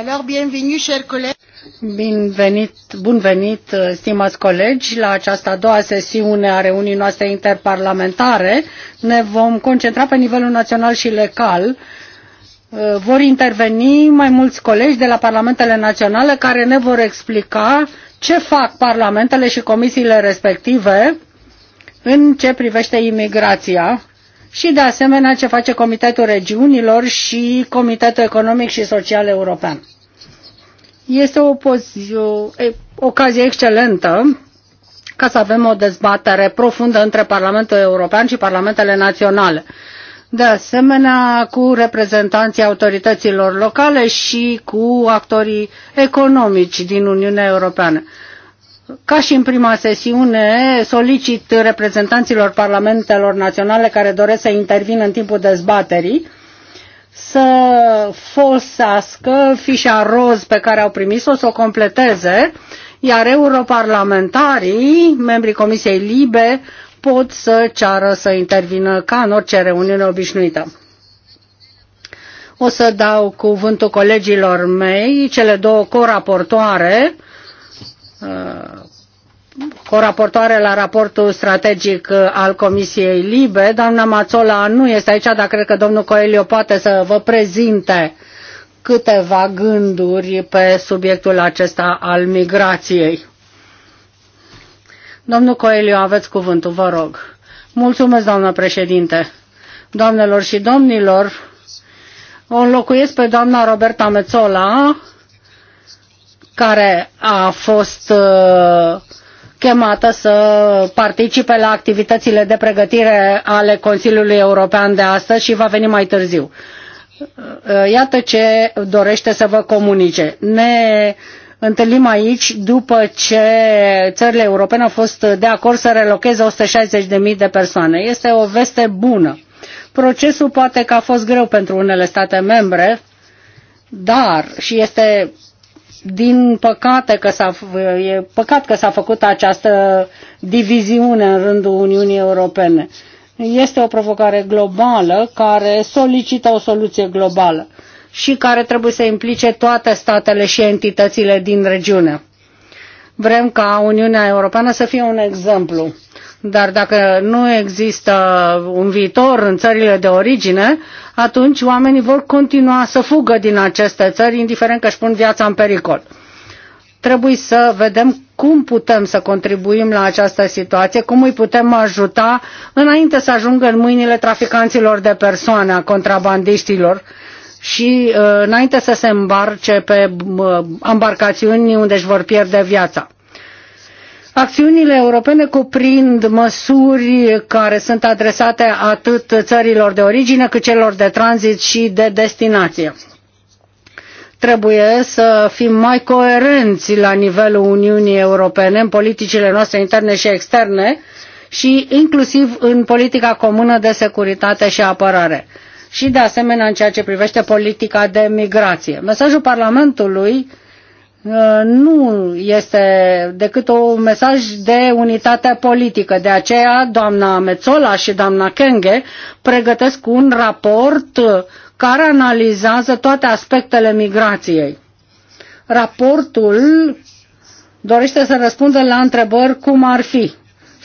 Alors, bienvenue, chers collègues. Bun venit, bun venit, stimați colegi, la această a doua sesiune a reunii noastre interparlamentare. Ne vom concentra pe nivelul național și local. Uh, vor interveni mai mulți colegi de la parlamentele naționale care ne vor explica ce fac parlamentele și comisiile respective în ce privește imigrația și de asemenea ce face Comitetul Regiunilor și Comitetul Economic și Social European. Este o, o ocazie excelentă ca să avem o dezbatere profundă între Parlamentul European și Parlamentele Naționale. De asemenea, cu reprezentanții autorităților locale și cu actorii economici din Uniunea Europeană. Ca și în prima sesiune, solicit reprezentanților parlamentelor naționale care doresc să intervină în timpul dezbaterii să folosească fișa roz pe care au primit-o, să o completeze, iar europarlamentarii, membrii Comisiei Libe, pot să ceară să intervină ca în orice reuniune obișnuită. O să dau cuvântul colegilor mei, cele două coraportoare, Uh, coraportoare la raportul strategic uh, al Comisiei Libe. Doamna Mațola nu este aici, dar cred că domnul Coelio poate să vă prezinte câteva gânduri pe subiectul acesta al migrației. Domnul Coelio, aveți cuvântul, vă rog. Mulțumesc, doamnă președinte. Doamnelor și domnilor, o înlocuiesc pe doamna Roberta Mețola, care a fost uh, chemată să participe la activitățile de pregătire ale Consiliului European de astăzi și va veni mai târziu. Uh, iată ce dorește să vă comunice. Ne întâlnim aici după ce țările europene au fost de acord să relocheze 160.000 de persoane. Este o veste bună. Procesul poate că a fost greu pentru unele state membre, dar și este din păcate că s-a, e păcat că s-a făcut această diviziune în rândul Uniunii Europene. Este o provocare globală care solicită o soluție globală și care trebuie să implice toate statele și entitățile din regiune. Vrem ca Uniunea Europeană să fie un exemplu. Dar dacă nu există un viitor în țările de origine, atunci oamenii vor continua să fugă din aceste țări, indiferent că își pun viața în pericol. Trebuie să vedem cum putem să contribuim la această situație, cum îi putem ajuta înainte să ajungă în mâinile traficanților de persoane, a contrabandiștilor și uh, înainte să se îmbarce pe uh, embarcațiuni unde își vor pierde viața. Acțiunile europene cuprind măsuri care sunt adresate atât țărilor de origine cât celor de tranzit și de destinație. Trebuie să fim mai coerenți la nivelul Uniunii Europene în politicile noastre interne și externe și inclusiv în politica comună de securitate și apărare și de asemenea în ceea ce privește politica de migrație. Mesajul Parlamentului uh, nu este decât un mesaj de unitate politică. De aceea, doamna Mețola și doamna Kenge pregătesc un raport care analizează toate aspectele migrației. Raportul dorește să răspundă la întrebări cum ar fi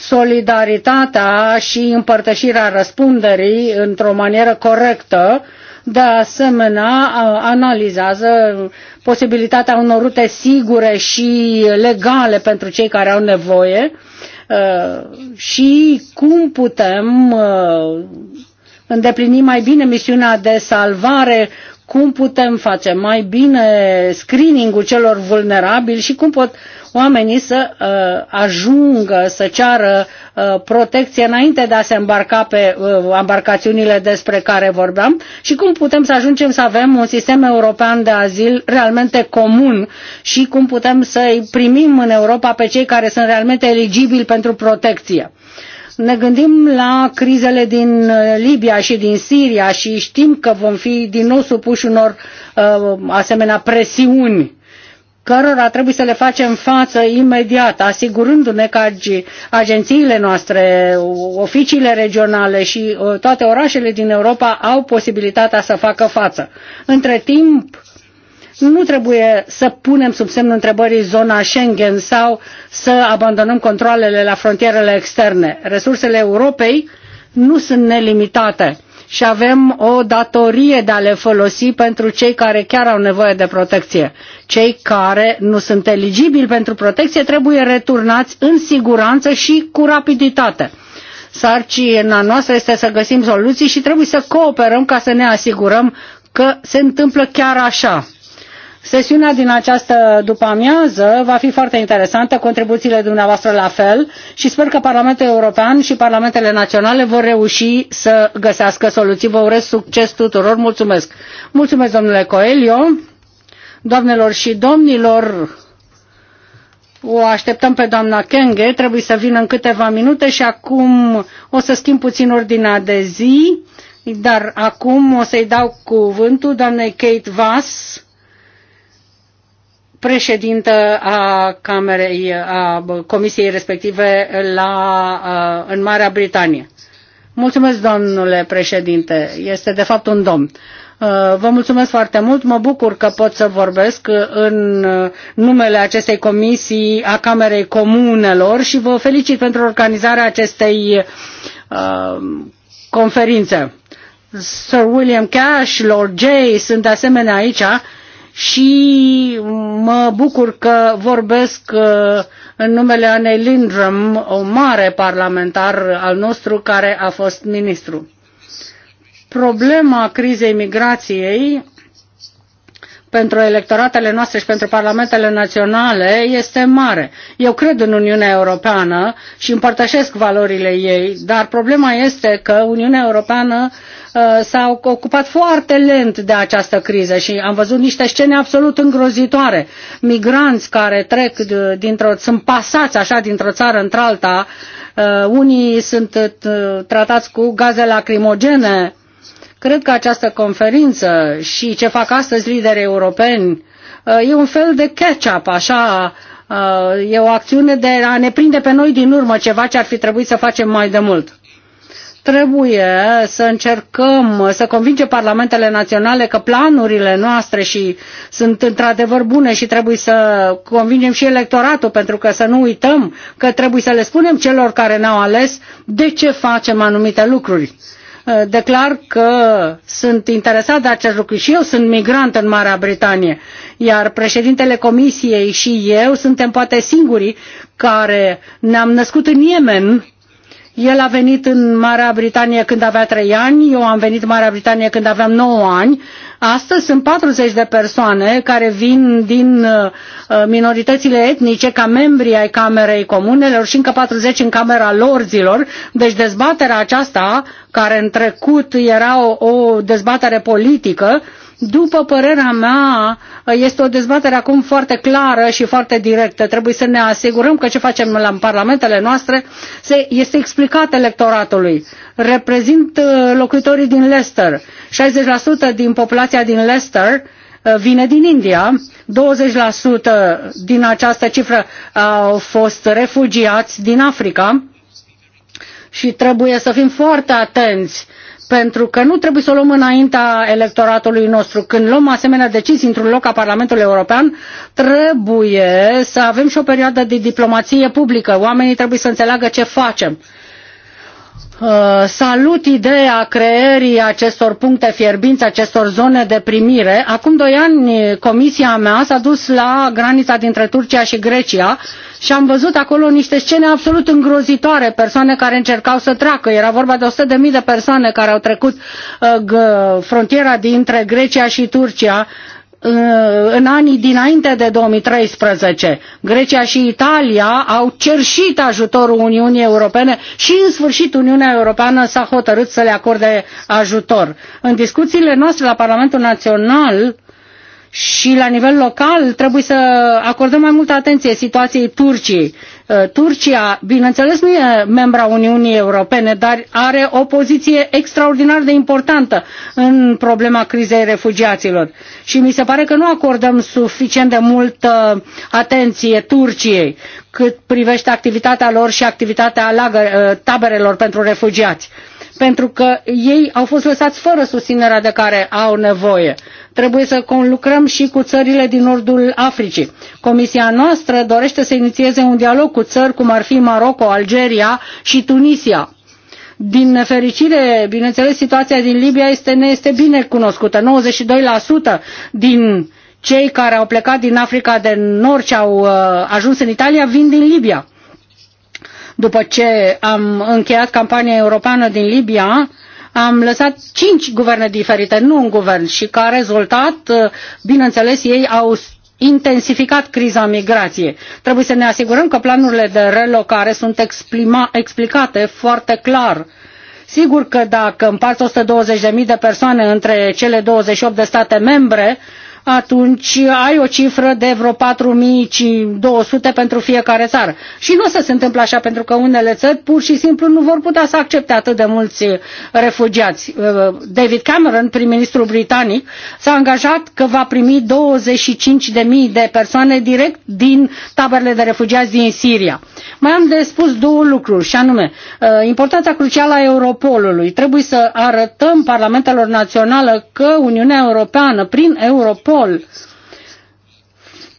solidaritatea și împărtășirea răspunderii într-o manieră corectă, de asemenea, analizează posibilitatea unor rute sigure și legale pentru cei care au nevoie și cum putem îndeplini mai bine misiunea de salvare cum putem face mai bine screening-ul celor vulnerabili și cum pot oamenii să uh, ajungă să ceară uh, protecție înainte de a se îmbarca pe uh, embarcațiunile despre care vorbeam și cum putem să ajungem să avem un sistem european de azil realmente comun și cum putem să-i primim în Europa pe cei care sunt realmente eligibili pentru protecție ne gândim la crizele din uh, Libia și din Siria și știm că vom fi din nou supuși unor uh, asemenea presiuni cărora trebuie să le facem față imediat, asigurându-ne că agențiile noastre, oficiile regionale și uh, toate orașele din Europa au posibilitatea să facă față. Între timp, nu trebuie să punem sub semnul întrebării zona Schengen sau să abandonăm controlele la frontierele externe. Resursele Europei nu sunt nelimitate și avem o datorie de a le folosi pentru cei care chiar au nevoie de protecție. Cei care nu sunt eligibili pentru protecție trebuie returnați în siguranță și cu rapiditate. Sarcina noastră este să găsim soluții și trebuie să cooperăm ca să ne asigurăm că se întâmplă chiar așa. Sesiunea din această după-amiază va fi foarte interesantă, contribuțiile dumneavoastră la fel și sper că Parlamentul European și Parlamentele Naționale vor reuși să găsească soluții. Vă urez succes tuturor, mulțumesc! Mulțumesc, domnule Coelio, doamnelor și domnilor, o așteptăm pe doamna Kenge, trebuie să vină în câteva minute și acum o să schimb puțin ordinea de zi, dar acum o să-i dau cuvântul doamnei Kate Vass, președintă a Camerei, a Comisiei respective la, în Marea Britanie. Mulțumesc, domnule președinte. Este de fapt un domn. Vă mulțumesc foarte mult. Mă bucur că pot să vorbesc în numele acestei comisii a Camerei Comunelor și vă felicit pentru organizarea acestei conferințe. Sir William Cash, Lord Jay sunt de asemenea aici și mă bucur că vorbesc uh, în numele Anei Lindrum, o mare parlamentar al nostru care a fost ministru. Problema crizei migrației pentru electoratele noastre și pentru parlamentele naționale este mare. Eu cred în Uniunea Europeană și împărtășesc valorile ei, dar problema este că Uniunea Europeană uh, s-a ocupat foarte lent de această criză și am văzut niște scene absolut îngrozitoare. Migranți care trec dintr-o, sunt pasați așa dintr-o țară într-alta, uh, unii sunt uh, tratați cu gaze lacrimogene, Cred că această conferință și ce fac astăzi liderii europeni uh, e un fel de catch-up, așa, uh, e o acțiune de a ne prinde pe noi din urmă ceva ce ar fi trebuit să facem mai de mult trebuie să încercăm să convingem parlamentele naționale că planurile noastre și sunt într-adevăr bune și trebuie să convingem și electoratul, pentru că să nu uităm că trebuie să le spunem celor care ne-au ales de ce facem anumite lucruri. Eh, declar că sunt interesat de acest lucru și eu sunt migrant în Marea Britanie, iar președintele Comisiei și eu suntem poate singurii care ne-am născut în Yemen el a venit în Marea Britanie când avea 3 ani, eu am venit în Marea Britanie când aveam 9 ani. Astăzi sunt 40 de persoane care vin din uh, uh, minoritățile etnice ca membri ai Camerei Comunelor și încă 40 în Camera Lorzilor. Deci dezbaterea aceasta, care în trecut era o, o dezbatere politică, uh, după părerea mea, este o dezbatere acum foarte clară și foarte directă. Trebuie să ne asigurăm că ce facem la parlamentele noastre se, este explicat electoratului. Reprezint uh, locuitorii din Leicester. 60% din populația din Leicester uh, vine din India, 20% din această cifră au fost refugiați din Africa și trebuie să fim foarte atenți pentru că nu trebuie să o luăm înaintea electoratului nostru. Când luăm asemenea decizii într-un loc ca Parlamentul European, trebuie să avem și o perioadă de diplomație publică. Oamenii trebuie să înțeleagă ce facem Uh, salut ideea creării acestor puncte fierbinți, acestor zone de primire. Acum doi ani comisia mea s-a dus la granița dintre Turcia și Grecia și am văzut acolo niște scene absolut îngrozitoare, persoane care încercau să treacă. Era vorba de 100.000 de persoane care au trecut uh, frontiera dintre Grecia și Turcia în anii dinainte de 2013. Grecia și Italia au cerșit ajutorul Uniunii Europene și în sfârșit Uniunea Europeană s-a hotărât să le acorde ajutor. În discuțiile noastre la Parlamentul Național și la nivel local trebuie să acordăm mai multă atenție situației Turciei. Uh, Turcia, bineînțeles, nu e membra Uniunii Europene, dar are o poziție extraordinar de importantă în problema crizei refugiaților. Și mi se pare că nu acordăm suficient de multă atenție Turciei cât privește activitatea lor și activitatea uh, tabărelor pentru refugiați pentru că ei au fost lăsați fără susținerea de care au nevoie. Trebuie să conlucrăm și cu țările din nordul Africii. Comisia noastră dorește să inițieze un dialog cu țări cum ar fi Maroco, Algeria și Tunisia. Din nefericire, bineînțeles, situația din Libia este, ne este bine cunoscută. 92% din cei care au plecat din Africa de Nord și au uh, ajuns în Italia vin din Libia. După ce am încheiat campania europeană din Libia, am lăsat cinci guverne diferite, nu un guvern, și ca rezultat, bineînțeles, ei au intensificat criza migrației. Trebuie să ne asigurăm că planurile de relocare sunt explima, explicate foarte clar. Sigur că dacă împarți 120.000 de persoane între cele 28 de state membre, atunci ai o cifră de vreo 4200 pentru fiecare țară. Și nu o să se întâmple așa, pentru că unele țări pur și simplu nu vor putea să accepte atât de mulți uh, refugiați. Uh, David Cameron, prim-ministrul britanic, s-a angajat că va primi 25.000 de persoane direct din taberele de refugiați din Siria. Mai am de spus două lucruri, și anume, uh, importanța crucială a Europolului. Trebuie să arătăm parlamentelor naționale că Uniunea Europeană, prin Europol, Europol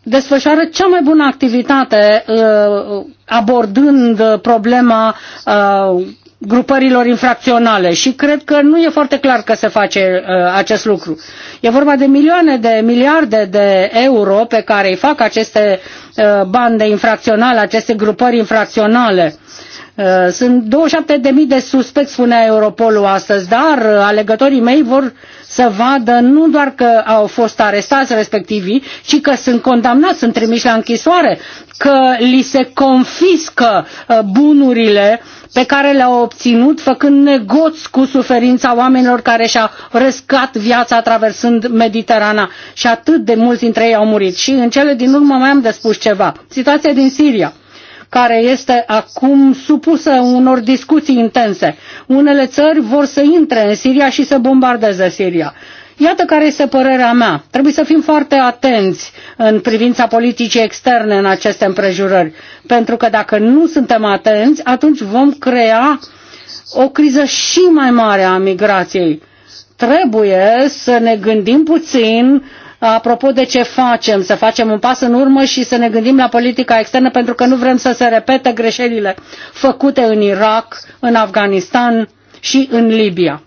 desfășoară cea mai bună activitate uh, abordând problema uh, grupărilor infracționale și cred că nu e foarte clar că se face uh, acest lucru. E vorba de milioane de miliarde de euro pe care îi fac aceste uh, bande infracționale, aceste grupări infracționale. Uh, Uh, sunt 27.000 de suspecți, spunea Europolul astăzi, dar uh, alegătorii mei vor să vadă nu doar că au fost arestați respectivii, ci că sunt condamnați, sunt trimiși la închisoare, că li se confiscă uh, bunurile pe care le-au obținut făcând negoți cu suferința oamenilor care și-au răscat viața traversând Mediterana și atât de mulți dintre ei au murit. Și în cele din urmă mai am de spus ceva. Situația din Siria care este acum supusă unor discuții intense. Unele țări vor să intre în Siria și să bombardeze Siria. Iată care este părerea mea. Trebuie să fim foarte atenți în privința politicii externe în aceste împrejurări, pentru că dacă nu suntem atenți, atunci vom crea o criză și mai mare a migrației. Trebuie să ne gândim puțin apropo de ce facem, să facem un pas în urmă și să ne gândim la politica externă pentru că nu vrem să se repete greșelile făcute în Irak, în Afganistan și în Libia.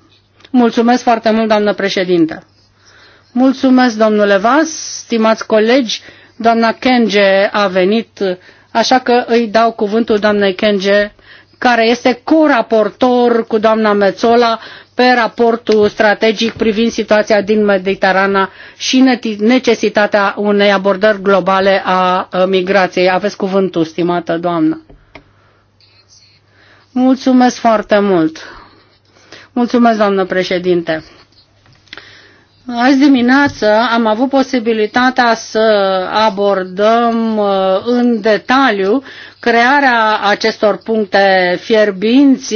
Mulțumesc foarte mult, doamnă președinte. Mulțumesc, domnule Vas, stimați colegi, doamna Kenge a venit, așa că îi dau cuvântul doamnei Kenge, care este coraportor cu doamna Mețola pe raportul strategic privind situația din Mediterana și necesitatea unei abordări globale a migrației. Aveți cuvântul, stimată doamnă. Mulțumesc foarte mult. Mulțumesc, doamnă președinte. Azi dimineață am avut posibilitatea să abordăm uh, în detaliu crearea acestor puncte fierbinți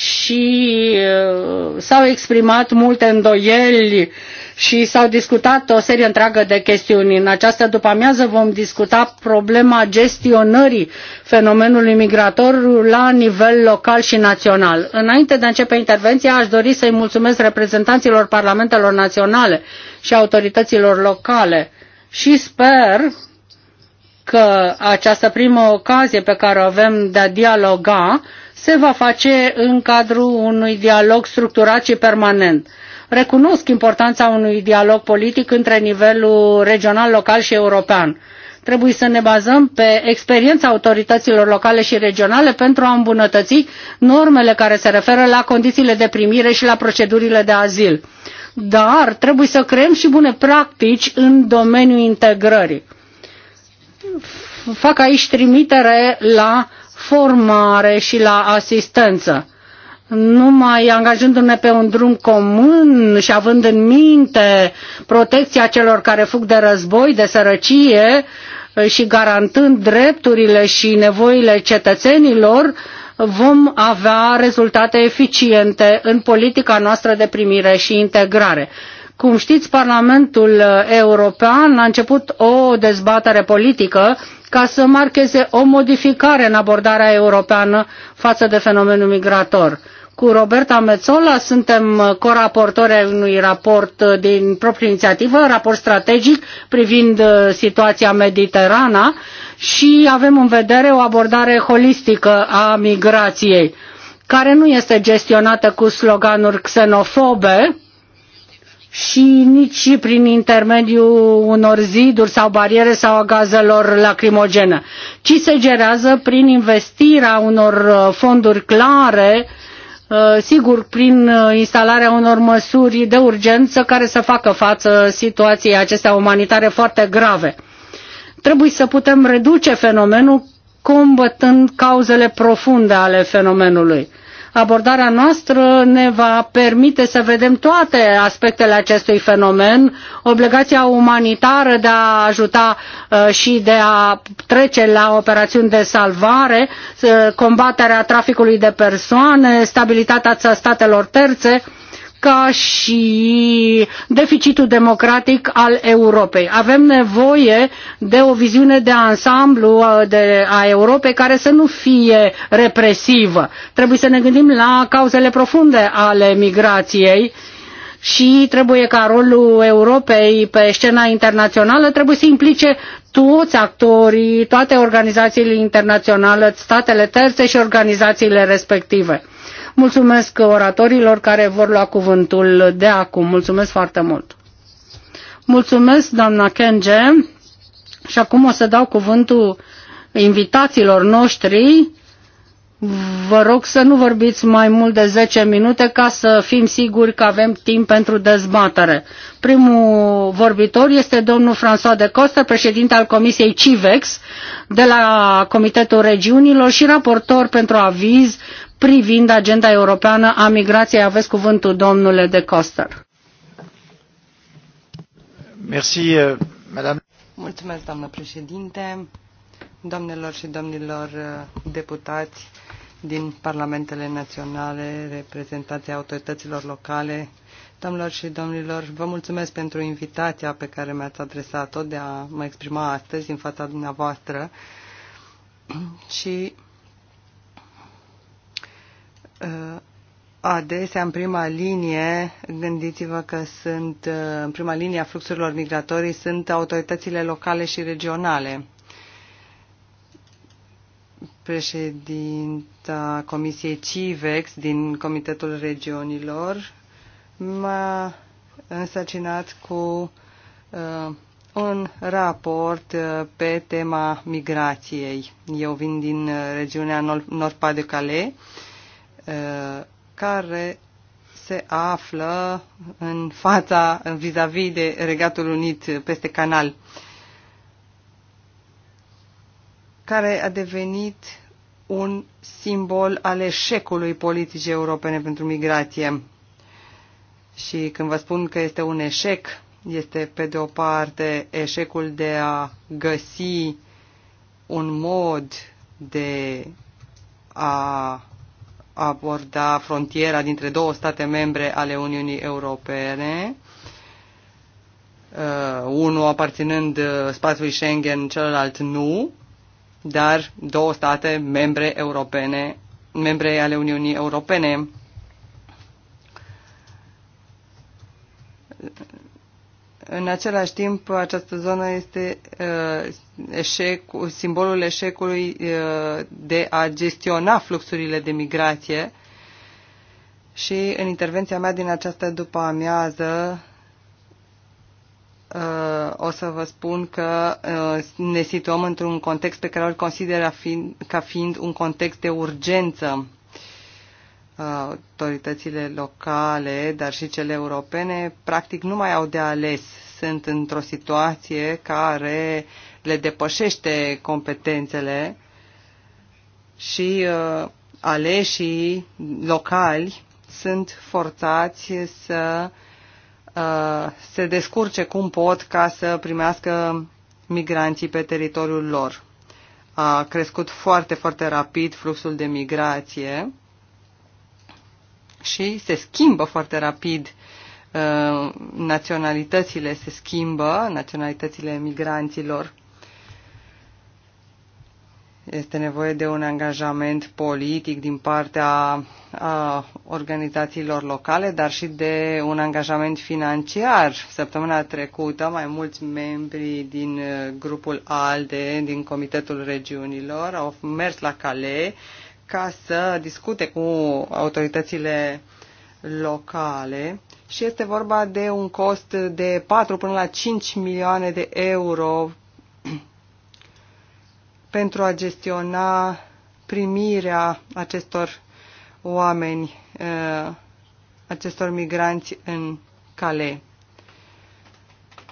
și uh, s-au exprimat multe îndoieli și s-au discutat o serie întreagă de chestiuni. În această după-amiază vom discuta problema gestionării fenomenului migrator la nivel local și național. Înainte de a începe intervenția, aș dori să-i mulțumesc reprezentanților parlamentelor naționale și autorităților locale și sper că această primă ocazie pe care o avem de a dialoga se va face în cadrul unui dialog structurat și permanent. Recunosc importanța unui dialog politic între nivelul regional, local și european. Trebuie să ne bazăm pe experiența autorităților locale și regionale pentru a îmbunătăți normele care se referă la condițiile de primire și la procedurile de azil. Dar trebuie să creăm și bune practici în domeniul integrării. Fac aici trimitere la formare și la asistență. Numai angajându-ne pe un drum comun și având în minte protecția celor care fug de război, de sărăcie eh, și garantând drepturile și nevoile cetățenilor, vom avea rezultate eficiente în politica noastră de primire și integrare. Cum știți, Parlamentul European a început o dezbatere politică ca să marcheze o modificare în abordarea europeană față de fenomenul migrator. Cu Roberta Mezzola suntem coraportori ai unui raport din proprie inițiativă, raport strategic privind uh, situația mediterana și avem în vedere o abordare holistică a migrației care nu este gestionată cu sloganuri xenofobe, și nici prin intermediul unor ziduri sau bariere sau a gazelor lacrimogene, ci se gerează prin investirea unor uh, fonduri clare, uh, sigur prin uh, instalarea unor măsuri de urgență care să facă față situației acestea umanitare foarte grave. Trebuie să putem reduce fenomenul combătând cauzele profunde ale fenomenului abordarea noastră ne va permite să vedem toate aspectele acestui fenomen, obligația umanitară de a ajuta uh, și de a trece la operațiuni de salvare, uh, combaterea traficului de persoane, stabilitatea statelor terțe, ca și deficitul democratic al Europei. Avem nevoie de o viziune de ansamblu uh, de, a Europei care să nu fie represivă. Trebuie să ne gândim la cauzele profunde ale migrației și trebuie ca rolul Europei pe scena internațională trebuie să implice toți actorii, toate organizațiile internaționale, statele terțe și organizațiile respective Mulțumesc oratorilor care vor lua cuvântul de acum. Mulțumesc foarte mult. Mulțumesc, doamna Kenge. Și acum o să dau cuvântul invitațiilor noștri. Vă rog să nu vorbiți mai mult de 10 minute ca să fim siguri că avem timp pentru dezbatere. Primul vorbitor este domnul François de Costă, președinte al Comisiei CIVEX de la Comitetul Regiunilor și raportor pentru aviz privind agenda europeană a migrației. Aveți cuvântul, domnule de Coster. Merci, euh, madame. Mulțumesc, doamnă președinte, doamnelor și domnilor uh, deputați din parlamentele naționale, reprezentanții autorităților locale, Doamnelor și domnilor, vă mulțumesc pentru invitația pe care mi-ați adresat-o de a mă exprima astăzi în fața dumneavoastră și Uh, adesea în prima linie, gândiți-vă că sunt uh, în prima linie a fluxurilor migratorii sunt autoritățile locale și regionale. Președinta Comisiei CIVEX din Comitetul Regiunilor m-a însăcinat cu uh, un raport uh, pe tema migrației. Eu vin din regiunea Nord-Pas-de-Calais Uh, care se află în fața, vis-a-vis -vis de Regatul Unit peste canal, care a devenit un simbol al eșecului politicii europene pentru migrație. Și când vă spun că este un eșec, este pe de o parte eșecul de a găsi un mod de a aborda frontiera dintre două state membre ale Uniunii Europene, uh, unul aparținând uh, spațiului Schengen, celălalt nu, dar două state membre europene, membre ale Uniunii Europene. În același timp, această zonă este uh, eșec, simbolul eșecului uh, de a gestiona fluxurile de migrație și în intervenția mea din această după amiază uh, o să vă spun că ne situăm într-un context pe care îl consider ca fiind un context de urgență autoritățile locale, dar și cele europene, practic nu mai au de ales. Sunt într-o situație care le depășește competențele și uh, aleșii locali sunt forțați să uh, se descurce cum pot ca să primească migranții pe teritoriul lor. A crescut foarte, foarte rapid fluxul de migrație și se schimbă foarte rapid uh, naționalitățile se schimbă, naționalitățile migranților. Este nevoie de un angajament politic din partea a organizațiilor locale, dar și de un angajament financiar. Săptămâna trecută, mai mulți membri din uh, grupul ALDE, din Comitetul Regiunilor, au mers la Calais ca să discute cu autoritățile locale și este vorba de un cost de 4 până la 5 milioane de euro pentru a gestiona primirea acestor oameni, uh, acestor migranți în cale.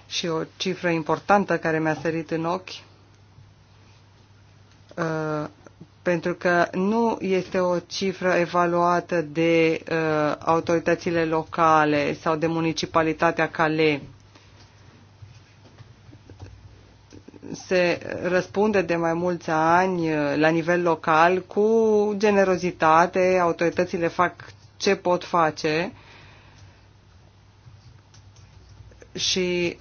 Și o cifră importantă care mi-a sărit în ochi uh, pentru că nu este o cifră evaluată de uh, autoritățile locale sau de municipalitatea Calais. se răspunde de mai mulți ani uh, la nivel local cu generozitate, autoritățile fac ce pot face și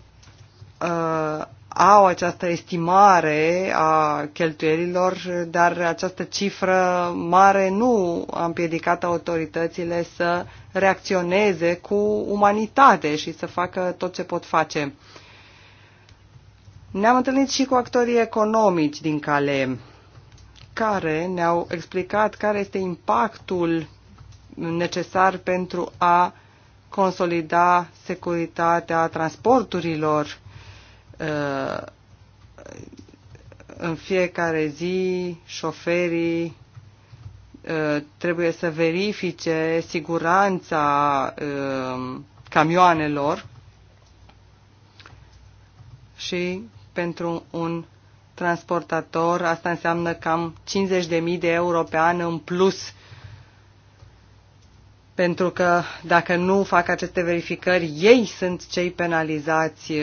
uh, au această estimare a cheltuielilor, dar această cifră mare nu a împiedicat autoritățile să reacționeze cu umanitate și să facă tot ce pot face. Ne-am întâlnit și cu actorii economici din Cale, care ne-au explicat care este impactul necesar pentru a consolida securitatea transporturilor Uh, în fiecare zi șoferii uh, trebuie să verifice siguranța uh, camioanelor și pentru un transportator asta înseamnă cam 50.000 de euro pe an în plus pentru că dacă nu fac aceste verificări, ei sunt cei penalizați uh,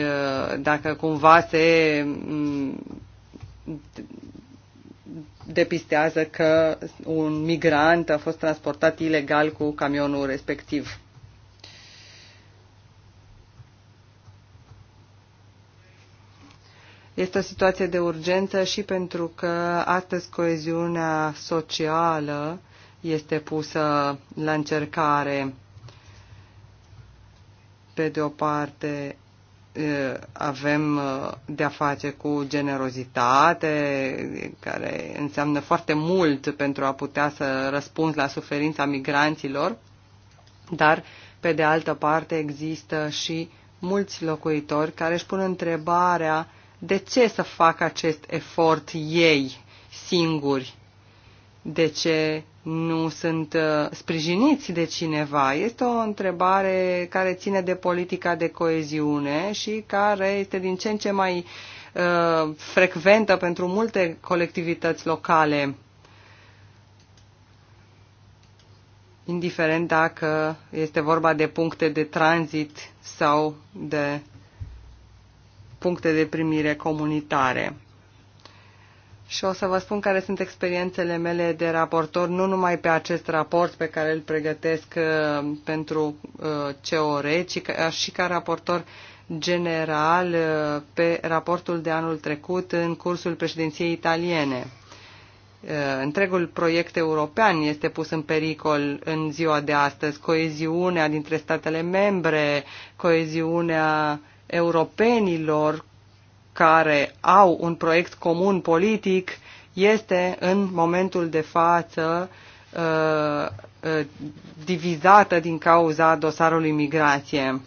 dacă cumva se mm, depistează că un migrant a fost transportat ilegal cu camionul respectiv. Este o situație de urgență și pentru că astăzi coeziunea socială uh, este pusă la încercare. Pe de o parte, avem de-a face cu generozitate, care înseamnă foarte mult pentru a putea să răspunzi la suferința migranților, dar, pe de altă parte, există și mulți locuitori care își pun întrebarea de ce să facă acest efort ei singuri, de ce nu sunt uh, sprijiniți de cineva. Este o întrebare care ține de politica de coeziune și care este din ce în ce mai uh, frecventă pentru multe colectivități locale, indiferent dacă este vorba de puncte de tranzit sau de puncte de primire comunitare și o să vă spun care sunt experiențele mele de raportor, nu numai pe acest raport pe care îl pregătesc uh, pentru uh, COR, ci uh, și ca raportor general pe raportul de anul trecut în cursul președinției italiene. Întregul proiect european este pus în pericol în ziua de astăzi. Coeziunea dintre statele membre, coeziunea europenilor, care au un proiect comun politic este în momentul de față uh, uh, divizată din cauza dosarului migrație.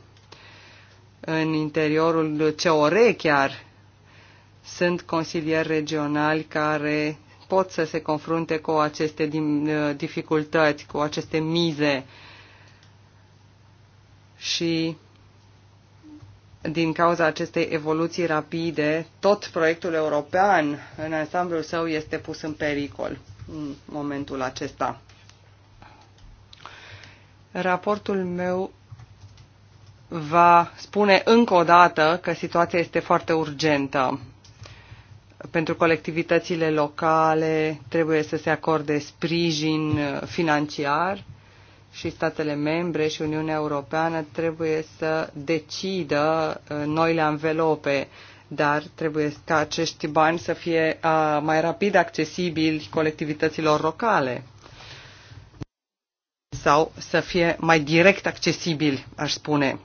În interiorul COR chiar sunt consilieri regionali care pot să se confrunte cu aceste uh, dificultăți, cu aceste mize și din cauza acestei evoluții rapide, tot proiectul european în ansamblul său este pus în pericol în momentul acesta. Raportul meu va spune încă o dată că situația este foarte urgentă. Pentru colectivitățile locale trebuie să se acorde sprijin financiar și statele membre și Uniunea Europeană trebuie să decidă uh, noile anvelope, dar trebuie ca acești bani să fie uh, mai rapid accesibili colectivităților locale sau să fie mai direct accesibili, aș spune.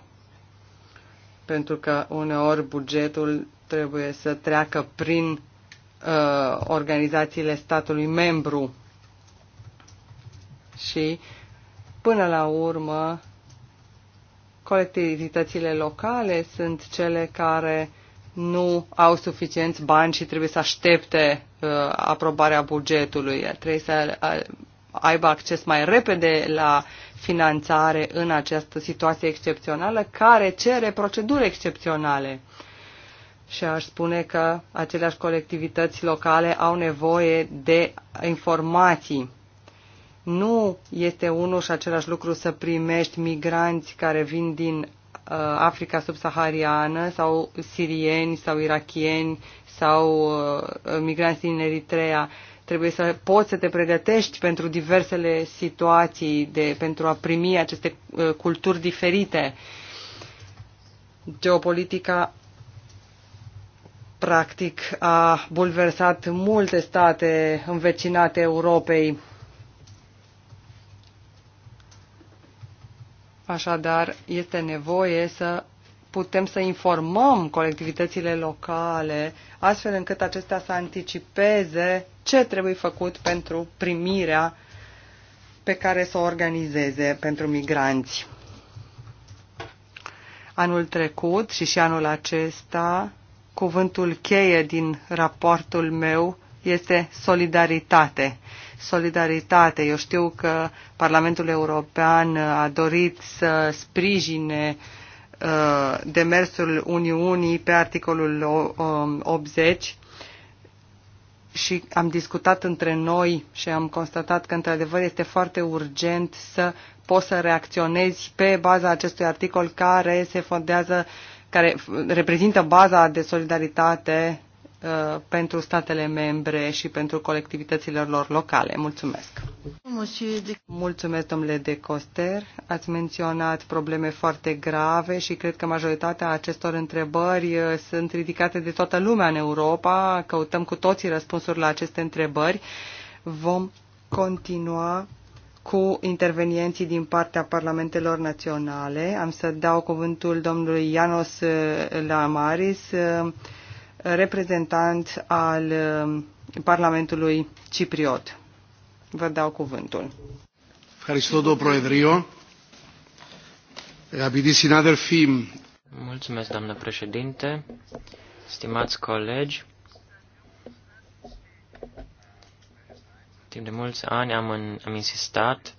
Pentru că uneori bugetul trebuie să treacă prin uh, organizațiile statului membru și uh, Până la urmă, colectivitățile locale sunt cele care nu au suficienți bani și trebuie să aștepte uh, aprobarea bugetului. Trebuie să uh, aibă acces mai repede la finanțare în această situație excepțională care cere proceduri excepționale. Și aș spune că aceleași colectivități locale au nevoie de informații nu este unul și același lucru să primești migranți care vin din uh, Africa subsahariană sau sirieni sau irachieni sau uh, migranți din Eritrea. Trebuie să poți să te pregătești pentru diversele situații, de, pentru a primi aceste uh, culturi diferite. Geopolitica practic a bulversat multe state învecinate Europei Așadar, este nevoie să putem să informăm colectivitățile locale, astfel încât acestea să anticipeze ce trebuie făcut pentru primirea pe care să o organizeze pentru migranți. Anul trecut și și anul acesta, cuvântul cheie din raportul meu este solidaritate solidaritate. Eu știu că Parlamentul European a dorit să sprijine uh, demersul Uniunii pe articolul 80 um, și am discutat între noi și am constatat că într-adevăr este foarte urgent să poți să reacționezi pe baza acestui articol care se fondează, care reprezintă baza de solidaritate Uh, pentru statele membre și pentru colectivitățile lor locale. Mulțumesc! Mulțumesc, domnule De Coster. Ați menționat probleme foarte grave și cred că majoritatea acestor întrebări uh, sunt ridicate de toată lumea în Europa. Căutăm cu toții răspunsuri la aceste întrebări. Vom continua cu intervenienții din partea parlamentelor naționale. Am să dau cuvântul domnului Ianos uh, Lamaris, reprezentant al uh, Parlamentului Cipriot. Vă dau cuvântul. Mulțumesc, doamnă președinte, stimați colegi. Timp de mulți ani am, în, am insistat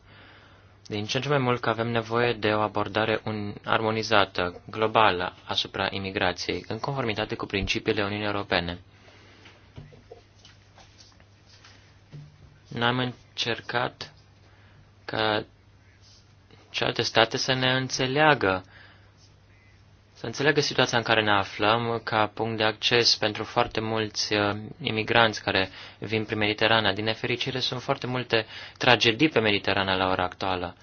din ce în ce mai mult că avem nevoie de o abordare un, armonizată, globală, asupra imigrației, în conformitate cu principiile Uniunii Europene. N-am încercat ca celelalte state să ne înțeleagă să înțeleagă situația în care ne aflăm ca punct de acces pentru foarte mulți uh, imigranți care vin prin Mediterana. Din nefericire, sunt foarte multe tragedii pe Mediterana la ora actuală.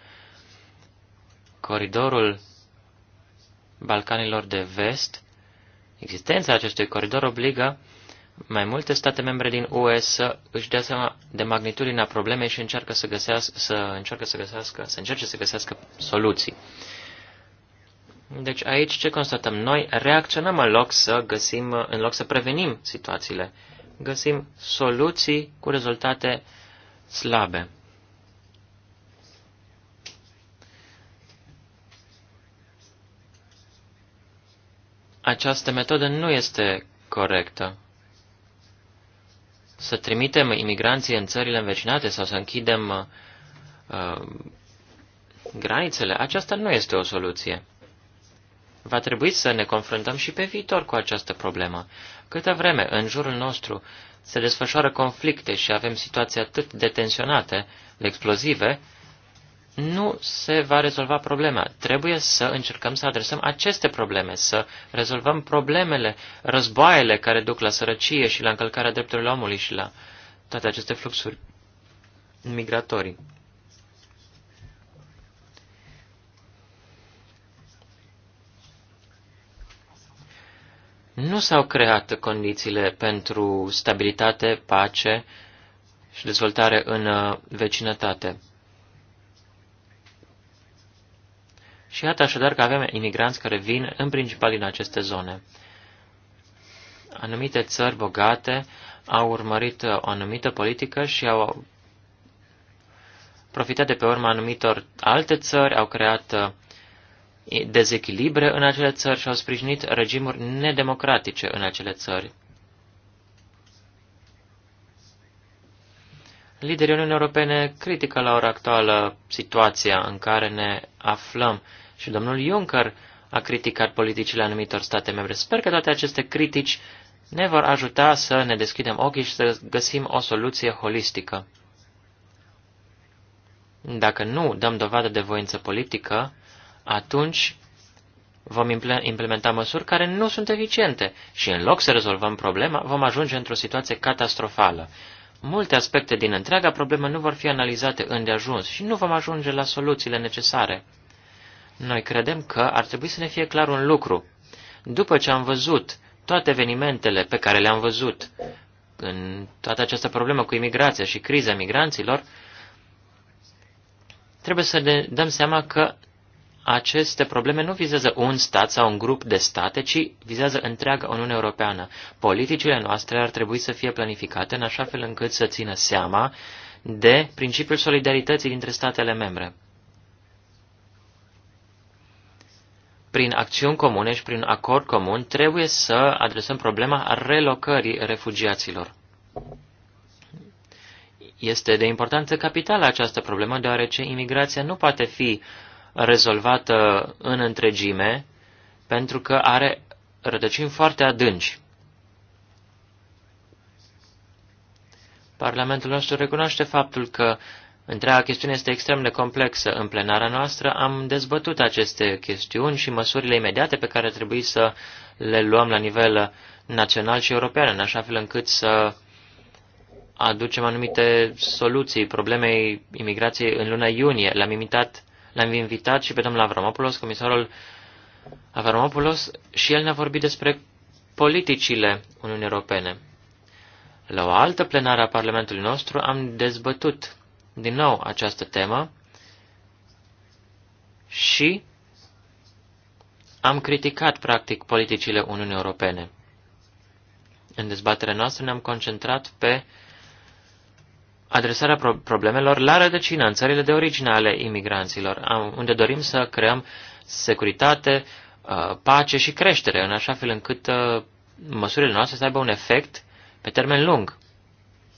Coridorul Balcanilor de Vest, existența acestui coridor obligă mai multe state membre din UE să își dea seama de magnitudinea problemei și încearcă să găsească, să, încearcă să găsească, să încerce să găsească soluții. Uh, deci aici ce constatăm? Noi reacționăm în loc să găsim, în loc să prevenim situațiile. Găsim soluții cu rezultate slabe. Această metodă nu este corectă. Să trimitem imigranții în țările învecinate sau să închidem uh, granițele, aceasta nu este o soluție. Va trebui să ne confruntăm și pe viitor cu această problemă. Câtă vreme în jurul nostru se desfășoară conflicte și avem situații atât de tensionate, de explozive, nu se va rezolva problema. Trebuie să încercăm să adresăm aceste probleme, să rezolvăm problemele, războaiele care duc la sărăcie și la încălcarea drepturilor omului și la toate aceste fluxuri migratorii. nu s-au creat condițiile pentru stabilitate, pace și dezvoltare în uh, vecinătate. Și iată așadar că avem imigranți care vin în principal din aceste zone. Anumite țări bogate au urmărit uh, o anumită politică și au profitat de pe urma anumitor alte țări, au creat uh, dezechilibre în acele țări și au sprijinit regimuri nedemocratice în acele țări. Liderii Uniunii Europene critică la ora actuală situația în care ne aflăm și domnul Juncker a criticat politicile anumitor state membre. Sper că toate aceste critici ne vor ajuta să ne deschidem ochii și să găsim o soluție holistică. Dacă nu dăm dovadă de voință politică, atunci vom implementa măsuri care nu sunt eficiente și în loc să rezolvăm problema, vom ajunge într-o situație catastrofală. Multe aspecte din întreaga problemă nu vor fi analizate îndeajuns și nu vom ajunge la soluțiile necesare. Noi credem că ar trebui să ne fie clar un lucru. După ce am văzut toate evenimentele pe care le-am văzut în toată această problemă cu imigrația și criza migranților, trebuie să ne dăm seama că aceste probleme nu vizează un stat sau un grup de state, ci vizează întreaga Uniune Europeană. Politicile noastre ar trebui să fie planificate în așa fel încât să țină seama de principiul solidarității dintre statele membre. Prin acțiuni comune și prin acord comun trebuie să adresăm problema relocării refugiaților. Este de importanță capitală această problemă, deoarece imigrația nu poate fi uh, rezolvată în întregime, pentru că are rădăcini foarte adânci. Parlamentul nostru recunoaște faptul că întreaga chestiune este extrem de complexă. În plenara noastră am dezbătut aceste chestiuni și măsurile imediate pe care trebuie să le luăm la nivel național și european, în așa fel încât să aducem anumite soluții problemei imigrației în luna iunie. l am imitat L-am invitat și pe domnul Avramopoulos, comisarul Avramopoulos, și el ne-a vorbit despre politicile Uniunii Europene. La o altă plenară a Parlamentului nostru am dezbătut din nou această temă și am criticat practic politicile Uniunii Europene. În dezbaterea noastră ne-am concentrat pe uh, adresarea problemelor la rădăcină, în țările de origine ale imigranților, unde dorim să creăm securitate, uh, pace și creștere, în așa fel încât uh, măsurile noastre să aibă un efect pe termen lung.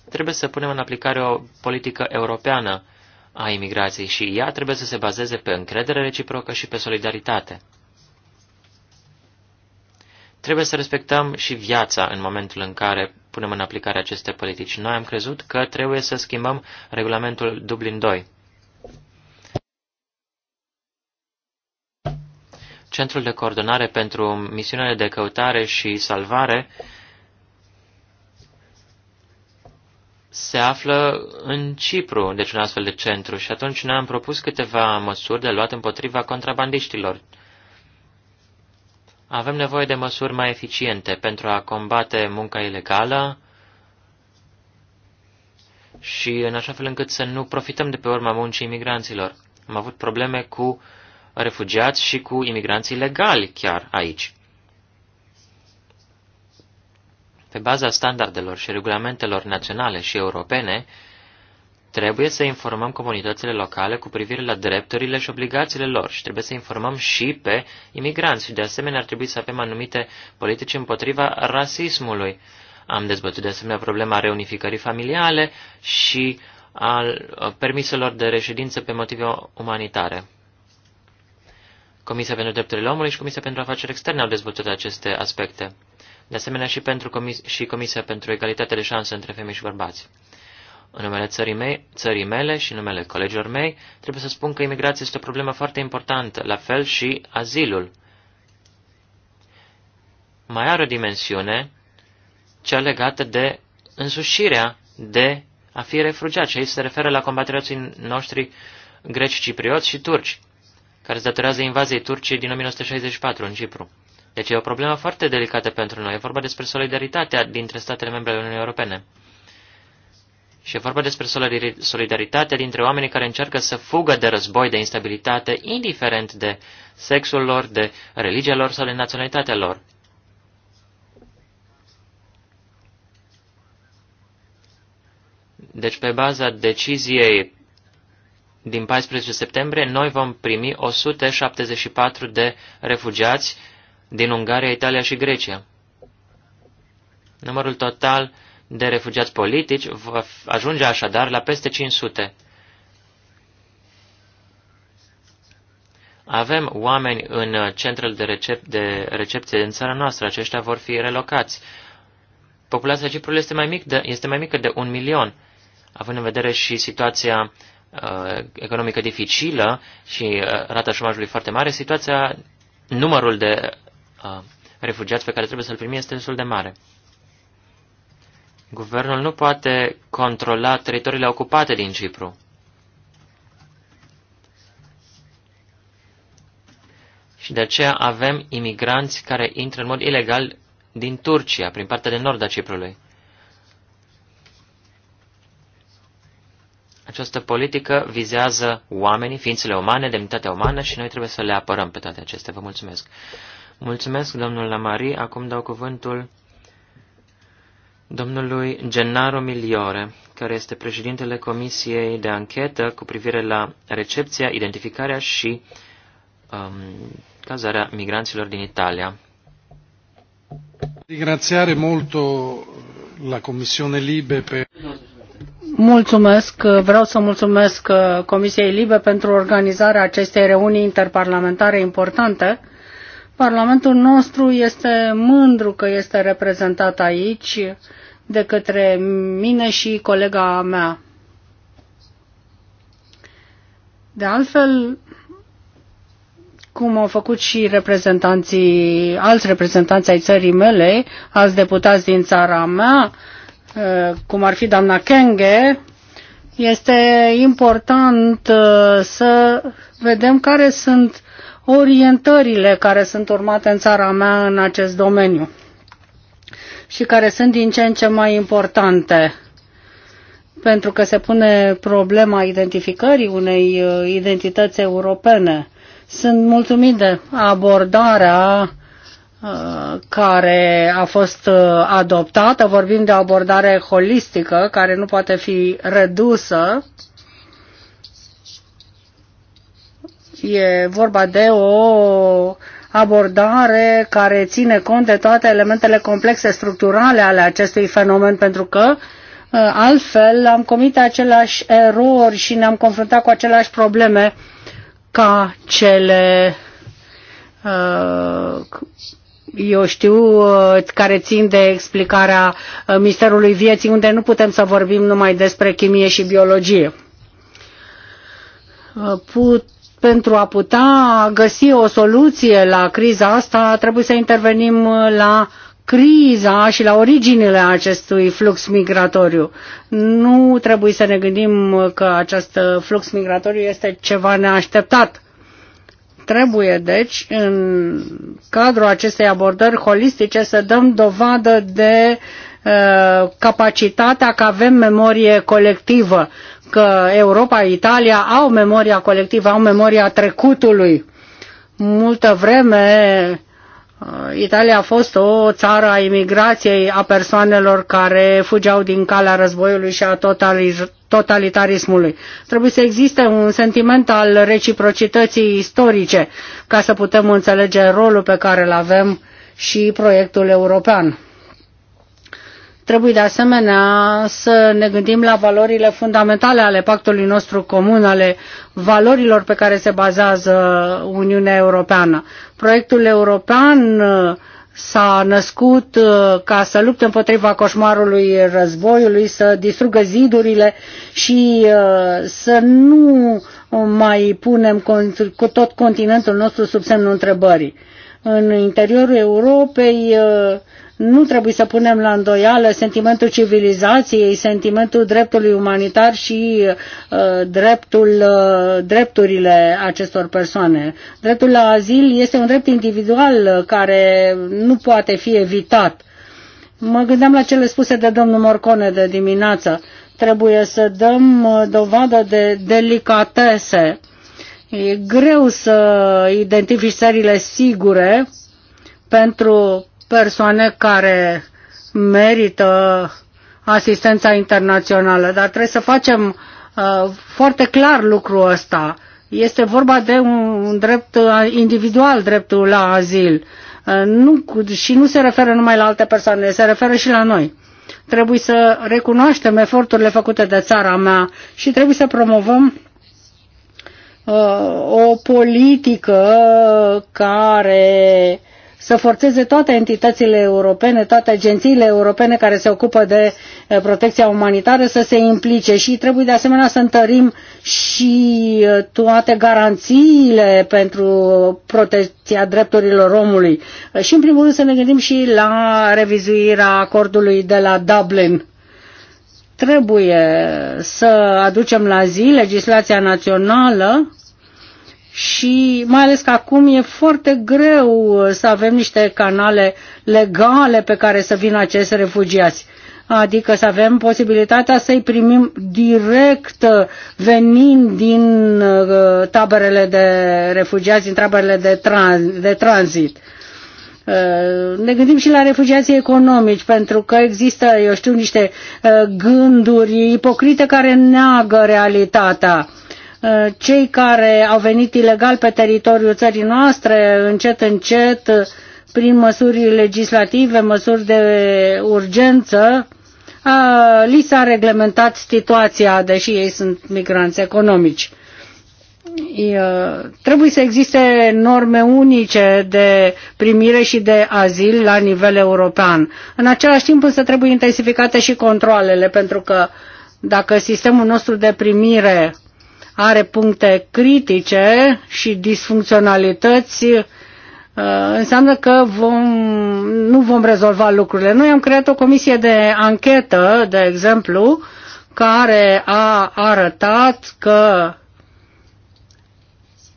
Trebuie să punem în aplicare o politică europeană a imigrației și ea trebuie să se bazeze pe încredere reciprocă și pe solidaritate. Trebuie să respectăm și viața în momentul în care punem în aplicare aceste politici. Noi am crezut că trebuie să schimbăm regulamentul Dublin 2. Centrul de coordonare pentru misiunile de căutare și salvare se află în Cipru, deci un astfel de centru, și atunci noi am propus câteva măsuri de luat împotriva contrabandiștilor. Avem nevoie de măsuri mai eficiente pentru a combate munca ilegală și în așa fel încât să nu profităm de pe urma muncii imigranților. Am avut probleme cu refugiați și cu imigranții legali chiar aici. Pe baza standardelor și regulamentelor naționale și europene, Trebuie să informăm comunitățile locale cu privire la drepturile și obligațiile lor și trebuie să informăm și pe imigranți. De asemenea, ar trebui să avem anumite politici împotriva rasismului. Am dezbătut de asemenea problema reunificării familiale și al permiselor de reședință pe motive umanitare. Comisia pentru Drepturile Omului și Comisia pentru Afaceri Externe au dezbătut aceste aspecte. De asemenea și, pentru comis și Comisia pentru Egalitate de Șanse între Femei și Bărbați. În numele țării, mei, țării mele și în numele colegilor mei, trebuie să spun că imigrația este o problemă foarte importantă, la fel și azilul. Mai are o dimensiune, cea legată de însușirea de a fi refugiat. Și aici se referă la compatrioții noștri greci, ciprioți și turci, care se datorează invaziei turcii din 1964 în Cipru. Deci e o problemă foarte delicată pentru noi. E vorba despre solidaritatea dintre statele membre ale Uniunii Europene. Și e vorba despre solidaritatea dintre oamenii care încearcă să fugă de război, de instabilitate, indiferent de sexul lor, de religia lor sau de naționalitatea lor. Deci, pe baza deciziei din 14 septembrie, noi vom primi 174 de refugiați din Ungaria, Italia și Grecia. Numărul total de refugiați politici va ajunge așadar la peste 500. Avem oameni în centrul de, recep de recepție în țara noastră, aceștia vor fi relocați. Populația Ciprului este mai, mic de, este mai mică de un milion, având în vedere și situația uh, economică dificilă și uh, rata șomajului foarte mare, situația, numărul de uh, refugiați pe care trebuie să-l primi este destul de mare. Guvernul nu poate controla teritoriile ocupate din Cipru. Și de aceea avem imigranți care intră în mod ilegal din Turcia, prin partea de nord a Ciprului. Această politică vizează oamenii, ființele umane, demnitatea umană și noi trebuie să le apărăm pe toate acestea. Vă mulțumesc. Mulțumesc, domnul Lamari. Acum dau cuvântul domnului Gennaro Miliore, care este președintele Comisiei de Anchetă cu privire la recepția, identificarea și um, cazarea migranților din Italia. la Libe Mulțumesc, vreau să mulțumesc Comisiei Libe pentru organizarea acestei reunii interparlamentare importante Parlamentul nostru este mândru că este reprezentat aici de către mine și colega mea. De altfel, cum au făcut și reprezentanții, alți reprezentanți ai țării mele, alți deputați din țara mea, cum ar fi doamna Kenge, este important uh, să vedem care sunt orientările care sunt urmate în țara mea în acest domeniu și care sunt din ce în ce mai importante pentru că se pune problema identificării unei uh, identități europene. Sunt mulțumit de abordarea uh, care a fost uh, adoptată. Vorbim de o abordare holistică care nu poate fi redusă E vorba de o abordare care ține cont de toate elementele complexe structurale ale acestui fenomen, pentru că ă, altfel am comit aceleași erori și ne-am confruntat cu aceleași probleme ca cele, ă, eu știu, ă, care țin de explicarea misterului vieții, unde nu putem să vorbim numai despre chimie și biologie. Put, pentru a putea găsi o soluție la criza asta, trebuie să intervenim la criza și la originile acestui flux migratoriu. Nu trebuie să ne gândim că acest flux migratoriu este ceva neașteptat. Trebuie, deci, în cadrul acestei abordări holistice să dăm dovadă de uh, Uh, capacitatea că avem memorie colectivă, că Europa, Italia au memoria colectivă, au memoria trecutului. Multă vreme uh, Italia a fost o țară a imigrației a persoanelor care fugeau din calea războiului și a totalitarismului. Trebuie să existe un sentiment al reciprocității istorice ca să putem înțelege rolul pe care îl avem și proiectul european. Trebuie de asemenea să ne gândim la valorile fundamentale ale pactului nostru comun, ale valorilor pe care se bazează Uniunea Europeană. Proiectul european uh, s-a născut uh, ca să lupte împotriva coșmarului războiului, să distrugă zidurile și uh, să nu mai punem cu tot continentul nostru sub semnul întrebării. În interiorul Europei nu trebuie să punem la îndoială sentimentul civilizației, sentimentul dreptului umanitar și uh, dreptul, uh, drepturile acestor persoane. Dreptul la azil este un drept individual uh, care nu poate fi evitat. Mă gândeam la cele spuse de domnul Morcone de dimineață. Trebuie să dăm uh, dovadă de delicatese. E greu să identifici țările sigure pentru persoane care merită asistența internațională, dar trebuie să facem uh, foarte clar lucrul ăsta. Este vorba de un drept uh, individual, dreptul la azil. Uh, nu, și nu se referă numai la alte persoane, se referă și la noi. Trebuie să recunoaștem eforturile făcute de țara mea și trebuie să promovăm uh, o politică care uh, să forțeze toate entitățile europene, toate agențiile europene care se ocupă de eh, protecția umanitară să se implice și trebuie de asemenea să întărim și eh, toate garanțiile pentru protecția drepturilor omului. Eh, și în primul rând să ne gândim și la revizuirea acordului de la Dublin trebuie să aducem la zi legislația națională și mai ales că acum e foarte greu uh, să avem niște canale legale pe care să vină acești refugiați. Adică să avem posibilitatea să-i primim direct uh, venind din uh, taberele de refugiați, din taberele de, trans, de tranzit. Ne gândim și la refugiații economici, pentru că există, eu știu, niște gânduri ipocrite care neagă realitatea Uh, cei care au venit ilegal pe teritoriul țării noastre, încet, încet, prin măsuri legislative, măsuri de urgență, uh, li s-a reglementat situația, deși ei sunt migranți economici. Uh, trebuie să existe norme unice de primire și de azil la nivel european. În același timp însă trebuie intensificate și controlele, pentru că dacă sistemul nostru de primire are puncte critice și disfuncționalități, uh, înseamnă că vom, nu vom rezolva lucrurile. Noi am creat o comisie de anchetă, de exemplu, care a arătat că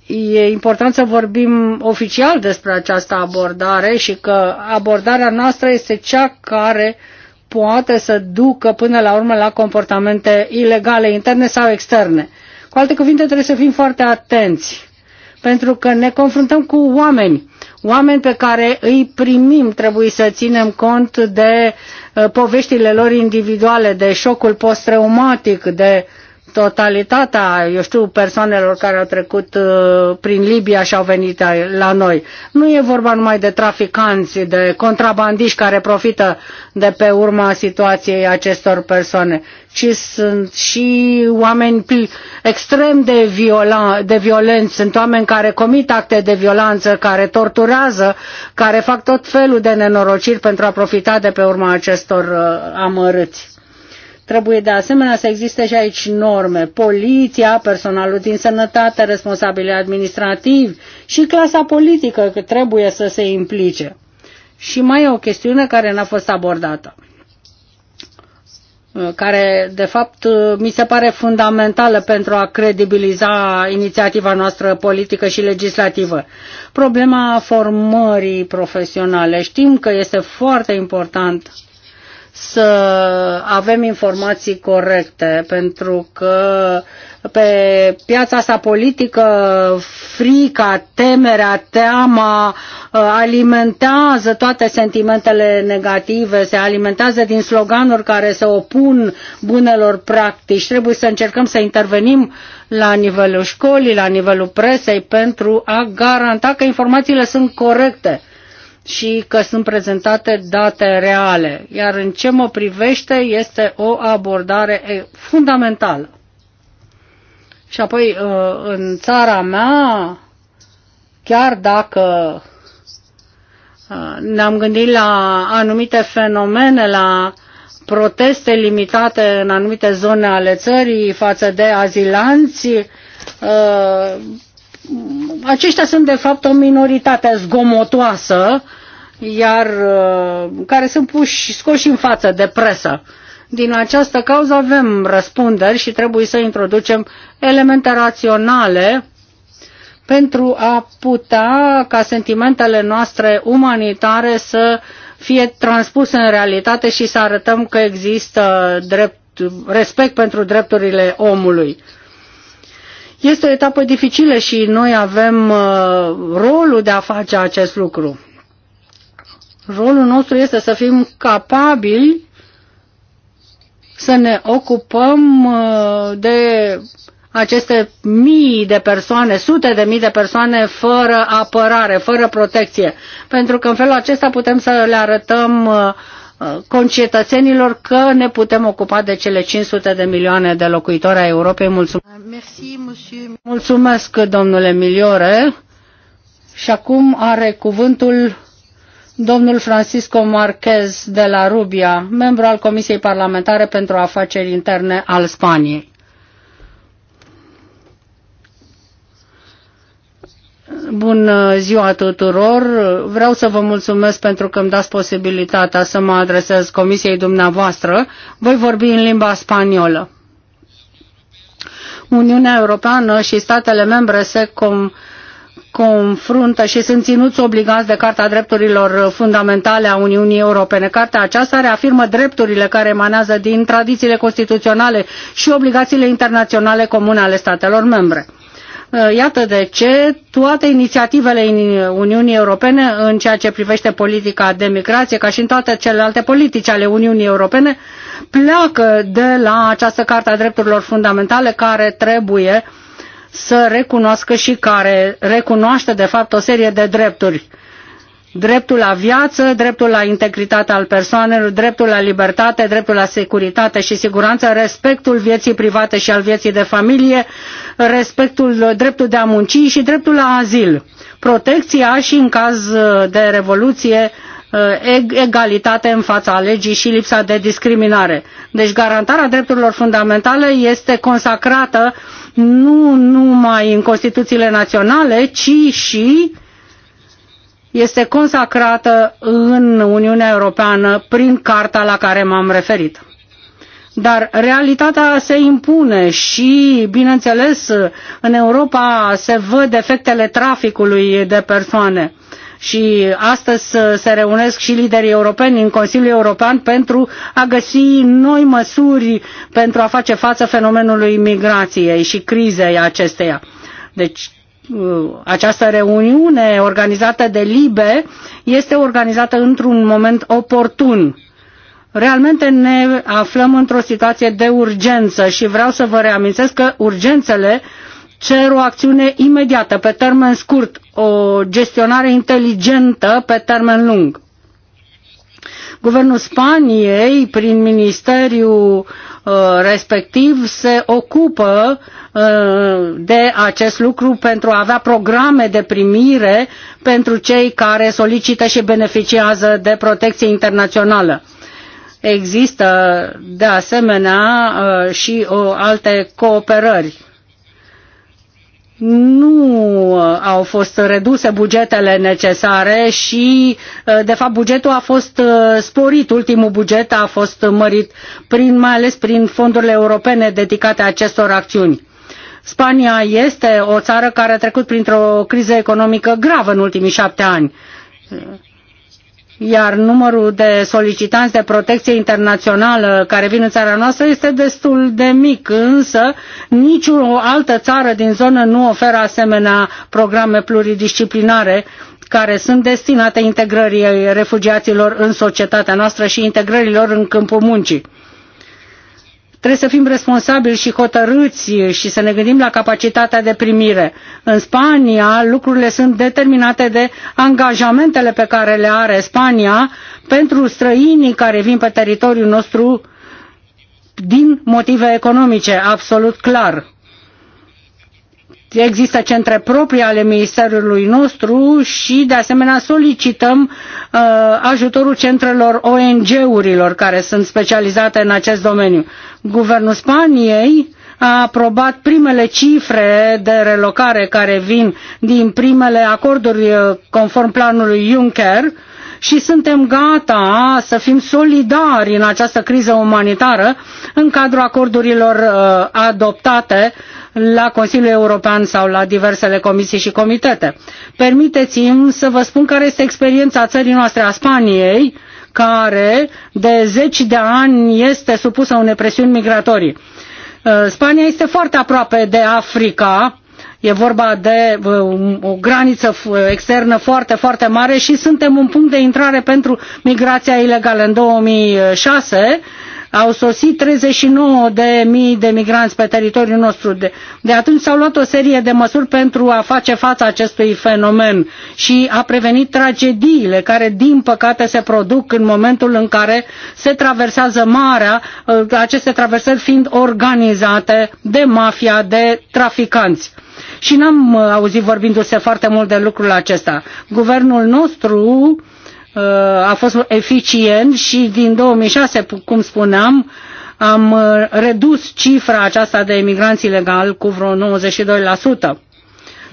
e important să vorbim oficial despre această abordare și că abordarea noastră este cea care poate să ducă până la urmă la comportamente ilegale interne sau externe. Cu alte cuvinte, trebuie să fim foarte atenți, pentru că ne confruntăm cu oameni, oameni pe care îi primim, trebuie să ținem cont de uh, poveștile lor individuale, de șocul post-traumatic, de uh, totalitatea, eu știu, persoanelor care au trecut uh, prin Libia și au venit la noi. Nu e vorba numai de traficanți, de contrabandiști care profită de pe urma situației acestor persoane, ci sunt și oameni extrem de, viola, de violenți, sunt oameni care comit acte de violență, care torturează, care fac tot felul de nenorociri pentru a profita de pe urma acestor uh, amărâți. Trebuie de asemenea să existe și aici norme. Poliția, personalul din sănătate, responsabile administrativ și clasa politică că trebuie să se implice. Și mai e o chestiune care n-a fost abordată uh, care de fapt uh, mi se pare fundamentală pentru a credibiliza inițiativa noastră politică și legislativă. Problema formării profesionale. Știm că este foarte important să avem informații corecte, pentru că pe piața asta politică frica, temerea, teama uh, alimentează toate sentimentele negative, se alimentează din sloganuri care se opun bunelor practici. Trebuie să încercăm să intervenim la nivelul școlii, la nivelul presei, pentru a garanta că informațiile sunt corecte și că sunt prezentate date reale. Iar în ce mă privește este o abordare fundamentală. Și apoi uh, în țara mea, chiar dacă uh, ne-am gândit la anumite fenomene, la proteste limitate în anumite zone ale țării față de azilanți, uh, aceștia sunt de fapt o minoritate zgomotoasă, iar uh, care sunt puși scoși în față de presă. Din această cauză avem răspunderi și trebuie să introducem elemente raționale pentru a putea ca sentimentele noastre umanitare să fie transpuse în realitate și să arătăm că există drept, respect pentru drepturile omului. Este o etapă dificilă și noi avem uh, rolul de a face acest lucru. Rolul nostru este să fim capabili să ne ocupăm uh, de aceste mii de persoane, sute de mii de persoane fără apărare, fără protecție. Pentru că în felul acesta putem să le arătăm uh, Uh, concetățenilor că ne putem ocupa de cele 500 de milioane de locuitori ai Europei. Mulțumesc, ah, Mulțumesc domnule Miliore. Și acum are cuvântul domnul Francisco Marquez de la Rubia, membru al Comisiei Parlamentare pentru Afaceri Interne al Spaniei. Bună uh, ziua tuturor! Vreau să vă mulțumesc pentru că îmi dați posibilitatea să mă adresez comisiei dumneavoastră. Voi vorbi în limba spaniolă. Uniunea Europeană și statele membre se com confruntă și sunt ținuți obligați de Carta Drepturilor Fundamentale a Uniunii Europene. Carta aceasta reafirmă drepturile care emanează din tradițiile constituționale și obligațiile internaționale comune ale statelor membre. Uh, iată de ce toate inițiativele Uniunii Europene în ceea ce privește politica de migrație, ca și în toate celelalte politici ale Uniunii Europene, pleacă de la această Carta a Drepturilor Fundamentale care trebuie să recunoască și care recunoaște de fapt o serie de drepturi dreptul la viață, dreptul la integritate al persoanelor, dreptul la libertate, dreptul la securitate și siguranță, respectul vieții private și al vieții de familie, respectul dreptul de a munci și dreptul la azil, protecția și în caz uh, de revoluție uh, egalitate în fața legii și lipsa de discriminare. Deci garantarea drepturilor fundamentale este consacrată nu numai în Constituțiile naționale, ci și este consacrată în Uniunea Europeană prin carta la care m-am referit. Dar realitatea se impune și, bineînțeles, în Europa se văd efectele traficului de persoane și astăzi se reunesc și liderii europeni în Consiliul European pentru a găsi noi măsuri pentru a face față fenomenului migrației și crizei acesteia. Deci Uh, această reuniune organizată de LIBE este organizată într-un moment oportun. Realmente ne aflăm într-o situație de urgență și vreau să vă reamintesc că urgențele cer o acțiune imediată, pe termen scurt, o gestionare inteligentă pe termen lung. Guvernul Spaniei, prin Ministeriul Uh, respectiv se ocupă uh, de acest lucru pentru a avea programe de primire pentru cei care solicită și beneficiază de protecție internațională. Există de asemenea uh, și alte cooperări nu uh, au fost reduse bugetele necesare și, uh, de fapt, bugetul a fost uh, sporit. Ultimul buget a fost mărit, prin, mai ales prin fondurile europene dedicate acestor acțiuni. Spania este o țară care a trecut printr-o criză economică gravă în ultimii șapte ani iar numărul de solicitanți de protecție internațională care vin în țara noastră este destul de mic, însă nicio altă țară din zonă nu oferă asemenea programe pluridisciplinare care sunt destinate integrării refugiaților în societatea noastră și integrării lor în câmpul muncii. Trebuie să fim responsabili și hotărâți și să ne gândim la capacitatea de primire. În Spania lucrurile sunt determinate de angajamentele pe care le are Spania pentru străinii care vin pe teritoriul nostru din motive economice, absolut clar. Există centre proprii ale ministerului nostru și, de asemenea, solicităm uh, ajutorul centrelor ONG-urilor care sunt specializate în acest domeniu. Guvernul Spaniei a aprobat primele cifre de relocare care vin din primele acorduri uh, conform planului Juncker și suntem gata să fim solidari în această criză umanitară în cadrul acordurilor uh, adoptate la Consiliul European sau la diversele comisii și comitete. Permiteți-mi să vă spun care este experiența țării noastre, a Spaniei, care de zeci de ani este supusă unei presiuni migratorii. Uh, Spania este foarte aproape de Africa, e vorba de uh, o graniță uh, externă foarte, foarte mare și suntem un punct de intrare pentru migrația ilegală. În 2006 au sosit 39 de mii de migranți pe teritoriul nostru. De, de atunci s-au luat o serie de măsuri pentru a face față acestui fenomen și a prevenit tragediile care, din păcate, se produc în momentul în care se traversează marea, ă, aceste traversări fiind organizate de mafia, de traficanți și n-am ă, auzit vorbindu-se foarte mult de lucrul acesta. Guvernul nostru Uh, a fost eficient și din 2006, cum spuneam, am uh, redus cifra aceasta de emigranți ilegali cu vreo 92%.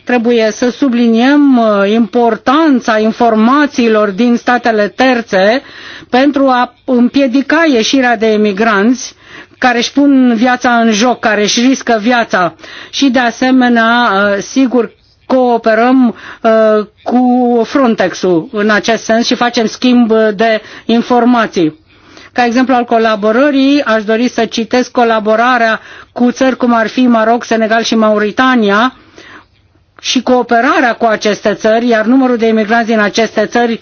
Trebuie să subliniem uh, importanța informațiilor din statele terțe pentru a împiedica ieșirea de emigranți care își pun viața în joc, care își riscă viața și de asemenea, sigur, cooperăm uh, cu Frontex-ul în acest sens și facem schimb de informații. Ca exemplu al colaborării, aș dori să citesc colaborarea cu țări cum ar fi Maroc, Senegal și Mauritania și cooperarea cu aceste țări, iar numărul de imigranți din aceste țări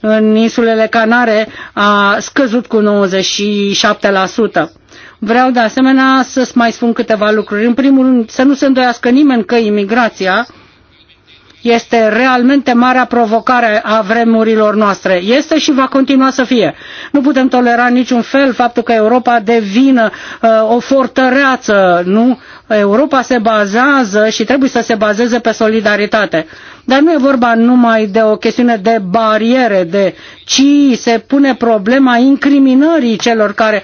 în insulele Canare a scăzut cu 97%. Vreau de asemenea să mai spun câteva lucruri. În primul rând, să nu se îndoiască nimeni că imigrația este realmente marea provocare a vremurilor noastre. Este și va continua să fie. Nu putem tolera niciun fel faptul că Europa devină uh, o fortăreață, nu? Europa se bazează și trebuie să se bazeze pe solidaritate. Dar nu e vorba numai de o chestiune de bariere, de, ci se pune problema incriminării celor care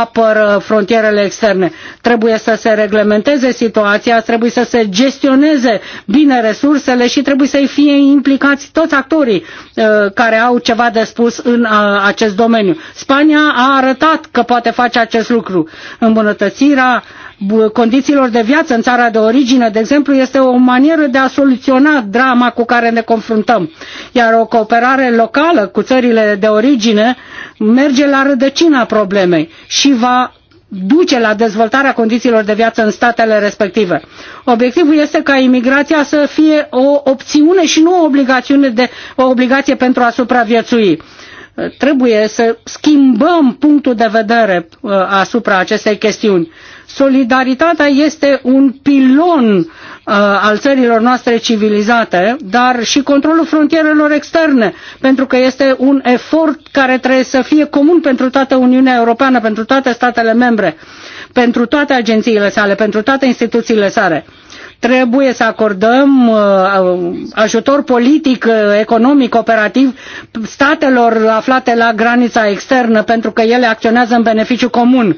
apără frontierele externe. Trebuie să se reglementeze situația, trebuie să se gestioneze bine resursele și trebuie să-i fie implicați toți actorii uh, care au ceva de spus în uh, acest domeniu. Spania a arătat că poate face acest lucru. Îmbunătățirea condițiilor condițiilor de viață în țara de origine, de exemplu, este o manieră de a soluționa drama cu care ne confruntăm. Iar o cooperare locală cu țările de origine merge la rădăcina problemei și va duce la dezvoltarea condițiilor de viață în statele respective. Obiectivul este ca imigrația să fie o opțiune și nu o obligațiune de o obligație pentru a supraviețui. Trebuie să schimbăm punctul de vedere uh, asupra acestei chestiuni. Solidaritatea este un pilon uh, al țărilor noastre civilizate, dar și controlul frontierelor externe, pentru că este un efort care trebuie să fie comun pentru toată Uniunea Europeană, pentru toate statele membre, pentru toate agențiile sale, pentru toate instituțiile sale trebuie să acordăm uh, ajutor politic, uh, economic, operativ statelor aflate la granița externă pentru că ele acționează în beneficiu comun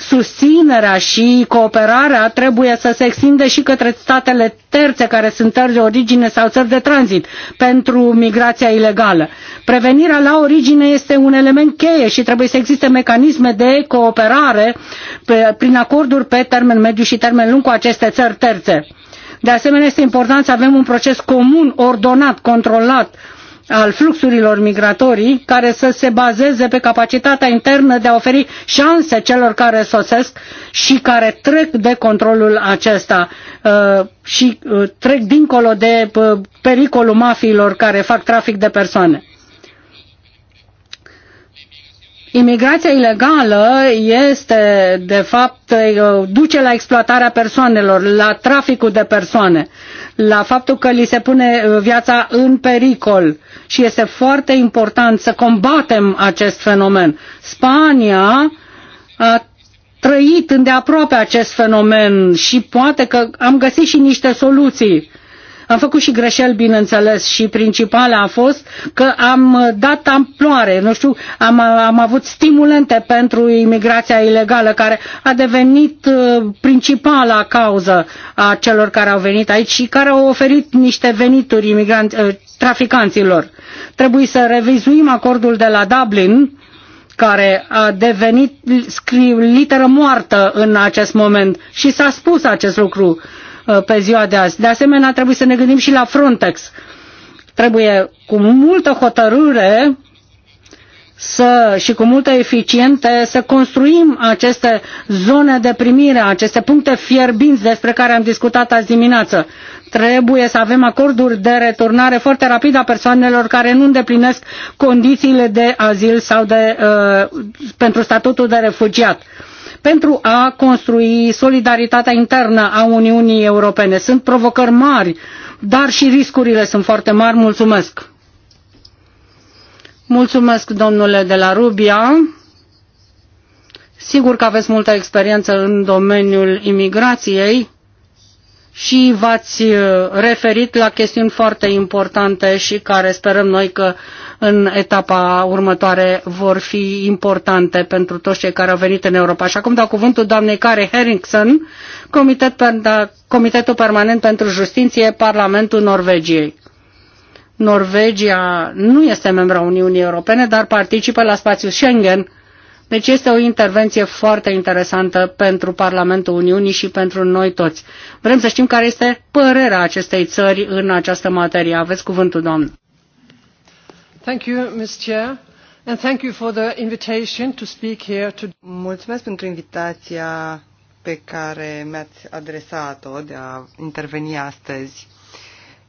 susținerea și cooperarea trebuie să se extindă și către statele terțe care sunt țări de origine sau țări de tranzit pentru migrația ilegală. Prevenirea la origine este un element cheie și trebuie să existe mecanisme de cooperare pe, prin acorduri pe termen mediu și termen lung cu aceste țări terțe. De asemenea, este important să avem un proces comun, ordonat, controlat, al fluxurilor migratorii care să se bazeze pe capacitatea internă de a oferi șanse celor care sosesc și care trec de controlul acesta uh, și uh, trec dincolo de uh, pericolul mafiilor care fac trafic de persoane. Imigrația ilegală este, de fapt, eh, duce la exploatarea persoanelor, la traficul de persoane, la faptul că li se pune eh, viața în pericol și este foarte important să combatem acest fenomen. Spania a trăit îndeaproape acest fenomen și poate că am găsit și niște soluții am făcut și greșeli, bineînțeles, și principala a fost că am uh, dat amploare, nu știu, am, uh, am avut stimulente pentru imigrația ilegală, care a devenit uh, principala cauză a celor care au venit aici și care au oferit niște venituri imigranți, traficanților. Trebuie să revizuim acordul de la Dublin, care a devenit scriu, literă moartă în acest moment și s-a spus acest lucru. Uh, pe ziua de azi. De asemenea, trebuie să ne gândim și la Frontex. Trebuie cu multă hotărâre să, și cu multă eficiente să construim aceste zone de primire, aceste puncte fierbinți despre care am discutat azi dimineață. Trebuie să avem acorduri de returnare foarte rapid a persoanelor care nu îndeplinesc condițiile de azil sau de, uh, pentru statutul de refugiat. Uh, pentru a construi solidaritatea internă a Uniunii Europene. Sunt provocări mari, dar și riscurile sunt foarte mari. Mulțumesc! Mulțumesc, domnule de la Rubia. Sigur că aveți multă experiență în domeniul imigrației și v-ați uh, referit la chestiuni foarte importante și care sperăm noi că în etapa următoare vor fi importante pentru toți cei care au venit în Europa. Și acum dau cuvântul doamnei Care Henriksen, Comitet per, da, Comitetul Permanent pentru Justiție, Parlamentul Norvegiei. Norvegia nu este membra Uniunii Europene, dar participă la spațiul Schengen deci este o intervenție foarte interesantă pentru Parlamentul Uniunii și pentru noi toți. Vrem să știm care este părerea acestei țări în această materie. Aveți cuvântul, doamnă. Thank you, Ms. Chair. And thank you for the invitation to speak here to... Mulțumesc pentru invitația pe care mi-ați adresat-o de a interveni astăzi.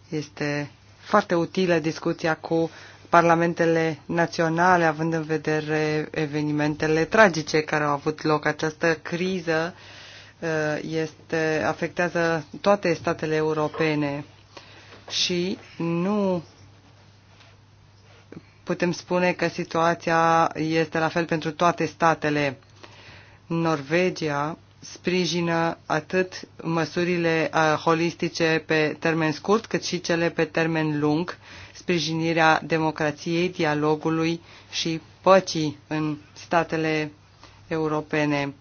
Este foarte utilă discuția cu parlamentele naționale, având în vedere evenimentele tragice care au avut loc. Această criză uh, este, afectează toate statele europene și nu putem spune că situația este la fel pentru toate statele. Norvegia sprijină atât măsurile uh, holistice pe termen scurt, cât și cele pe termen lung sprijinirea democrației, dialogului și păcii în statele europene.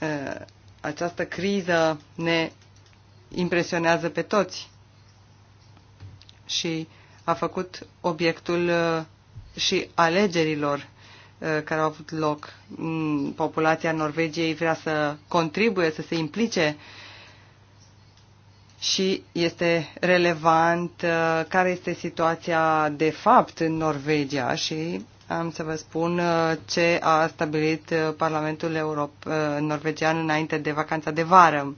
Uh, această criză ne impresionează pe toți și a făcut obiectul uh, și alegerilor uh, care au avut loc. Mm, populația Norvegiei vrea să contribuie, să se implice și este relevant uh, care este situația de fapt în Norvegia și am să vă spun uh, ce a stabilit uh, Parlamentul Europe, norvegian înainte de vacanța de vară.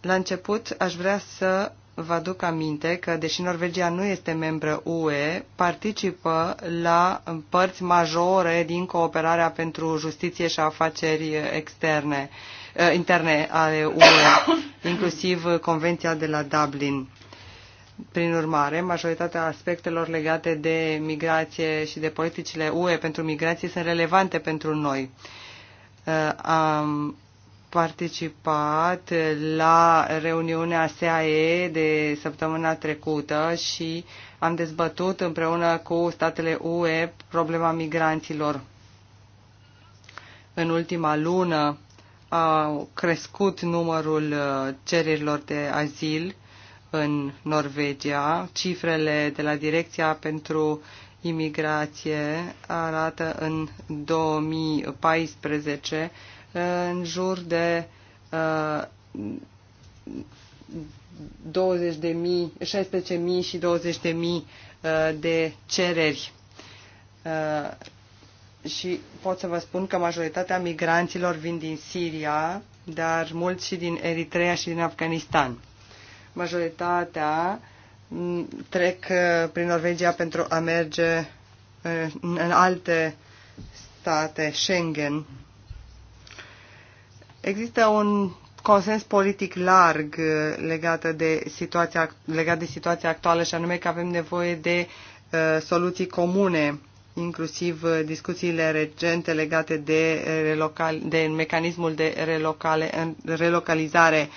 La început aș vrea să vă aduc aminte că, deși Norvegia nu este membră UE, participă la părți majore din cooperarea pentru justiție și afaceri externe. Uh, Eh, interne ale UE, inclusiv Convenția de la Dublin. Prin urmare, majoritatea aspectelor legate de migrație și de politicile UE pentru migrație sunt relevante pentru noi. Eh, am participat la reuniunea SAE de săptămâna trecută și am dezbătut împreună cu statele UE problema migranților. În ultima lună a crescut numărul uh, cererilor de azil în Norvegia. Cifrele de la Direcția pentru Imigrație arată în 2014 uh, în jur de uh, 20 și 20.000 uh, de cereri și pot să vă spun că majoritatea migranților vin din Siria, dar mulți și din Eritrea și din Afganistan. Majoritatea mm, trec uh, prin Norvegia pentru a merge uh, în alte state Schengen. Există un consens politic larg uh, legat de situația, legat de situația actuală și anume că avem nevoie de uh, soluții comune inclusiv uh, discuțiile recente legate de, uh, relocal, de mecanismul de relocale, relocalizare.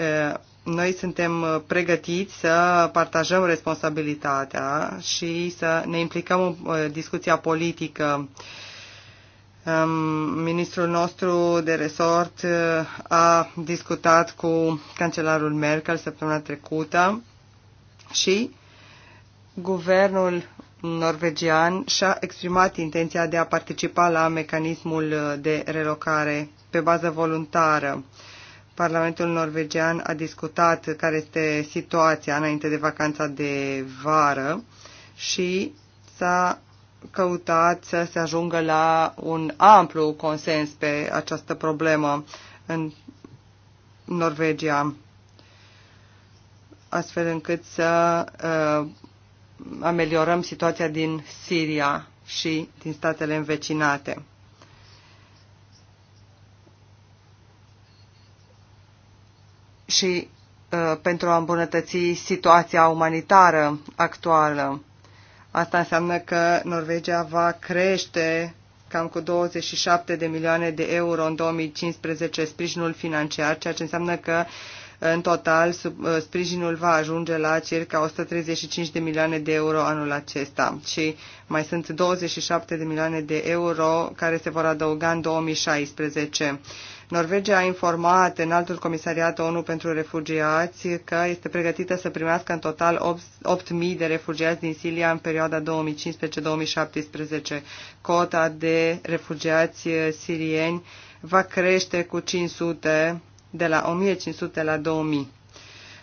Uh, noi suntem pregătiți să partajăm responsabilitatea și să ne implicăm în discuția politică. Um, ministrul nostru de resort a discutat cu cancelarul Merkel săptămâna trecută și guvernul norvegian și-a exprimat intenția de a participa la mecanismul de relocare pe bază voluntară. Parlamentul norvegian a discutat care este situația înainte de vacanța de vară și s-a căutat să se ajungă la un amplu consens pe această problemă în Norvegia, astfel încât să uh, ameliorăm situația din Siria și din statele învecinate. Și uh, pentru a îmbunătăți situația umanitară actuală. Asta înseamnă că Norvegia va crește cam cu 27 de milioane de euro în 2015 sprijinul financiar, ceea ce înseamnă că uh, în total, uh, sprijinul va ajunge la circa 135 de milioane de euro anul acesta și mai sunt 27 de milioane de euro care se vor adăuga în 2016. Norvegia a informat în altul comisariat ONU pentru refugiați că este pregătită să primească în total 8.000 de refugiați din Siria în perioada 2015-2017. Cota de refugiați uh, sirieni va crește cu 500 de la 1500 la 2000.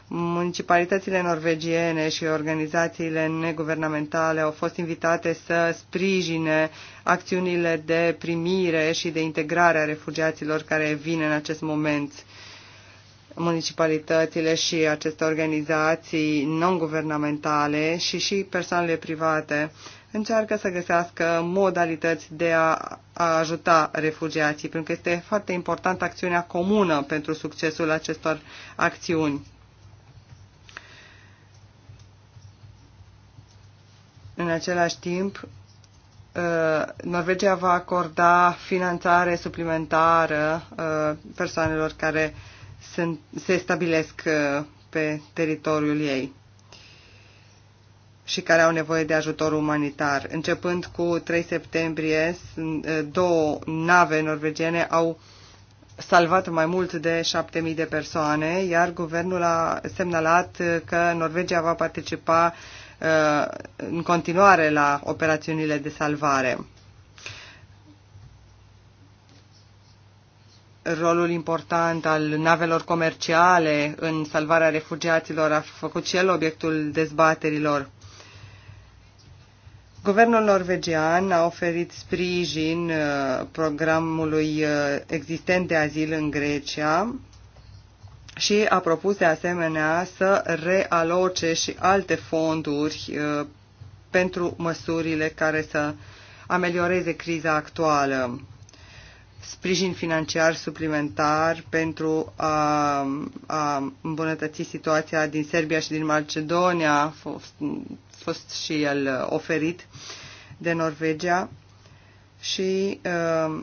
Municipalitățile norvegiene și organizațiile neguvernamentale au fost invitate să sprijine acțiunile de primire și de integrare a refugiaților care vin în acest moment. Municipalitățile și aceste organizații non-guvernamentale și și persoanele private încearcă să găsească modalități de a, a ajuta refugiații, pentru că este foarte importantă acțiunea comună pentru succesul acestor acțiuni. În același timp, ă, Norvegia va acorda finanțare suplimentară ă, persoanelor care sunt, se stabilesc ă, pe teritoriul ei și care au nevoie de ajutor umanitar. Începând cu 3 septembrie, două nave norvegiene au salvat mai mult de 7.000 de persoane, iar guvernul a semnalat că Norvegia va participa în continuare la operațiunile de salvare. rolul important al navelor comerciale în salvarea refugiaților a făcut și el obiectul dezbaterilor. Guvernul norvegian a oferit sprijin uh, programului uh, existent de azil în Grecia și a propus de asemenea să realoce și alte fonduri uh, pentru măsurile care să amelioreze criza actuală. Sprijin financiar suplimentar pentru a, a îmbunătăți situația din Serbia și din Macedonia a fost fost și el uh, oferit de Norvegia și uh,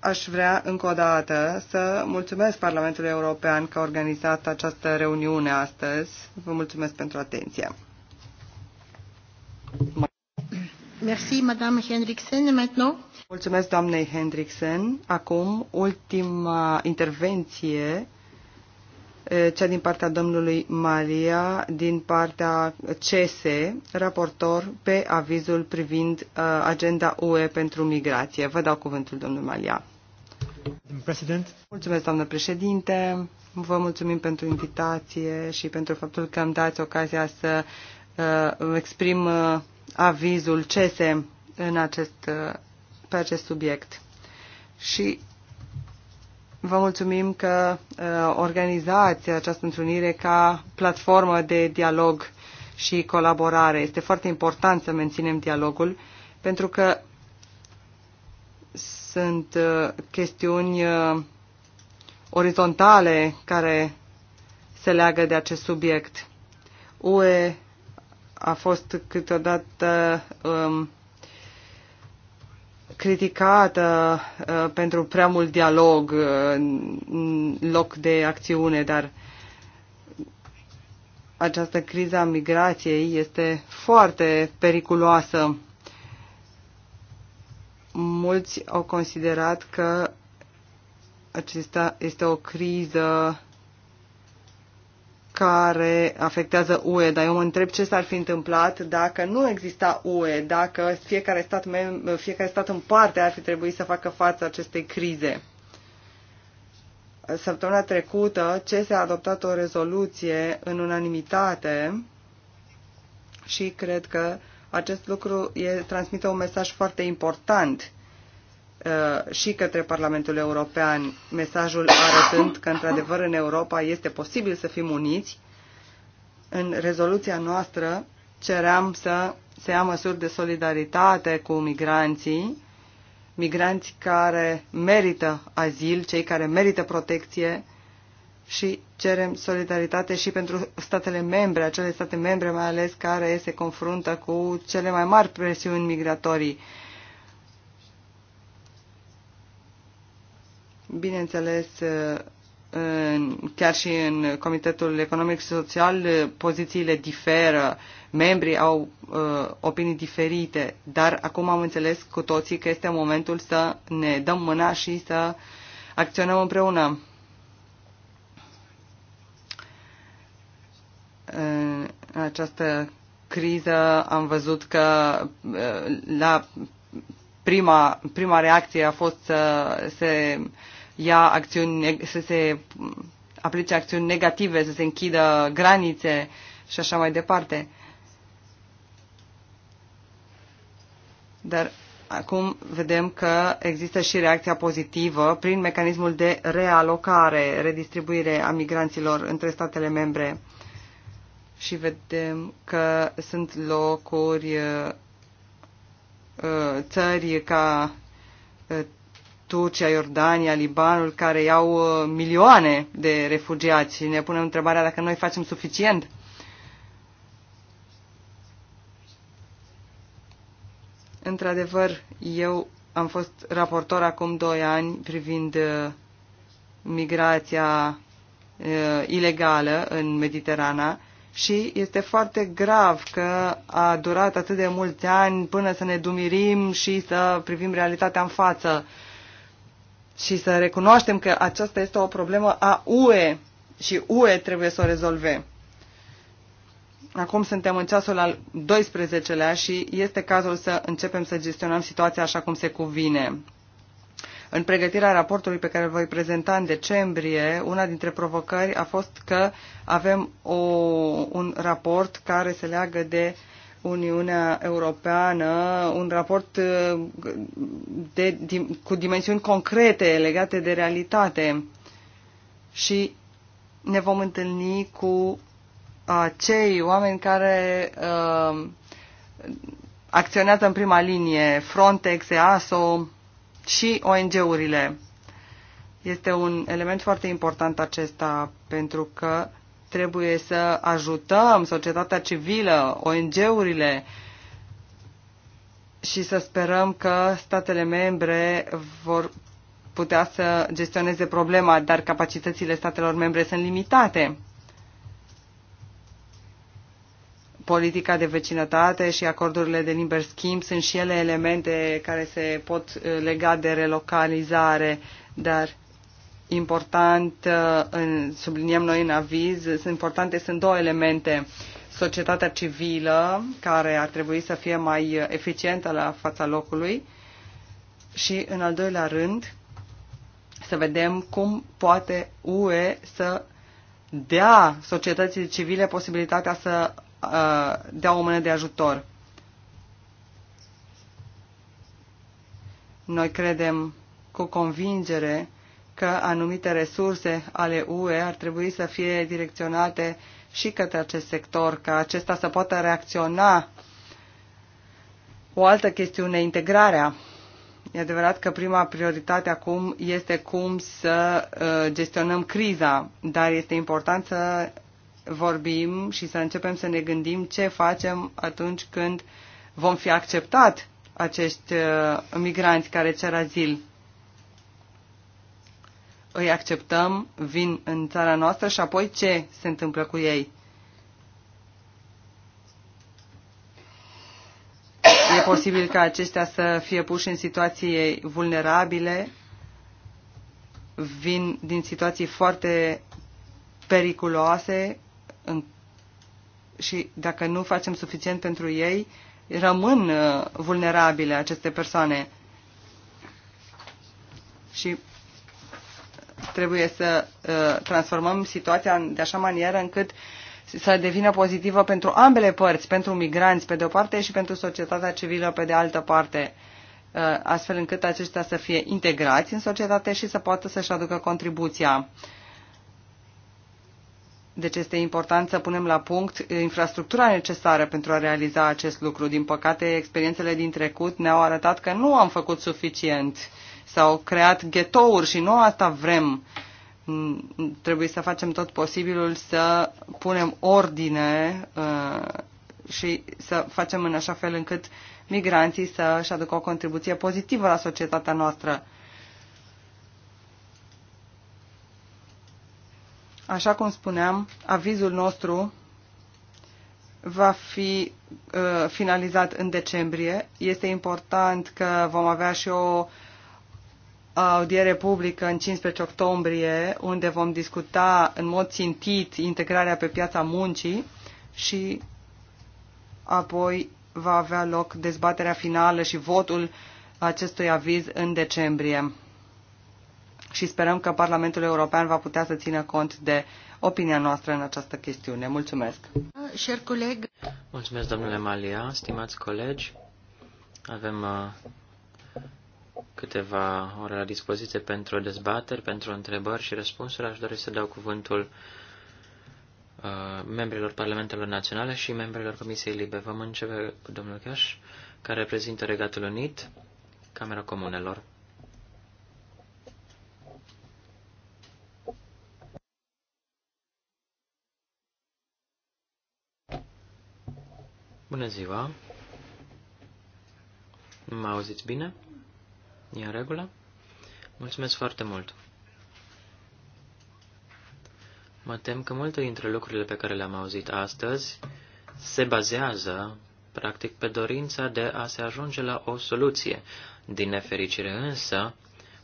aș vrea încă o dată să mulțumesc Parlamentului European că a organizat această reuniune astăzi. Vă mulțumesc pentru atenție. Merci, Madame Hendrickson. Maintenant. Mulțumesc, doamnei Hendrickson. Acum, ultima intervenție Eh, cea din partea domnului Malia, din partea CS, raportor pe avizul privind eh, agenda UE pentru migrație. Vă dau cuvântul, domnul Malia. President. Mulțumesc, doamnă președinte. Vă mulțumim pentru invitație și pentru faptul că îmi dați ocazia să uh, exprim uh, avizul CESE în acest, uh, pe acest subiect. Și Vă mulțumim că uh, organizați această întâlnire ca platformă de dialog și colaborare. Este foarte important să menținem dialogul pentru că sunt uh, chestiuni uh, orizontale care se leagă de acest subiect. UE a fost câteodată um, criticată uh, pentru prea mult dialog uh, în loc de acțiune, dar această criză a migrației este foarte periculoasă. Mulți au considerat că acesta este o criză care afectează UE, dar eu mă întreb ce s-ar fi întâmplat dacă nu exista UE, dacă fiecare stat, fiecare stat în parte ar fi trebuit să facă față acestei crize. Săptămâna trecută, s a adoptat o rezoluție în unanimitate și cred că acest lucru e, transmite un mesaj foarte important Uh, și către Parlamentul European mesajul arătând că, într-adevăr, în Europa este posibil să fim uniți. În rezoluția noastră ceream să se ia măsuri de solidaritate cu migranții, migranți care merită azil, cei care merită protecție și cerem solidaritate și pentru statele membre, acele state membre mai ales care se confruntă cu cele mai mari presiuni migratorii Bineînțeles, chiar și în Comitetul Economic și Social pozițiile diferă, membrii au uh, opinii diferite, dar acum am înțeles cu toții că este momentul să ne dăm mâna și să acționăm împreună. În această criză am văzut că uh, la prima, prima reacție a fost să se uh, ia acțiuni, să se aplice acțiuni negative, să se închidă granițe și așa mai departe. Dar acum vedem că există și reacția pozitivă prin mecanismul de realocare, redistribuire a migranților între statele membre. Și vedem că sunt locuri, uh, țări ca uh, Turcia, Iordania, Libanul, care iau uh, milioane de refugiați ne punem întrebarea dacă noi facem suficient. Într-adevăr, eu am fost raportor acum doi ani privind uh, migrația uh, ilegală în Mediterana și este foarte grav că a durat atât de mulți ani până să ne dumirim și să privim realitatea în față și să recunoaștem că aceasta este o problemă a UE și UE trebuie să o rezolve. Acum suntem în ceasul al 12-lea și este cazul să începem să gestionăm situația așa cum se cuvine. În pregătirea raportului pe care îl voi prezenta în decembrie, una dintre provocări a fost că avem o, un raport care se leagă de uh, Uniunea Europeană un raport uh, de, cu dimensiuni concrete legate de realitate și ne vom întâlni cu acei oameni care uh, acționează în prima linie, Frontex, EASO și ONG-urile. Este un element foarte important acesta pentru că Trebuie să ajutăm societatea civilă, ONG-urile și să sperăm că statele membre vor putea să gestioneze problema, dar capacitățile statelor membre sunt limitate. Politica de vecinătate și acordurile de liber schimb sunt și ele elemente care se pot uh, lega de relocalizare, dar important, uh, subliniem noi în aviz, sunt importante sunt două elemente. Societatea civilă, care ar trebui să fie mai eficientă la fața locului și, în al doilea rând, să vedem cum poate UE să dea societății civile posibilitatea să uh, dea o mână de ajutor. Noi credem cu convingere că anumite resurse ale UE ar trebui să fie direcționate și către acest sector, ca acesta să poată reacționa. O altă chestiune, integrarea. E adevărat că prima prioritate acum este cum să uh, gestionăm criza, dar este important să vorbim și să începem să ne gândim ce facem atunci când vom fi acceptat acești uh, migranți care cer azil îi acceptăm, vin în țara noastră și apoi ce se întâmplă cu ei? E posibil ca aceștia să fie puși în situații vulnerabile, vin din situații foarte periculoase în, și dacă nu facem suficient pentru ei, rămân uh, vulnerabile aceste persoane. Și Trebuie să uh, transformăm situația de așa manieră încât să devină pozitivă pentru ambele părți, pentru migranți pe de o parte și pentru societatea civilă pe de altă parte, uh, astfel încât aceștia să fie integrați în societate și să poată să-și aducă contribuția. Deci este important să punem la punct infrastructura necesară pentru a realiza acest lucru. Din păcate, experiențele din trecut ne-au arătat că nu am făcut suficient S-au creat ghetouri și nu asta vrem. Trebuie să facem tot posibilul să punem ordine uh, și să facem în așa fel încât migranții să-și aducă o contribuție pozitivă la societatea noastră. Așa cum spuneam, avizul nostru va fi uh, finalizat în decembrie. Este important că vom avea și o audiere publică în 15 octombrie, unde vom discuta în mod țintit integrarea pe piața muncii și apoi va avea loc dezbaterea finală și votul acestui aviz în decembrie. Și sperăm că Parlamentul European va putea să țină cont de opinia noastră în această chestiune. Mulțumesc! Mulțumesc, domnule Malia, stimați colegi. Avem uh, câteva ore la dispoziție pentru dezbateri, pentru întrebări și răspunsuri. Aș dori să dau cuvântul uh, membrilor Parlamentelor Naționale și membrilor Comisiei Libe. Vom începe cu domnul Chiaș, care reprezintă Regatul Unit, Camera Comunelor. Bună ziua! Mă auziți bine? E în regulă? Mulțumesc foarte mult. Mă tem că multe dintre lucrurile pe care le-am auzit astăzi se bazează, practic, pe dorința de a se ajunge la o soluție. Din nefericire însă,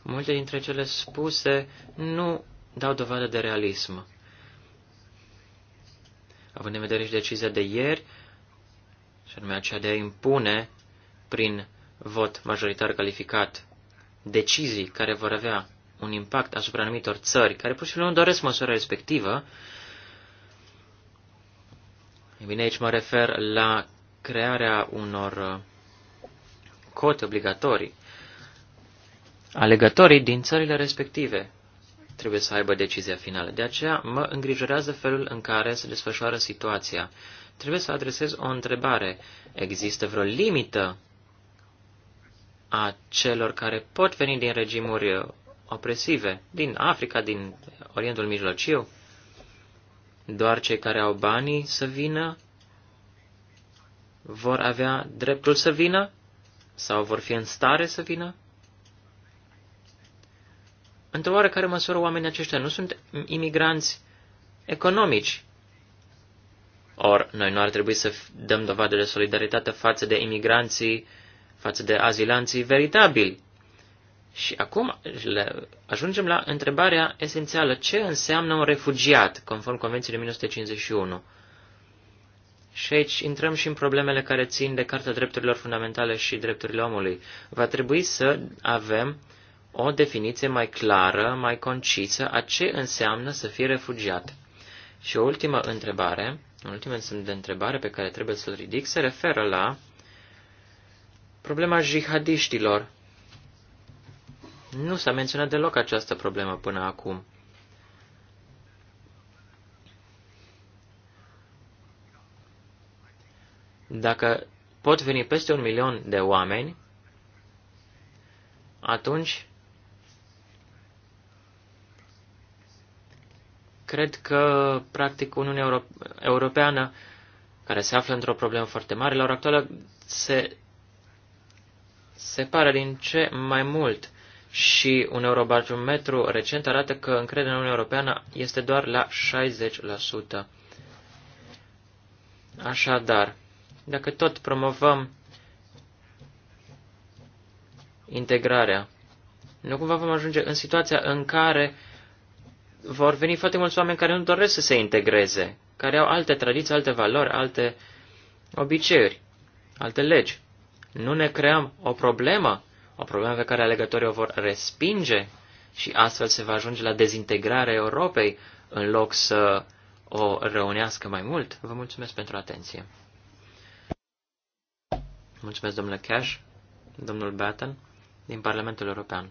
multe dintre cele spuse nu dau dovadă de realism. Având în vedere și decizia de ieri, și anume aceea de a impune prin vot majoritar calificat decizii care vor avea un impact asupra anumitor țări, care pur și simplu nu doresc măsura respectivă, e bine, aici mă refer la crearea unor uh, cote obligatorii. Alegătorii din țările respective trebuie să aibă decizia finală. De aceea mă îngrijorează felul în care se desfășoară situația. Trebuie să adresez o întrebare. Există vreo limită a celor care pot veni din regimuri opresive, din Africa, din Orientul Mijlociu. Doar cei care au banii să vină vor avea dreptul să vină sau vor fi în stare să vină? Într-o oarecare măsură, oamenii aceștia nu sunt imigranți economici. Or, noi nu ar trebui să dăm dovadă de solidaritate față de imigranții uh, față de azilanții veritabili. Și acum ajungem la întrebarea esențială. Ce înseamnă un refugiat, conform Convenției de 1951? Și aici intrăm și în problemele care țin de Carta Drepturilor Fundamentale și Drepturile Omului. Va trebui să avem o definiție mai clară, mai concisă a ce înseamnă să fii refugiat. Și o ultimă întrebare, un ultim semn de întrebare pe care trebuie să-l ridic, se referă la Problema jihadiștilor. Nu s-a menționat deloc această problemă până acum. Dacă pot veni peste un milion de oameni, atunci cred că, practic, Uniunea Europeană, care se află într-o problemă foarte mare, la ora actuală se separă din ce mai mult și un eurobarometru recent arată că încrederea în Uniunea Europeană este doar la 60%. Așadar, dacă tot promovăm integrarea, nu cumva vom ajunge în situația în care vor veni foarte mulți oameni care nu doresc să se integreze, care au alte tradiții, alte valori, alte obiceiuri, alte legi nu ne creăm o problemă, o problemă pe care alegătorii o vor respinge și astfel se va ajunge la dezintegrarea Europei în loc să o reunească mai mult. Vă mulțumesc pentru atenție. Mulțumesc, domnule Cash, domnul Batten, din Parlamentul European.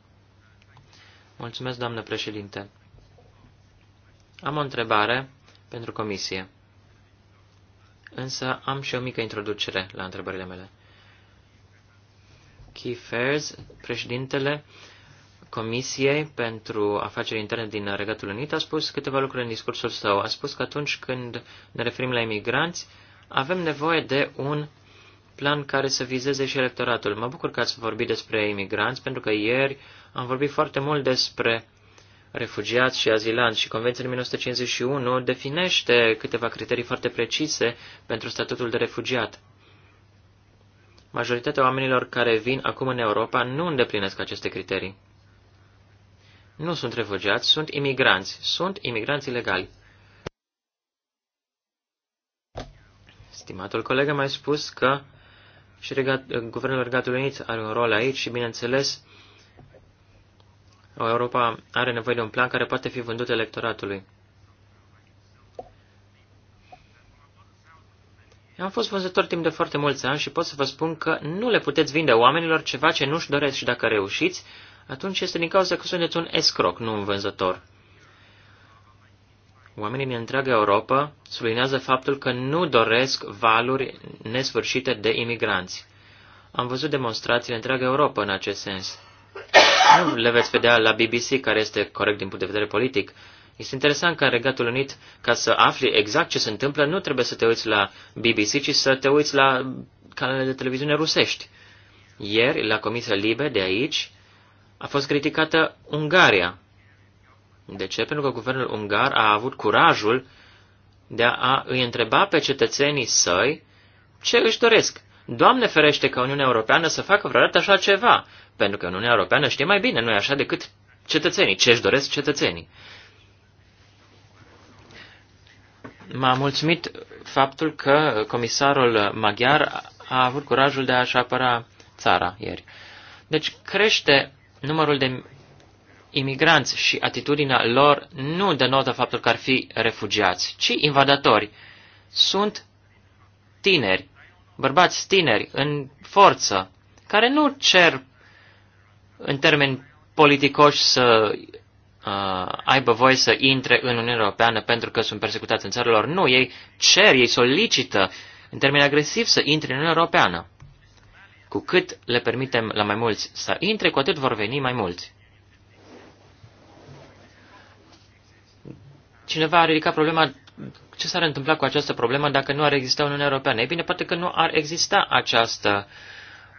Mulțumesc, doamnă președinte. Am o întrebare pentru comisie. Însă am și o mică introducere la întrebările mele. Keith președintele Comisiei pentru Afaceri Interne din Regatul Unit, a spus câteva lucruri în discursul său. A spus că atunci când ne referim la imigranți, avem nevoie de un plan care să vizeze și electoratul. Mă bucur că ați vorbit despre imigranți, pentru că ieri am vorbit foarte mult despre refugiați și azilanți și Convenția 1951 definește câteva criterii foarte precise pentru statutul de refugiat. Majoritatea oamenilor care vin acum în Europa nu îndeplinesc aceste criterii. Nu sunt refugiați, sunt imigranți. Sunt imigranți ilegali. Stimatul coleg a mai spus că și regat, Guvernul Regatului Unit are un rol aici și, bineînțeles, Europa are nevoie de un plan care poate fi vândut electoratului. Eu am fost vânzător timp de foarte mulți ani și pot să vă spun că nu le puteți vinde oamenilor ceva ce nu-și doresc și dacă reușiți, atunci este din cauza că sunteți un escroc, nu un vânzător. Oamenii din întreaga Europa sublinează faptul că nu doresc valuri nesfârșite de imigranți. Am văzut demonstrații în întreaga Europa în acest sens. Nu le veți vedea la BBC, care este corect din punct de vedere politic, este interesant că în Regatul Unit, ca să afli exact ce se întâmplă, nu trebuie să te uiți la BBC, ci să te uiți la canalele de televiziune rusești. Ieri, la Comisia Libe de aici, a fost criticată Ungaria. De ce? Pentru că guvernul ungar a avut curajul de a îi întreba pe cetățenii săi ce își doresc. Doamne ferește ca Uniunea Europeană să facă vreodată așa ceva, pentru că Uniunea Europeană știe mai bine, nu-i așa, decât cetățenii, ce își doresc cetățenii. M-a mulțumit faptul că comisarul maghiar a avut curajul de a-și apăra țara ieri. Deci crește numărul de imigranți și atitudinea lor nu denotă faptul că ar fi refugiați, ci invadatori. Sunt tineri, bărbați tineri, în forță, care nu cer în termeni politicoși să uh, aibă voie să intre în Uniunea Europeană pentru că sunt persecutați în țările lor. Nu, ei cer, ei solicită în termen agresiv să intre în Uniunea Europeană. Cu cât le permitem la mai mulți să intre, cu atât vor veni mai mulți. Cineva a ridicat problema ce s-ar întâmpla cu această problemă dacă nu ar exista Uniunea Europeană. Ei bine, poate că nu ar exista această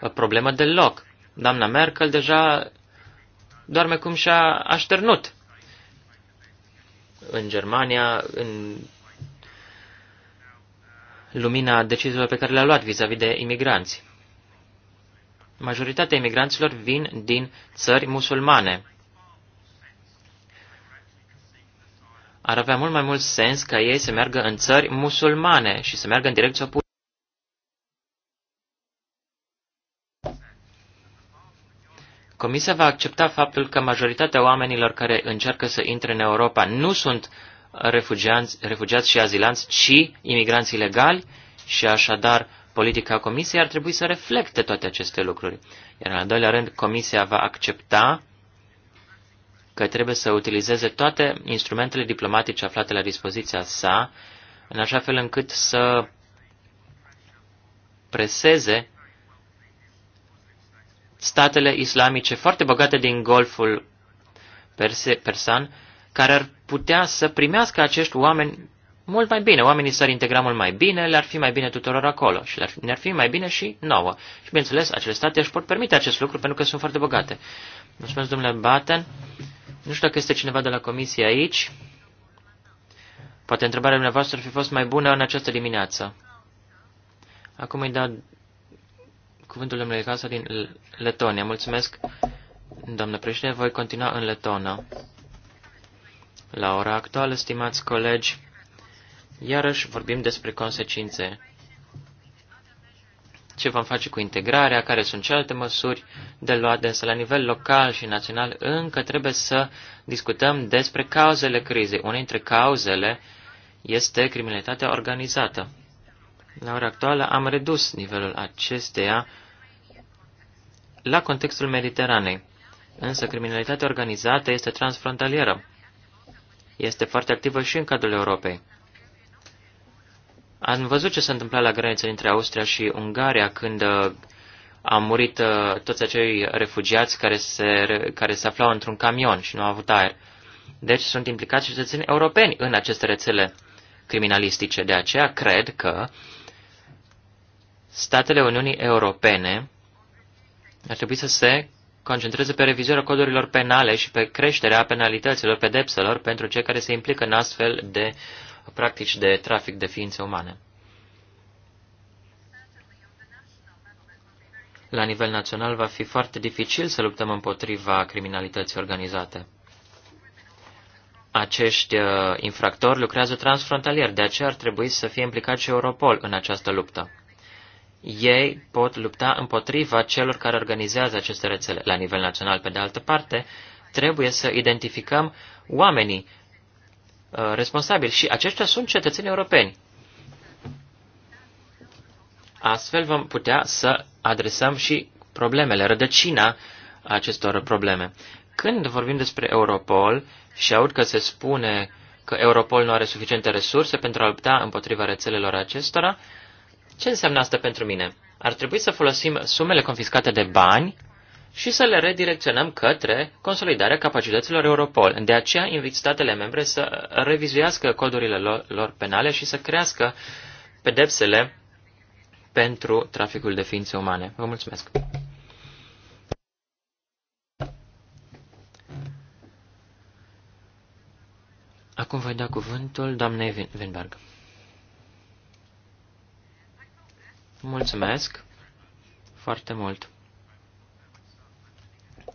uh, problemă deloc. Doamna Merkel deja doarme cum și-a așternut în Germania, în lumina deciziilor pe care le-a luat vis-a-vis -vis de imigranți. Majoritatea imigranților vin din țări musulmane. Ar avea mult mai mult sens ca ei să meargă în țări musulmane și să meargă în direcția opusă. Comisia va accepta faptul că majoritatea oamenilor care încearcă să intre în Europa nu sunt refugiați, refugiați și azilanți, ci imigranți ilegali și așadar politica Comisiei ar trebui să reflecte toate aceste lucruri. Iar în al doilea rând, Comisia va accepta că trebuie să utilizeze toate instrumentele diplomatice aflate la dispoziția sa, în așa fel încât să preseze statele islamice foarte bogate din Golful Perse Persan, care ar putea să primească acești oameni mult mai bine. Oamenii s-ar integra mult mai bine, le-ar fi mai bine tuturor acolo și le-ar, ne-ar fi mai bine și nouă. Și bineînțeles, acele state își pot permite acest lucru pentru că sunt foarte bogate. Mulțumesc, domnule Baten. Nu știu dacă este cineva de la comisie aici. Poate întrebarea dumneavoastră ar fi fost mai bună în această dimineață. Acum îi dau cuvântul domnului Casa din Letonia. Mulțumesc, doamnă președinte. Voi continua în Letonia. La ora actuală, stimați colegi, iarăși vorbim despre consecințe. Ce vom face cu integrarea, care sunt celelalte măsuri de luat, însă la nivel local și național încă trebuie să discutăm despre cauzele crizei. Una dintre cauzele este criminalitatea organizată. La ora actuală am redus nivelul acesteia la contextul Mediteranei. Însă criminalitatea organizată este transfrontalieră. Este foarte activă și în cadrul Europei. Am văzut ce s-a întâmplat la granița dintre Austria și Ungaria când uh, au murit uh, toți acei refugiați care se, care se aflau într-un camion și nu au avut aer. Deci sunt implicați cetățenii europeni în aceste rețele criminalistice. De aceea cred că statele Uniunii Europene ar trebui să se concentreze pe revizuirea codurilor penale și pe creșterea penalităților, pedepselor pentru cei care se implică în astfel de practici de trafic de ființe umane. La nivel național va fi foarte dificil să luptăm împotriva criminalității organizate. Acești uh, infractori lucrează transfrontalier, de aceea ar trebui să fie implicat și Europol în această luptă ei pot lupta împotriva celor care organizează aceste rețele la nivel național. Pe de altă parte, trebuie să identificăm oamenii uh, responsabili și aceștia sunt cetățenii europeni. Astfel vom putea să adresăm și problemele, rădăcina acestor probleme. Când vorbim despre Europol și aud că se spune că Europol nu are suficiente resurse pentru a lupta împotriva rețelelor acestora, uh, ce înseamnă asta pentru mine? Ar trebui să folosim sumele confiscate de bani și să le redirecționăm către consolidarea capacităților Europol. De aceea invit statele membre să revizuiască codurile lor, lor penale și să crească pedepsele pentru traficul de ființe umane. Vă mulțumesc! Acum voi da cuvântul doamnei Winberg. Mulțumesc foarte mult.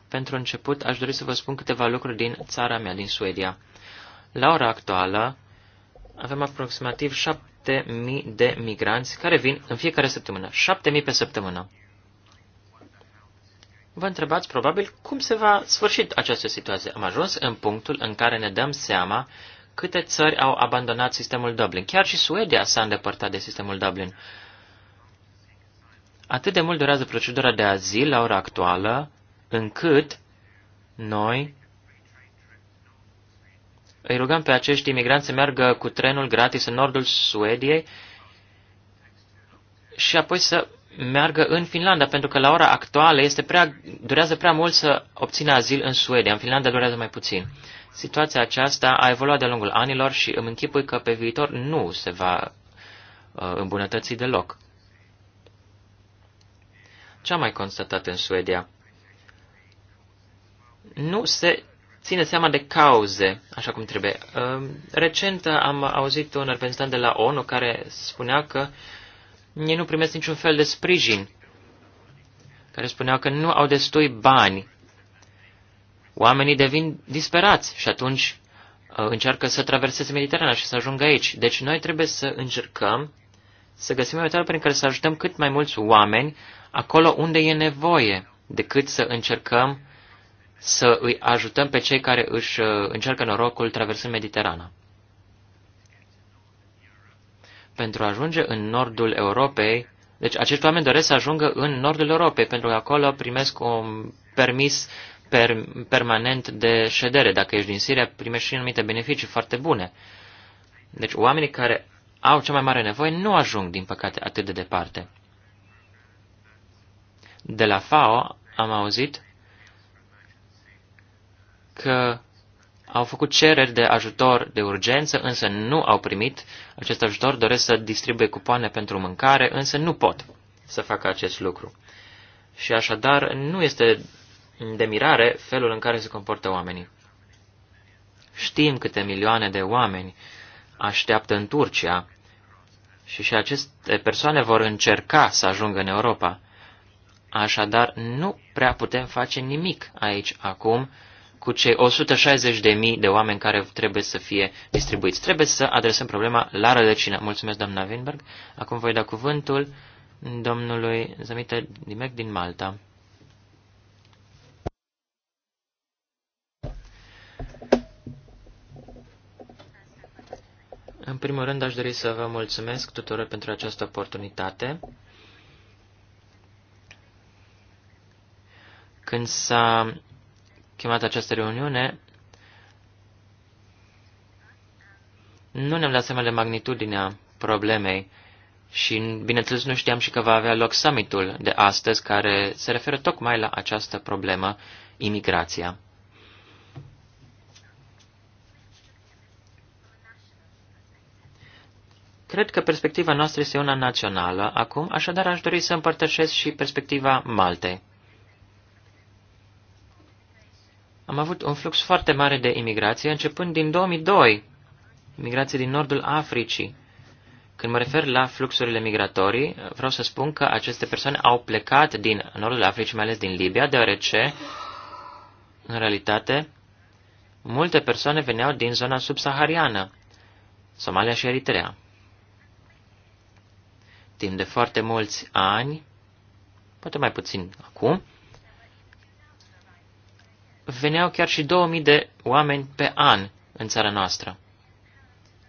Pentru început, aș dori să vă spun câteva lucruri din țara mea, din Suedia. La ora actuală, avem aproximativ 7.000 de migranți care vin în fiecare săptămână. 7.000 pe săptămână. Vă întrebați probabil cum se va sfârși această situație. Am ajuns în punctul în care ne dăm seama câte țări au abandonat sistemul Dublin. Chiar și Suedia s-a îndepărtat de sistemul Dublin atât de mult durează procedura de azil la ora actuală, încât noi îi rugăm pe acești imigranți să meargă cu trenul gratis în nordul Suediei și apoi să meargă în Finlanda, pentru că la ora actuală este prea, durează prea mult să obțină azil în Suedia. În Finlanda durează mai puțin. Situația aceasta a evoluat de-a lungul anilor și îmi închipui că pe viitor nu se va uh, îmbunătăți deloc. Ce am mai constatat în Suedia? Nu se ține seama de cauze, așa cum trebuie. Ehm, recent am auzit un reprezentant de la ONU care spunea că ei nu primesc niciun fel de sprijin, care spunea că nu au destui bani. Oamenii devin disperați și atunci uh, încearcă să traverseze Mediterana și să ajungă aici. Deci noi trebuie să încercăm să găsim o metodă prin care să ajutăm cât mai mulți oameni acolo unde e nevoie, decât să încercăm să îi ajutăm pe cei care își uh, încearcă norocul traversând Mediterana. Pentru a ajunge în nordul Europei, deci acești oameni doresc să ajungă în nordul Europei, pentru că acolo primesc un permis per, permanent de ședere. Dacă ești din Siria, primești și anumite beneficii foarte bune. Deci oamenii care au cea mai mare nevoie nu ajung, din păcate, atât de departe. De la FAO am auzit că au făcut cereri de ajutor de urgență, însă nu au primit acest ajutor, doresc să distribuie cupoane pentru mâncare, însă nu pot să facă acest lucru. Și așadar nu este de mirare felul în care se comportă oamenii. Știm câte milioane de oameni așteaptă în Turcia și și aceste persoane vor încerca să ajungă în Europa. Așadar, nu prea putem face nimic aici acum cu cei 160.000 de oameni care trebuie să fie distribuiți. Trebuie să adresăm problema la rădăcină. Mulțumesc, doamna Weinberg. Acum voi da cuvântul domnului Zamita Dimec din Malta. primul rând, aș dori să vă mulțumesc tuturor pentru această oportunitate. Când s-a chemat această reuniune, nu ne-am dat seama de magnitudinea problemei și, bineînțeles, nu știam și că va avea loc summitul de astăzi, care se referă tocmai la această problemă, imigrația. Cred că perspectiva noastră este una națională acum, așadar aș dori să împărtășesc și perspectiva Maltei. Am avut un flux foarte mare de imigrație începând din 2002, imigrație din nordul Africii. Când mă refer la fluxurile migratorii, vreau să spun că aceste persoane au plecat din nordul Africii, mai ales din Libia, deoarece, în realitate, multe persoane veneau din zona subsahariană, Somalia și Eritrea. Timp de foarte mulți ani, poate mai puțin acum, veneau chiar și 2000 de oameni pe an în țara noastră.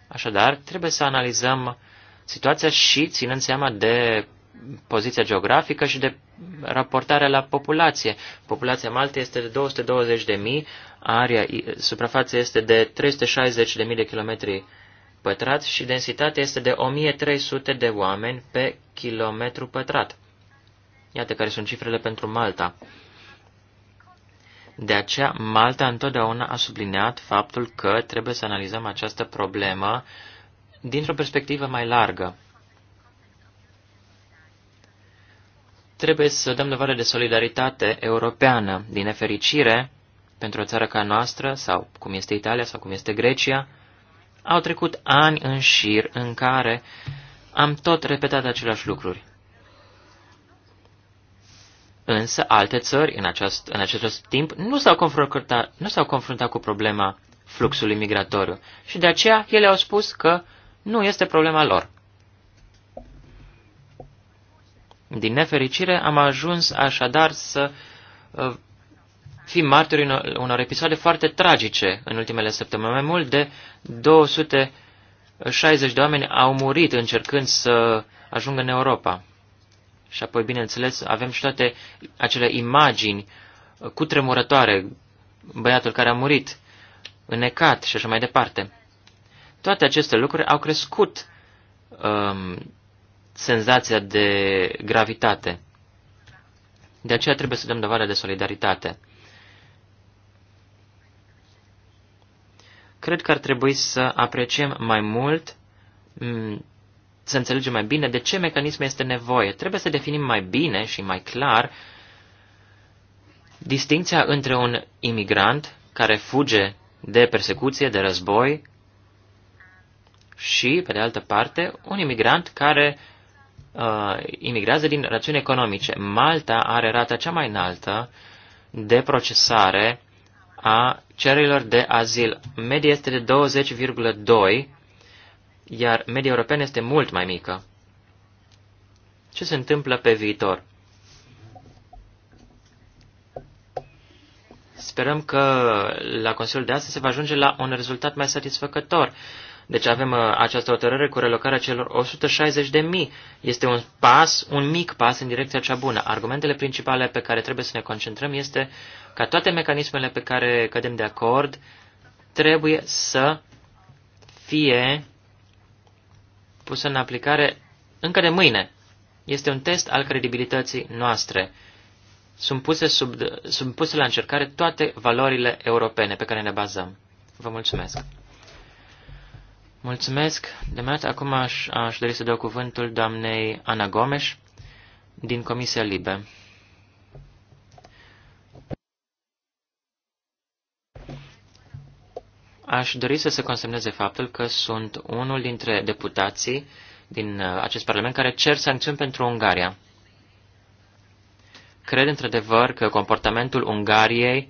Așadar, trebuie să analizăm situația și ținând seama de poziția geografică și de raportarea la populație. Populația Malte este de 220.000, area, suprafața este de 360.000 de kilometri pătrat și densitatea este de 1300 de oameni pe kilometru pătrat. Iată care sunt cifrele pentru Malta. De aceea, Malta întotdeauna a subliniat faptul că trebuie să analizăm această problemă dintr-o perspectivă mai largă. Trebuie să dăm dovadă de solidaritate europeană. Din nefericire, pentru o țară ca noastră, sau cum este Italia, sau cum este Grecia, au trecut ani în șir în care am tot repetat aceleași lucruri. Însă alte țări în acest, în acest timp nu s-au confruntat, nu s-au confruntat cu problema fluxului migratoriu și de aceea ele au spus că nu este problema lor. Din nefericire am ajuns așadar să uh, fi martori unor episoade foarte tragice în ultimele săptămâni. Mai mult de 260 de oameni au murit încercând să ajungă în Europa. Și apoi, bineînțeles, avem și toate acele imagini cu tremurătoare, băiatul care a murit, înecat și așa mai departe. Toate aceste lucruri au crescut um, senzația de gravitate. De aceea trebuie să dăm dovadă de solidaritate. Cred că ar trebui să apreciem mai mult, mm, să înțelegem mai bine de ce mecanism este nevoie. Trebuie să definim mai bine și mai clar distinția între un imigrant care fuge de persecuție, de război, și, pe de altă parte, un imigrant care uh, imigrează din rațiuni economice. Malta are rata cea mai înaltă de procesare a cererilor de azil. Media este de 20,2, iar media europeană este mult mai mică. Ce se întâmplă pe viitor? Sperăm că la Consiliul de astăzi se va ajunge la un rezultat mai satisfăcător. Deci avem uh, această hotărâre cu relocarea celor 160.000. Este un pas, un mic pas în direcția cea bună. Argumentele principale pe care trebuie să ne concentrăm este ca toate mecanismele pe care cădem de acord trebuie să fie pusă în aplicare încă de mâine. Este un test al credibilității noastre. Sunt puse, sub, sunt puse la încercare toate valorile europene pe care ne bazăm. Vă mulțumesc! Mulțumesc, Demet. Acum aș, aș dori să dau cuvântul doamnei Ana Gomes din Comisia Libe. Aș dori să se consemneze faptul că sunt unul dintre deputații din uh, acest Parlament care cer sancțiuni pentru Ungaria. Cred într-adevăr că comportamentul Ungariei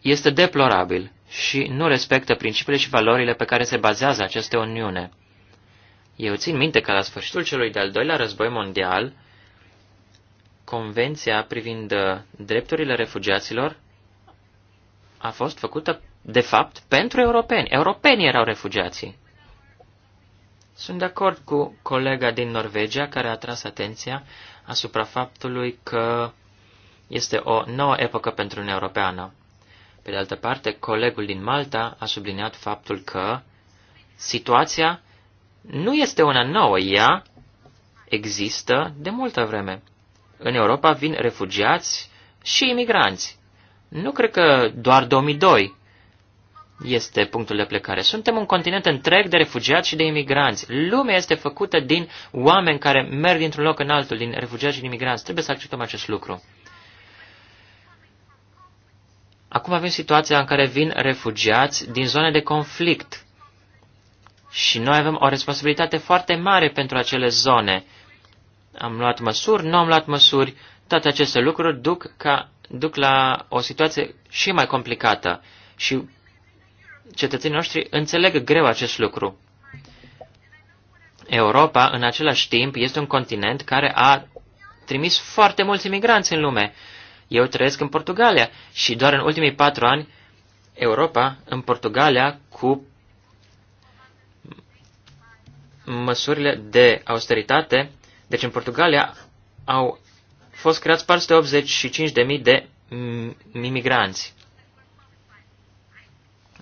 este deplorabil și nu respectă principiile și valorile pe care se bazează aceste uniune. Eu țin minte că la sfârșitul celui de-al doilea război mondial, Convenția privind uh, drepturile refugiaților a fost făcută, de fapt, pentru europeni. Europenii erau refugiații. Sunt de acord cu colega din Norvegia care a tras atenția asupra faptului că este o nouă epocă pentru Uniunea Europeană. Pe de altă parte, colegul din Malta a subliniat faptul că situația nu este una nouă, ea există de multă vreme. În Europa vin refugiați și imigranți. Nu cred că doar 2002 este punctul de plecare. Suntem un continent întreg de refugiați și de imigranți. Lumea este făcută din oameni care merg dintr-un loc în altul, din refugiați și din imigranți. Trebuie să acceptăm acest lucru. Acum avem situația în care vin refugiați din zone de conflict. Și noi avem o responsabilitate foarte mare pentru acele zone. Am luat măsuri, nu am luat măsuri, toate aceste lucruri duc, ca, duc la o situație și mai complicată. Și cetățenii noștri înțeleg greu acest lucru. Europa, în același timp, este un continent care a trimis foarte mulți imigranți în lume. Eu trăiesc în Portugalia și doar în ultimii patru ani Europa în Portugalia cu măsurile de austeritate, deci în Portugalia au fost creați 485.000 de imigranți.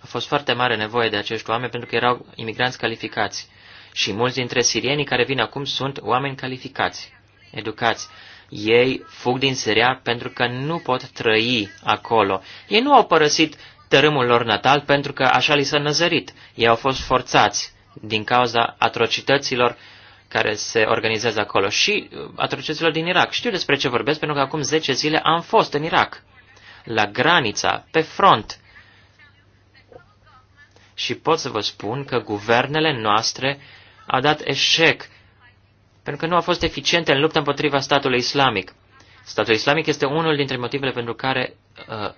A fost foarte mare nevoie de acești oameni pentru că erau imigranți calificați. Și mulți dintre sirienii care vin acum sunt oameni calificați, educați. Ei fug din Siria pentru că nu pot trăi acolo. Ei nu au părăsit tărâmul lor natal pentru că așa li s-a năzărit. Ei au fost forțați din cauza atrocităților care se organizează acolo și uh, atrocităților din Irak. Știu despre ce vorbesc pentru că acum 10 zile am fost în Irak, la granița, pe front. Și pot să vă spun că guvernele noastre a dat eșec pentru că nu a fost eficientă în lupta împotriva statului islamic. Statul islamic este unul dintre motivele pentru care uh,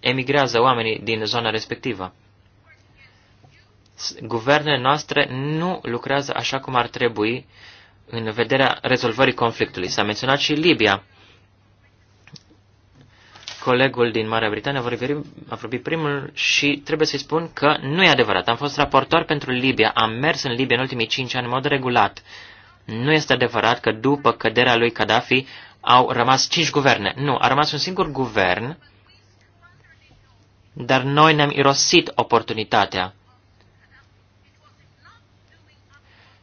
emigrează oamenii din zona respectivă. Guvernele noastre nu lucrează așa cum ar trebui în vederea rezolvării conflictului. S-a menționat și Libia. Colegul din Marea Britanie a vorbit, a vorbit primul și trebuie să-i spun că nu e adevărat. Am fost raportor pentru Libia, am mers în Libia în ultimii cinci ani în mod regulat. Uh, nu este adevărat că după căderea lui Gaddafi au rămas cinci guverne. Nu, a rămas un singur guvern, dar noi ne-am irosit oportunitatea.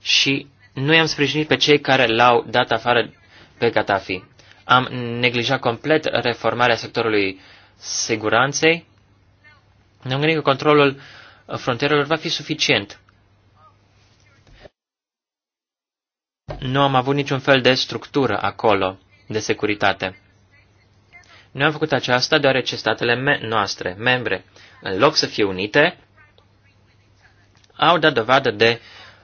Și nu i-am sprijinit pe cei care l-au dat afară pe Gaddafi. Am neglijat complet reformarea sectorului siguranței. Ne-am gândit că controlul frontierelor va fi suficient. nu am avut niciun fel de structură acolo de securitate. Noi am făcut aceasta deoarece statele me noastre, membre, în loc să fie unite, au dat dovadă de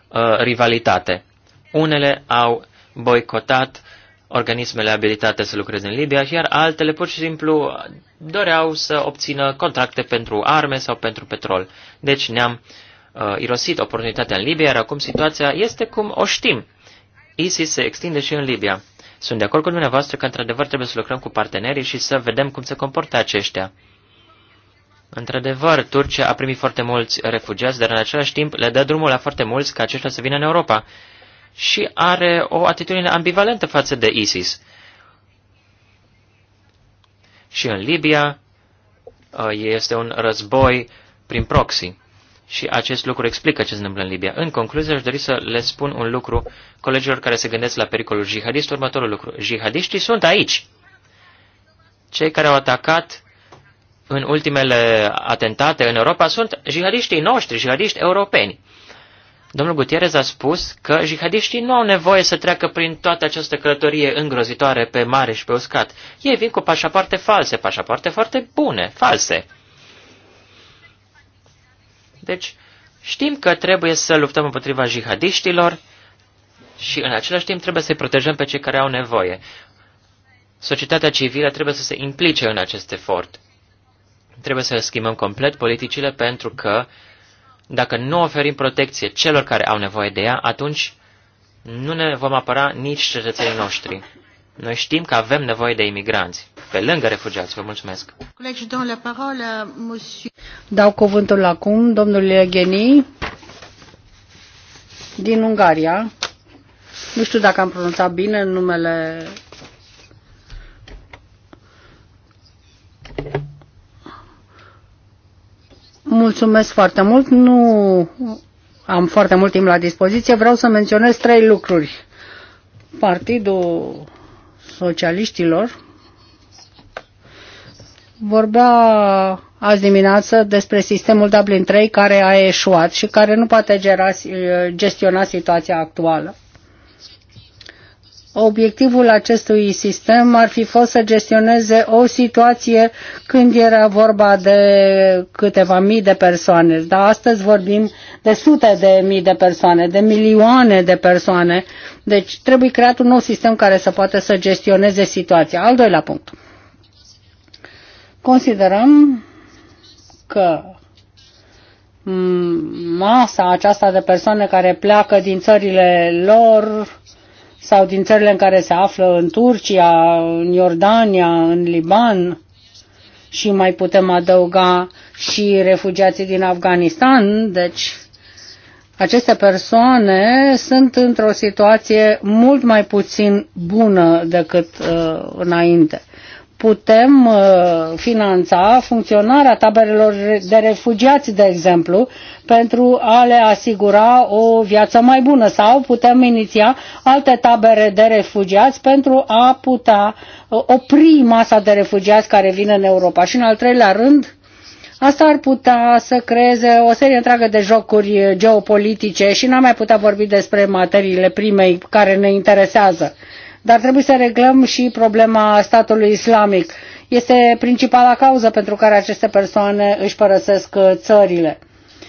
uh, rivalitate. Unele au boicotat organismele abilitate să lucreze în Libia, iar altele pur și simplu doreau să obțină contracte pentru arme sau pentru petrol. Deci ne-am uh, irosit oportunitatea în Libia, iar acum situația este cum o știm. ISIS se extinde și în Libia. Sunt de acord cu dumneavoastră că într-adevăr trebuie să lucrăm cu partenerii și să vedem cum se comportă aceștia. Într-adevăr, Turcia a primit foarte mulți refugiați, dar în același timp le dă drumul la foarte mulți ca aceștia să vină în Europa și are o atitudine ambivalentă față de ISIS. Și în Libia uh, este un război prin proxy. Și acest lucru explică ce se întâmplă în Libia. În concluzie, aș dori să le spun un lucru colegilor care se gândesc la pericolul jihadist, următorul lucru. Jihadiștii sunt aici. Cei care au atacat în ultimele atentate în Europa sunt jihadiștii noștri, jihadiști europeni. Domnul Gutierrez a spus că jihadiștii nu au nevoie să treacă prin toată această călătorie îngrozitoare pe mare și pe uscat. Ei vin cu pașapoarte false, pașapoarte foarte bune, false. Deci știm că trebuie să luptăm împotriva jihadiștilor și în același timp trebuie să-i protejăm pe cei care au nevoie. Societatea civilă trebuie să se implice în acest efort. Trebuie să schimbăm complet politicile pentru că dacă nu oferim protecție celor care au nevoie de ea, atunci nu ne vom apăra nici cetățenii noștri. Noi știm că avem nevoie de imigranți, pe lângă refugiați. Vă mulțumesc. Dau cuvântul acum domnului Gheni din Ungaria. Nu știu dacă am pronunțat bine numele Mulțumesc foarte mult. Nu am foarte mult timp la dispoziție. Vreau să menționez trei lucruri. Partidul socialiștilor vorbea azi dimineață despre sistemul Dublin 3 care a eșuat și care nu poate gestiona situația actuală. Obiectivul acestui sistem ar fi fost să gestioneze o situație când era vorba de câteva mii de persoane, dar astăzi vorbim de sute de mii de persoane, de milioane de persoane. Deci trebuie creat un nou sistem care să poată să gestioneze situația. Al doilea punct. Considerăm că masa aceasta de persoane care pleacă din țările lor sau din țările în care se află în Turcia, în Iordania, în Liban și mai putem adăuga și refugiații din Afganistan. Deci aceste persoane sunt într-o situație mult mai puțin bună decât uh, înainte putem uh, finanța funcționarea taberelor de refugiați, de exemplu, pentru a le asigura o viață mai bună sau putem iniția alte tabere de refugiați pentru a putea uh, opri masa de refugiați care vine în Europa. Și în al treilea rând, Asta ar putea să creeze o serie întreagă de jocuri geopolitice și n-am mai putea vorbi despre materiile primei care ne interesează dar trebuie să reglăm și problema statului islamic. Este principala cauză pentru care aceste persoane își părăsesc uh, țările.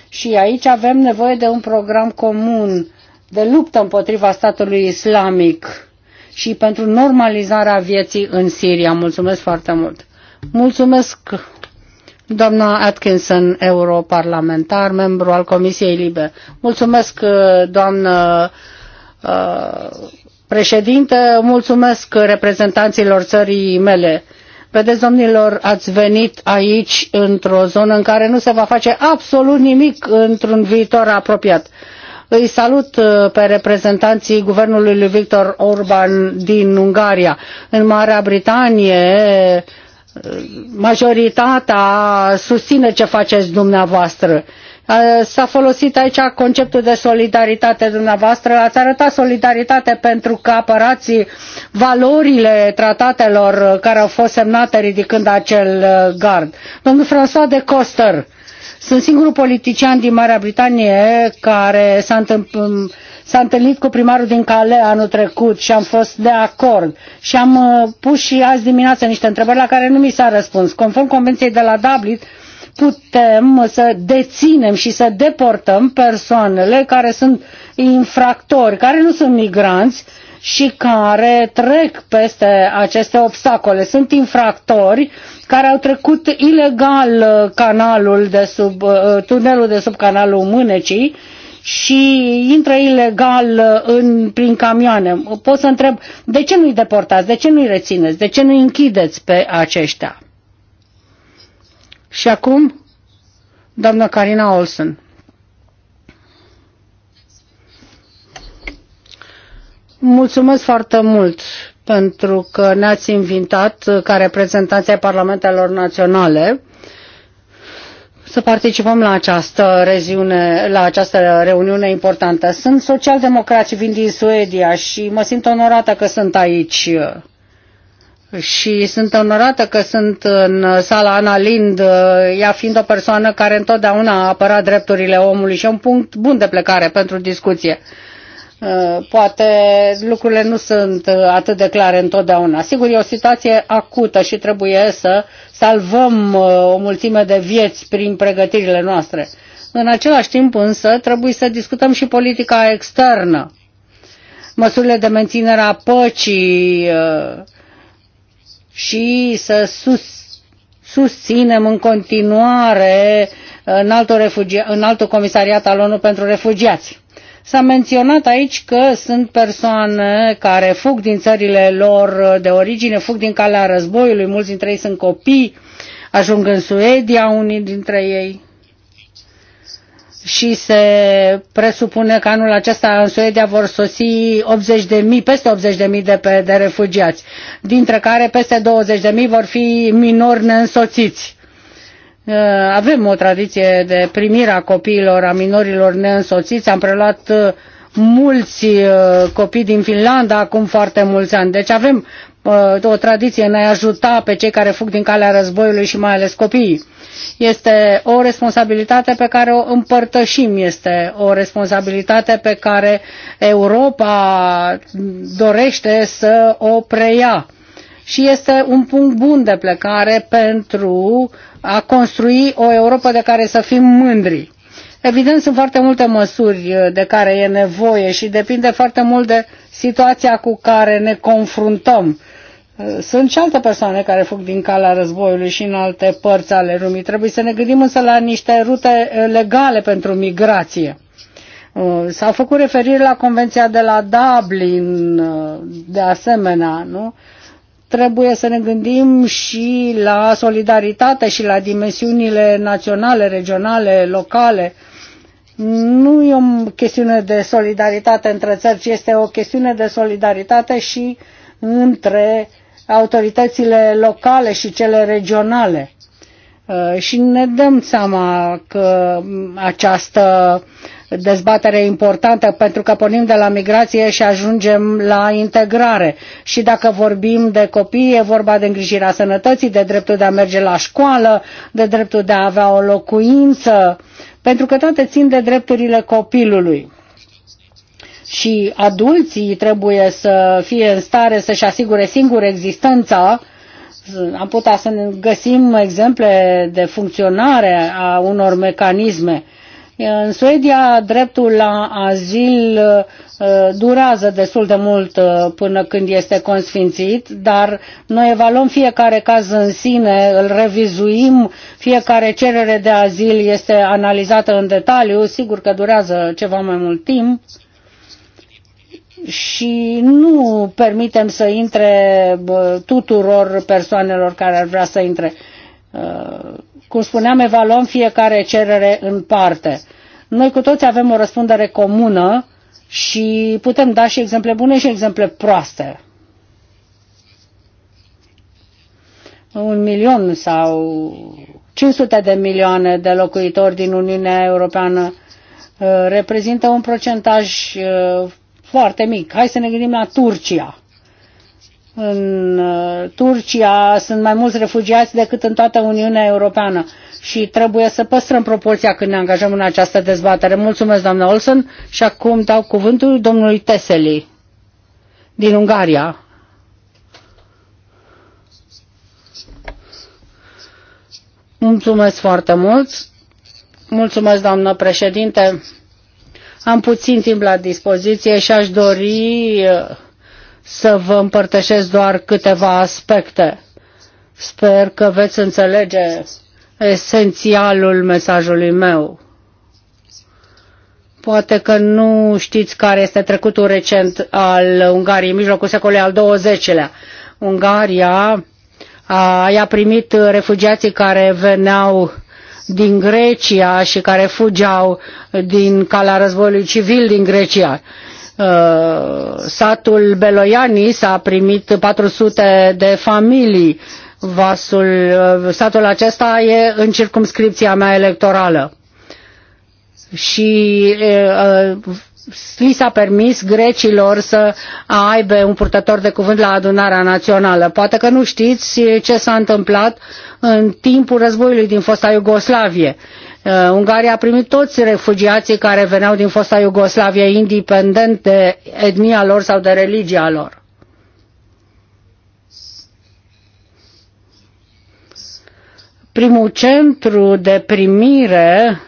Și aici avem nevoie de un program comun de luptă împotriva statului islamic și pentru normalizarea vieții în Siria. Mulțumesc foarte mult! Mulțumesc, doamna Atkinson, europarlamentar, membru al Comisiei Libe. Mulțumesc, uh, doamnă uh, președinte, mulțumesc reprezentanților țării mele. Vedeți, domnilor, ați venit aici într-o zonă în care nu se va face absolut nimic într-un viitor apropiat. Îi salut uh, pe reprezentanții guvernului lui Victor Orban din Ungaria. În Marea Britanie uh, majoritatea susține ce faceți dumneavoastră S-a folosit aici conceptul de solidaritate dumneavoastră. Ați arătat solidaritate pentru că apărați valorile tratatelor care au fost semnate ridicând acel uh, gard. Domnul François de Coster, sunt singurul politician din Marea Britanie care s-a s-a întâlnit cu primarul din Cale anul trecut și am fost de acord. Și am uh, pus și azi dimineață niște întrebări la care nu mi s-a răspuns. Conform Convenției de la Dublin, putem să deținem și să deportăm persoanele care sunt infractori, care nu sunt migranți și care trec peste aceste obstacole. Sunt infractori care au trecut ilegal uh, canalul de sub, uh, tunelul de sub canalul Mânecii și intră ilegal uh, în, prin camioane. Pot să întreb, de ce nu-i deportați, de ce nu-i rețineți, de ce nu-i închideți pe aceștia? Și acum, doamna Carina Olsen. Mulțumesc foarte mult pentru că ne-ați invitat ca reprezentanți ai Parlamentelor Naționale să participăm la această, reziune, la această reuniune importantă. Sunt social-democrați, vin din Suedia și mă simt onorată că sunt aici și sunt onorată că sunt în sala Ana Lind, ea fiind o persoană care întotdeauna a apărat drepturile omului și e un punct bun de plecare pentru discuție. Uh, poate lucrurile nu sunt uh, atât de clare întotdeauna. Sigur, e o situație acută și trebuie să salvăm uh, o mulțime de vieți prin pregătirile noastre. În același timp însă trebuie să discutăm și politica externă, măsurile de menținere a păcii, și să sus, susținem în continuare în altul, refugia, în altul comisariat al ONU pentru refugiați. S-a menționat aici că sunt persoane care fug din țările lor de origine, fug din calea războiului, mulți dintre ei sunt copii, ajung în Suedia, unii dintre ei și se presupune că anul acesta în Suedia vor sosi 80 de mii, peste 80 de mii de, pe, de refugiați, dintre care peste 20 de mii vor fi minori neînsoțiți. Uh, avem o tradiție de primire a copiilor, a minorilor neînsoțiți. Am preluat uh, mulți uh, copii din Finlanda acum foarte mulți ani. Deci avem o tradiție în a ajuta pe cei care fug din calea războiului și mai ales copiii. Este o responsabilitate pe care o împărtășim, este o responsabilitate pe care Europa dorește să o preia. Și este un punct bun de plecare pentru a construi o Europa de care să fim mândri. Evident, sunt foarte multe măsuri de care e nevoie și depinde foarte mult de situația cu care ne confruntăm Eh, sunt și alte persoane care fug din calea războiului și în alte părți ale lumii. Trebuie să ne gândim însă la niște rute eh, legale pentru migrație. Eh, s-au făcut referiri la Convenția de la Dublin, de asemenea, nu? Trebuie să ne gândim și la solidaritate și la dimensiunile naționale, regionale, locale. Nu e o chestiune de solidaritate între țări, ci este o chestiune de solidaritate și între autoritățile locale și cele regionale. Uh, și ne dăm seama că mm, această dezbatere importantă pentru că pornim de la migrație și ajungem la integrare. Și dacă vorbim de copii, e vorba de îngrijirea sănătății, de dreptul de a merge la școală, de dreptul de a avea o locuință, pentru că toate țin de drepturile copilului și adulții trebuie să fie în stare să-și asigure singur existența, am putea să găsim exemple de funcționare a unor mecanisme. În Suedia, dreptul la azil uh, durează destul de mult uh, până când este consfințit, dar noi evaluăm fiecare caz în sine, îl revizuim, fiecare cerere de azil este analizată în detaliu, sigur că durează ceva mai mult timp și nu permitem să intre tuturor persoanelor care ar vrea să intre. Uh, cum spuneam, evaluăm fiecare cerere în parte. Noi cu toți avem o răspundere comună și putem da și exemple bune și exemple proaste. Un milion sau 500 de milioane de locuitori din Uniunea Europeană uh, reprezintă un procentaj uh, foarte mic. Hai să ne gândim la Turcia. În uh, Turcia sunt mai mulți refugiați decât în toată Uniunea Europeană și trebuie să păstrăm proporția când ne angajăm în această dezbatere. Mulțumesc, doamna Olsen, și acum dau cuvântul domnului Teseli din Ungaria. Mulțumesc foarte mult. Mulțumesc, doamnă președinte. Am puțin timp la dispoziție și aș dori uh, să vă împărtășesc doar câteva aspecte. Sper că veți înțelege esențialul mesajului meu. Poate că nu știți care este trecutul recent al Ungariei, în mijlocul secolului al XX-lea. Ungaria a, i-a primit refugiații care veneau din Grecia și care fugeau din calea războiului civil din Grecia. Uh, satul Beloiani s-a primit 400 de familii. Vasul, uh, satul acesta e în circumscripția mea electorală și uh, li s-a permis grecilor să aibă un purtător de cuvânt la adunarea națională. Poate că nu știți ce s-a întâmplat în timpul războiului din fosta Iugoslavie. Uh, Ungaria a primit toți refugiații care veneau din fosta Iugoslavie, independent de etnia lor sau de religia lor. Primul centru de primire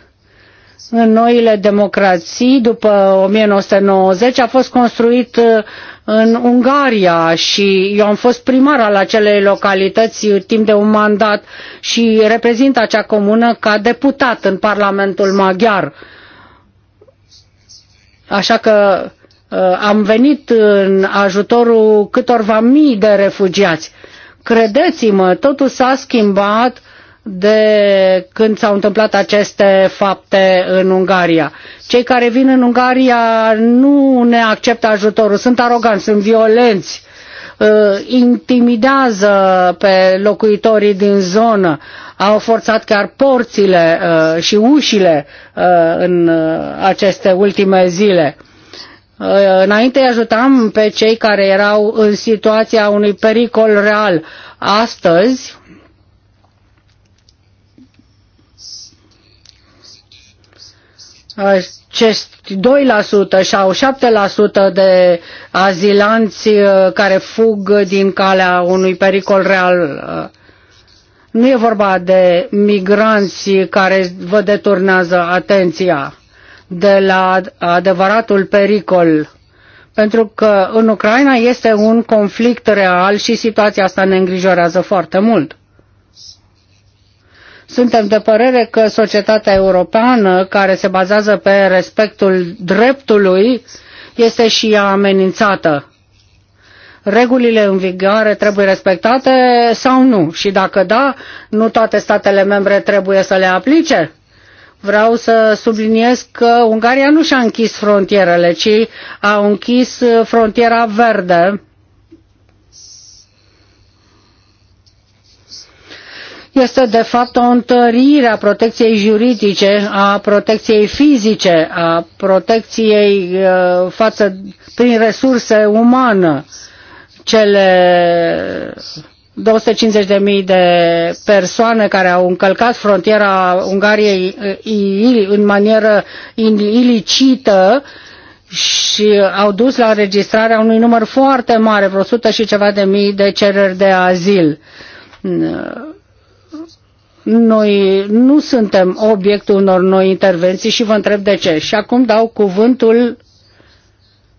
în noile democrații după 1990 a fost construit uh, în Ungaria și eu am fost primar al acelei localități timp de un mandat și reprezint acea comună ca deputat în Parlamentul Maghiar. Așa că uh, am venit în ajutorul câtorva mii de refugiați. Credeți-mă, totul s-a schimbat uh, de când s-au întâmplat aceste fapte în Ungaria. Cei care vin în Ungaria nu ne acceptă ajutorul, sunt aroganți, sunt violenți, uh, intimidează pe locuitorii din zonă, au forțat chiar porțile uh, și ușile uh, în aceste ultime zile. Înainte îi ajutam pe cei care erau în situația unui pericol real. Astăzi, cei 2% sau 7% de azilanți uh, care fug din calea unui pericol real. Uh, nu e vorba de migranți care vă deturnează atenția de la adevăratul pericol, pentru că în Ucraina este un conflict real și situația asta ne îngrijorează foarte mult. Suntem de părere că societatea europeană, care se bazează pe respectul dreptului, este și ea amenințată. Regulile în vigoare trebuie respectate sau nu? Și dacă da, nu toate statele membre trebuie să le aplice? Vreau să subliniez că Ungaria nu și-a închis frontierele, ci a închis frontiera verde este de fapt o întărire a protecției juridice, a protecției fizice, a protecției uh, față prin resurse umană. Cele 250.000 de persoane care au încălcat frontiera Ungariei uh, în manieră ilicită și au dus la înregistrarea unui număr foarte mare, vreo 100 și ceva de mii de cereri de azil. Uh, noi nu suntem obiectul unor noi intervenții și vă întreb de ce. Și acum dau cuvântul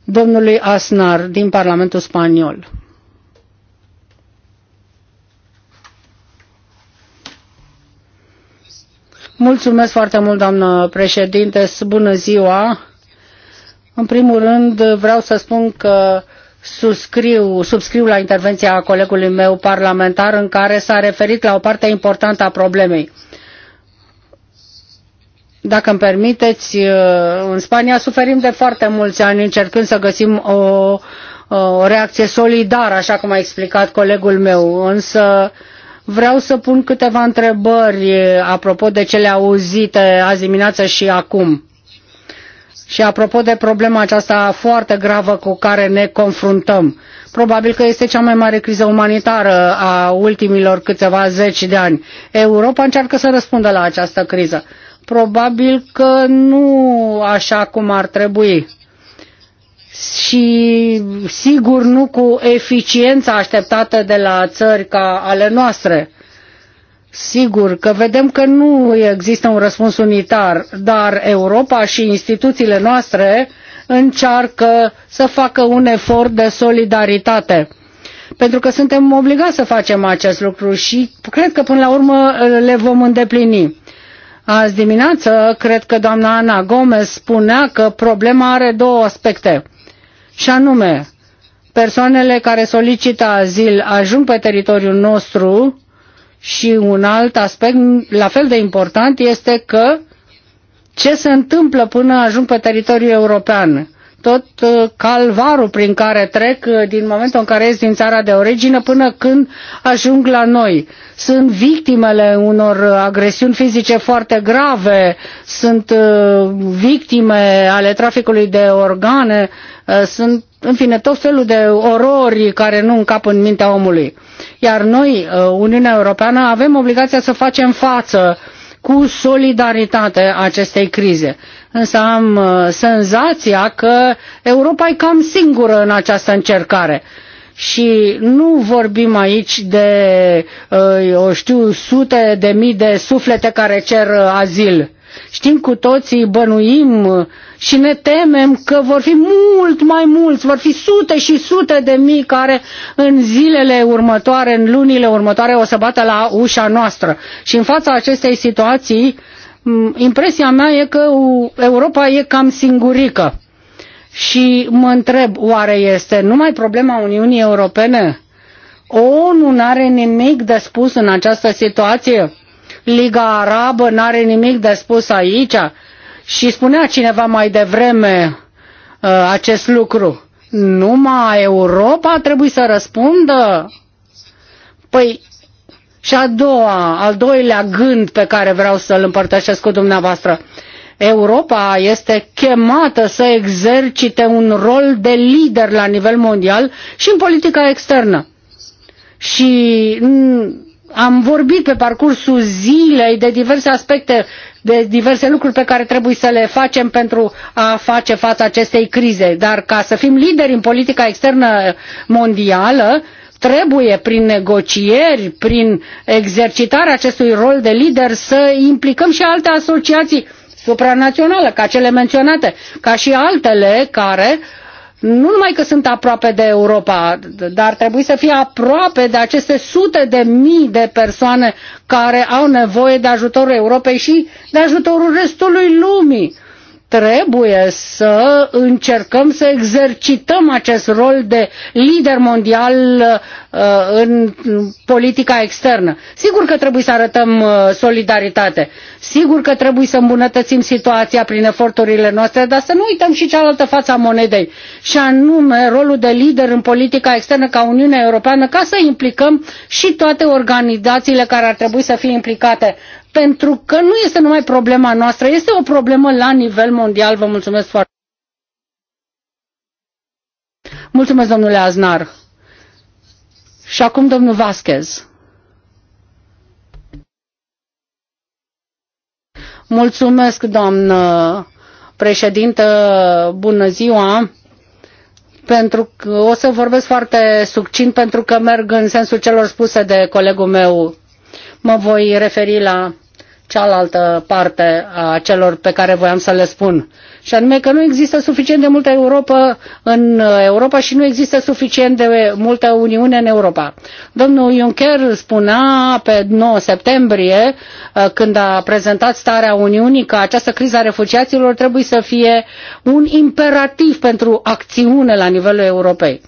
domnului Asnar din Parlamentul Spaniol. Mulțumesc foarte mult, doamnă președinte. Bună ziua! În primul rând, vreau să spun că suscriu, subscriu la intervenția colegului meu parlamentar în care s-a referit la o parte importantă a problemei. Dacă îmi permiteți, uh, în Spania suferim de foarte mulți ani încercând să găsim o, o reacție solidară, așa cum a explicat colegul meu, însă vreau să pun câteva întrebări uh, apropo de cele auzite azi dimineață și acum și apropo de problema aceasta foarte gravă cu care ne confruntăm, probabil că este cea mai mare criză umanitară a ultimilor câteva zeci de ani. Europa încearcă să răspundă la această criză. Probabil că nu așa cum ar trebui și sigur nu cu eficiența așteptată de la țări ca ale noastre. Sigur că vedem că nu există un răspuns unitar, dar Europa și instituțiile noastre încearcă să facă un efort de solidaritate. Pentru că suntem obligați să facem acest lucru și cred că până la urmă le vom îndeplini. Azi dimineață, cred că doamna Ana Gomez spunea că problema are două aspecte. Și anume, persoanele care solicită azil ajung pe teritoriul nostru și un alt aspect la fel de important este că ce se întâmplă până ajung pe teritoriul european. Tot uh, calvarul prin care trec uh, din momentul în care ies din țara de origine până când ajung la noi. Sunt victimele unor uh, agresiuni fizice foarte grave, sunt victime ale traficului de organe, sunt, în fine, tot felul de orori care nu încap în mintea omului. Iar noi, uh, Uniunea Europeană, avem obligația să facem față cu solidaritate acestei crize. Însă am uh, senzația că Europa e cam singură în această încercare și nu vorbim aici de, uh, eu știu, sute de mii de suflete care cer azil. Știm cu toții, bănuim și ne temem că vor fi mult mai mulți, vor fi sute și sute de mii care în zilele următoare, în lunile următoare o să bată la ușa noastră. Și în fața acestei situații, impresia mea e că Europa e cam singurică. Și mă întreb, oare este numai problema Uniunii Europene? ONU nu are nimic de spus în această situație? Liga Arabă n-are nimic de spus aici? Și spunea cineva mai devreme uh, acest lucru. Numai Europa trebuie să răspundă? Păi, și a doua, al doilea gând pe care vreau să-l împărtășesc cu dumneavoastră. Europa este chemată să exercite un rol de lider la nivel mondial și în politica externă. Și mm, am vorbit pe parcursul zilei de diverse aspecte, de diverse lucruri pe care trebuie să le facem pentru a face față acestei crize. Dar ca să fim lideri în politica externă mondială, trebuie prin negocieri, prin exercitarea acestui rol de lider să implicăm și alte asociații supranaționale, ca cele menționate, ca și altele care nu numai că sunt aproape de Europa, dar trebuie să fie aproape de aceste sute de mii de persoane care au nevoie de ajutorul Europei și de ajutorul restului lumii trebuie să încercăm să exercităm acest rol de lider mondial uh, în politica externă. Sigur că trebuie să arătăm uh, solidaritate, sigur că trebuie să îmbunătățim situația prin eforturile noastre, dar să nu uităm și cealaltă față a monedei, și anume rolul de lider în politica externă ca Uniunea Europeană, ca să implicăm și toate organizațiile care ar trebui să fie implicate pentru că nu este numai problema noastră, este o problemă la nivel mondial. Vă mulțumesc foarte mult. Mulțumesc, domnule Aznar. Și acum, domnul Vasquez. Mulțumesc, doamnă președintă, bună ziua pentru că o să vorbesc foarte succint pentru că merg în sensul celor spuse de colegul meu. Mă voi referi la cealaltă parte a celor pe care voiam să le spun. Și anume că nu există suficient de multă Europa în uh, Europa și nu există suficient de multă Uniune în Europa. Domnul Juncker spunea pe 9 septembrie, uh, când a prezentat starea Uniunii, că această criză a refugiaților trebuie să fie un imperativ pentru acțiune la nivelul europei.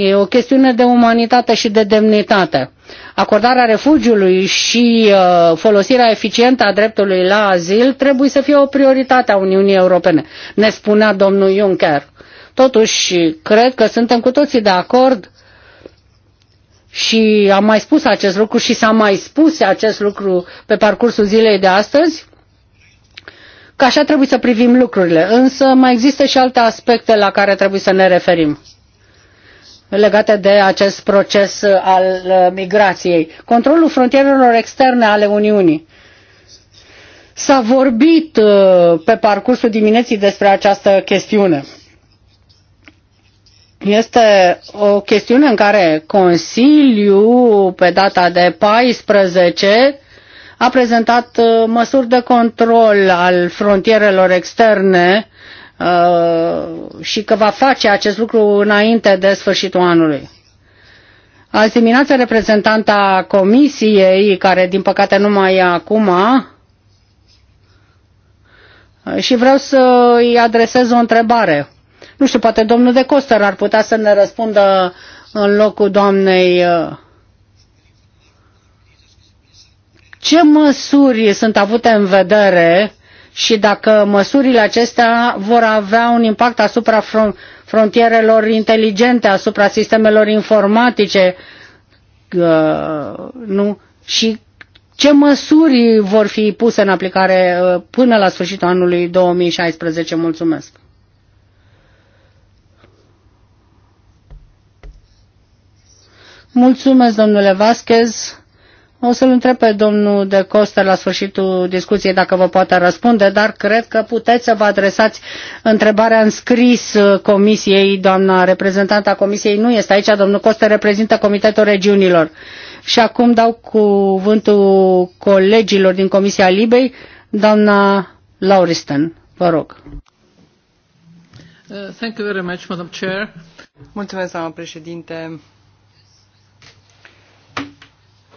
E o chestiune de umanitate și de demnitate. Acordarea refugiului și uh, folosirea eficientă a dreptului la azil trebuie să fie o prioritate a Uniunii Europene, ne spunea domnul Juncker. Totuși, cred că suntem cu toții de acord și am mai spus acest lucru și s-a mai spus acest lucru pe parcursul zilei de astăzi, că așa trebuie să privim lucrurile. Însă mai există și alte aspecte la care trebuie să ne referim legate de acest proces al uh, migrației. Controlul frontierelor externe ale Uniunii. S-a vorbit uh, pe parcursul dimineții despre această chestiune. Este o chestiune în care Consiliul, pe data de 14, a prezentat uh, măsuri de control al frontierelor externe Uh, și că va face acest lucru înainte de sfârșitul anului. Azi dimineața reprezentanta comisiei, care din păcate nu mai e acum, uh, și vreau să îi adresez o întrebare. Nu știu, poate domnul de Coster ar putea să ne răspundă în locul doamnei uh, ce măsuri sunt avute în vedere și dacă măsurile acestea vor avea un impact asupra frontierelor inteligente, asupra sistemelor informatice, uh, nu? Și ce măsuri vor fi puse în aplicare uh, până la sfârșitul anului 2016? Mulțumesc! Mulțumesc, domnule Vasquez. O să-l întreb pe domnul de Costă la sfârșitul discuției dacă vă poate răspunde, dar cred că puteți să vă adresați întrebarea în scris comisiei. Doamna reprezentanta comisiei nu este aici, domnul Costă reprezintă Comitetul Regiunilor. Și acum dau cuvântul colegilor din Comisia Libei, doamna Lauriston, vă rog. Uh, thank you very much, Madam Chair. Mulțumesc, doamna președinte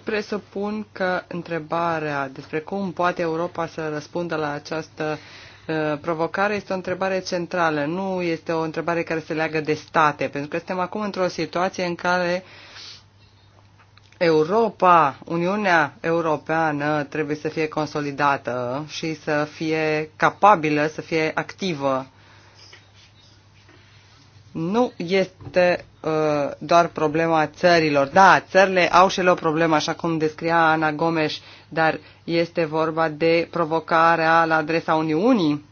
presupun că întrebarea despre cum poate Europa să răspundă la această uh, provocare este o întrebare centrală, nu este o întrebare care se leagă de state, pentru că suntem acum într-o situație în care Europa, Uniunea Europeană trebuie să fie consolidată și să fie capabilă, să fie activă. Nu este Uh, doar problema țărilor. Da, țările au și ele o problemă, așa cum descria Ana Gomes, dar este vorba de provocarea la adresa Uniunii.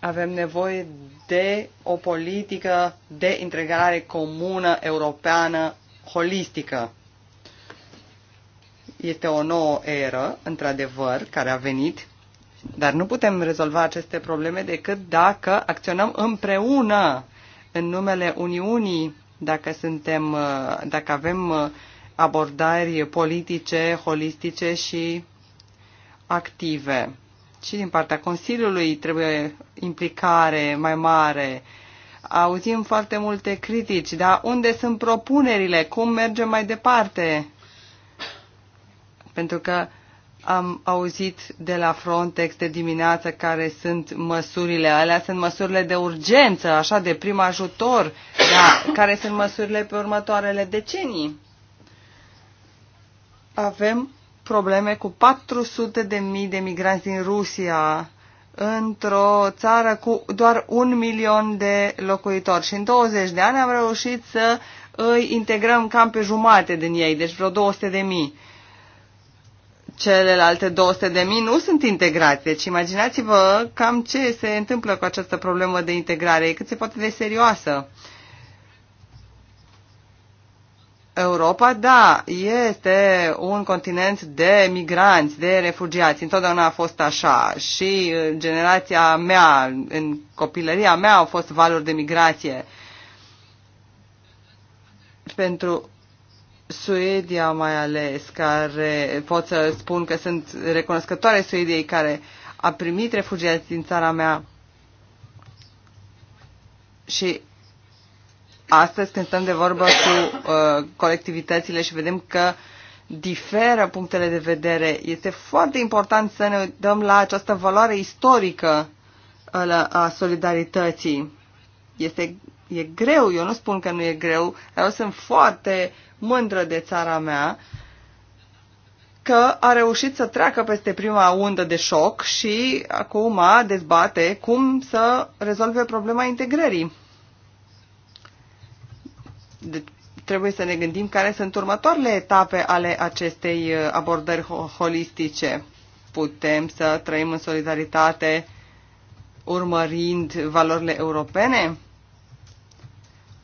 Avem nevoie de o politică de integrare comună, europeană, holistică. Este o nouă eră, într-adevăr, care a venit, dar nu putem rezolva aceste probleme decât dacă acționăm împreună în numele Uniunii, dacă, suntem, uh, dacă avem uh, abordări politice, holistice și active. Și din partea Consiliului trebuie implicare mai mare. Auzim foarte multe critici, dar unde sunt propunerile? Cum mergem mai departe? Pentru că am auzit de la Frontex de dimineață care sunt măsurile. Alea sunt măsurile de urgență, așa, de prim ajutor. Dar care sunt măsurile pe următoarele decenii? Avem probleme cu 400 de mii de migranți din Rusia într-o țară cu doar un milion de locuitori. Și în 20 de ani am reușit să îi integrăm cam pe jumate din ei, deci vreo 200 de mii celelalte 200 de mii nu sunt integrate. Deci imaginați-vă cam ce se întâmplă cu această problemă de integrare, e cât se poate de serioasă. Europa, da, este un continent de migranți, de refugiați. Întotdeauna a fost așa. Și uh, generația mea, în copilăria mea, au fost valuri de migrație. Pentru Suedia mai ales, care pot să spun că sunt recunoscătoare Suediei care a primit refugiați din țara mea și astăzi când stăm de vorbă cu uh, colectivitățile și vedem că diferă punctele de vedere, este foarte important să ne dăm la această valoare istorică uh, a solidarității. Este e greu, eu nu spun că nu e greu, eu sunt foarte mândră de țara mea că a reușit să treacă peste prima undă de șoc și acum dezbate cum să rezolve problema integrării. De- deci, trebuie să ne gândim care sunt următoarele etape ale acestei uh, abordări holistice. Putem să trăim în solidaritate urmărind valorile europene?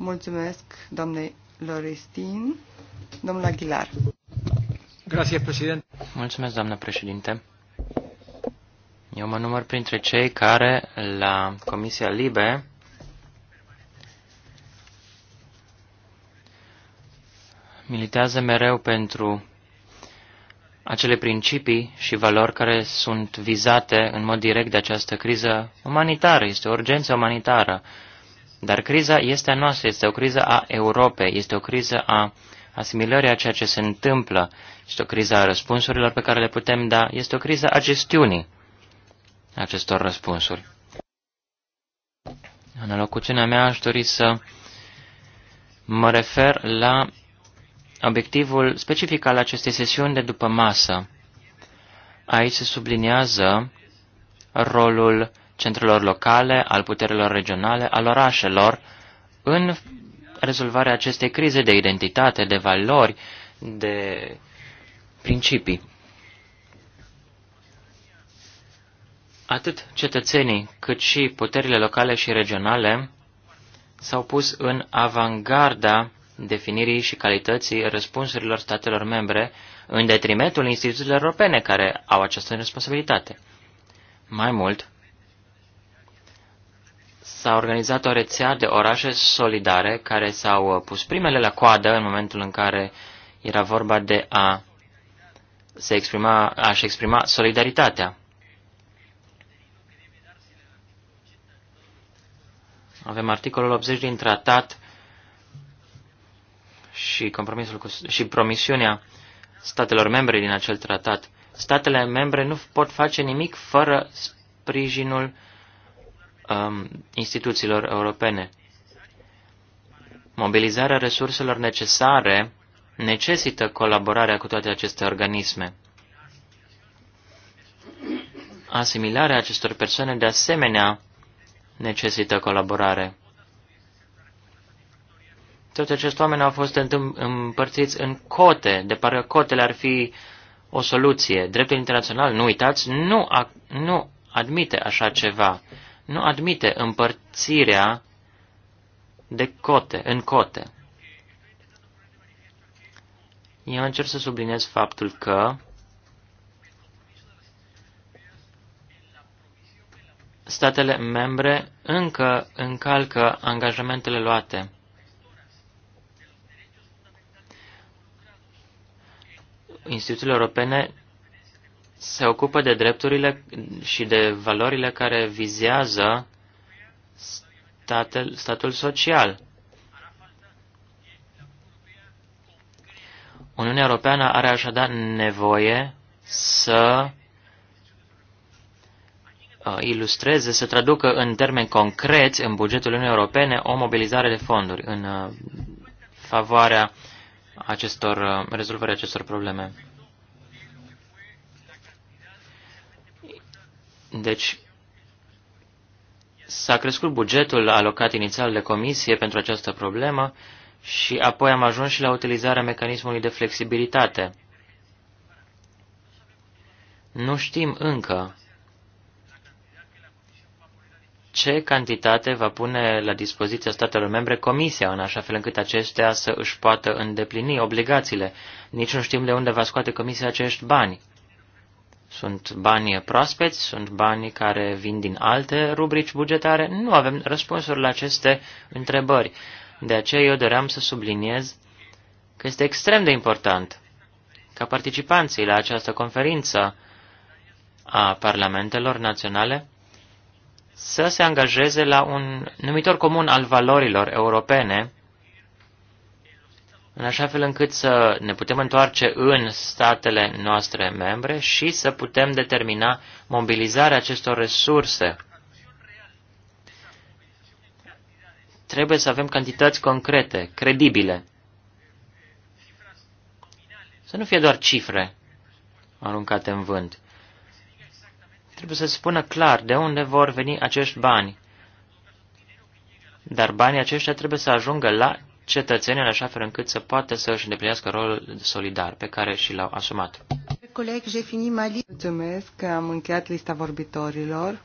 Mulțumesc, domnului Loristin. Domnul Aguilar. Grazie, președinte. Mulțumesc, doamnă președinte. Eu mă număr printre cei care la Comisia Libe militează mereu pentru acele principii și valori care sunt vizate în mod direct de această criză umanitară. Este o urgență umanitară dar criza este a noastră, este o criză a Europei, este o criză a asimilării a ceea ce se întâmplă, este o criză a răspunsurilor pe care le putem da, este o criză a gestiunii acestor răspunsuri. În alocuțiunea mea aș dori să mă refer la obiectivul specific al acestei sesiuni de după masă. Aici se subliniază rolul centrelor locale, al puterilor regionale, al orașelor, în rezolvarea acestei crize de identitate, de valori, de principii. Atât cetățenii cât și puterile locale și regionale s-au pus în avangarda definirii și calității răspunsurilor statelor membre în detrimentul instituțiilor europene care au această responsabilitate. Mai mult, s-a organizat o rețea de orașe solidare care s-au uh, pus primele la coadă în momentul în care era vorba de a se exprima, a-și exprima solidaritatea. Avem articolul 80 din tratat și, compromisul cu, și promisiunea statelor membre din acel tratat. Statele membre nu pot face nimic fără sprijinul uh, um, instituțiilor europene. Mobilizarea resurselor necesare necesită colaborarea cu toate aceste organisme. Asimilarea acestor persoane de asemenea necesită colaborare. Toți acești oameni au fost împărțiți în cote, de parcă cotele ar fi o soluție. Dreptul internațional, nu uitați, nu, a, nu admite așa ceva nu admite împărțirea de cote, în cote. Eu încerc să subliniez faptul că statele membre încă încalcă angajamentele luate. Instituțiile europene se ocupă de drepturile și de valorile care vizează statul, statul social. Uniunea Europeană are așadar nevoie să uh, ilustreze, să traducă în termeni concreți în bugetul Uniunii Europene o mobilizare de fonduri în uh, favoarea acestor, uh, rezolvării acestor probleme. Deci, s-a crescut bugetul alocat inițial de comisie pentru această problemă și apoi am ajuns și la utilizarea mecanismului de flexibilitate. Nu știm încă ce cantitate va pune la dispoziția statelor membre Comisia, în așa fel încât acestea să își poată îndeplini obligațiile. Nici nu știm de unde va scoate Comisia acești bani. Sunt banii proaspeți, sunt banii care vin din alte rubrici bugetare? Nu avem răspunsuri la aceste întrebări. De aceea eu doream să subliniez că este extrem de important ca participanții la această conferință a parlamentelor naționale să se angajeze la un numitor comun al valorilor europene în așa fel încât să ne putem întoarce în statele noastre membre și să putem determina mobilizarea acestor resurse. Trebuie să avem cantități concrete, credibile. Să nu fie doar cifre aruncate în vânt. Trebuie să se spună clar de unde vor veni acești bani. Dar banii aceștia trebuie să ajungă la cetățenii în așa fel încât să poată să își îndeplinească rolul solidar pe care și l-au asumat. Coleg, j'ai fini ma Mulțumesc că am încheiat lista vorbitorilor.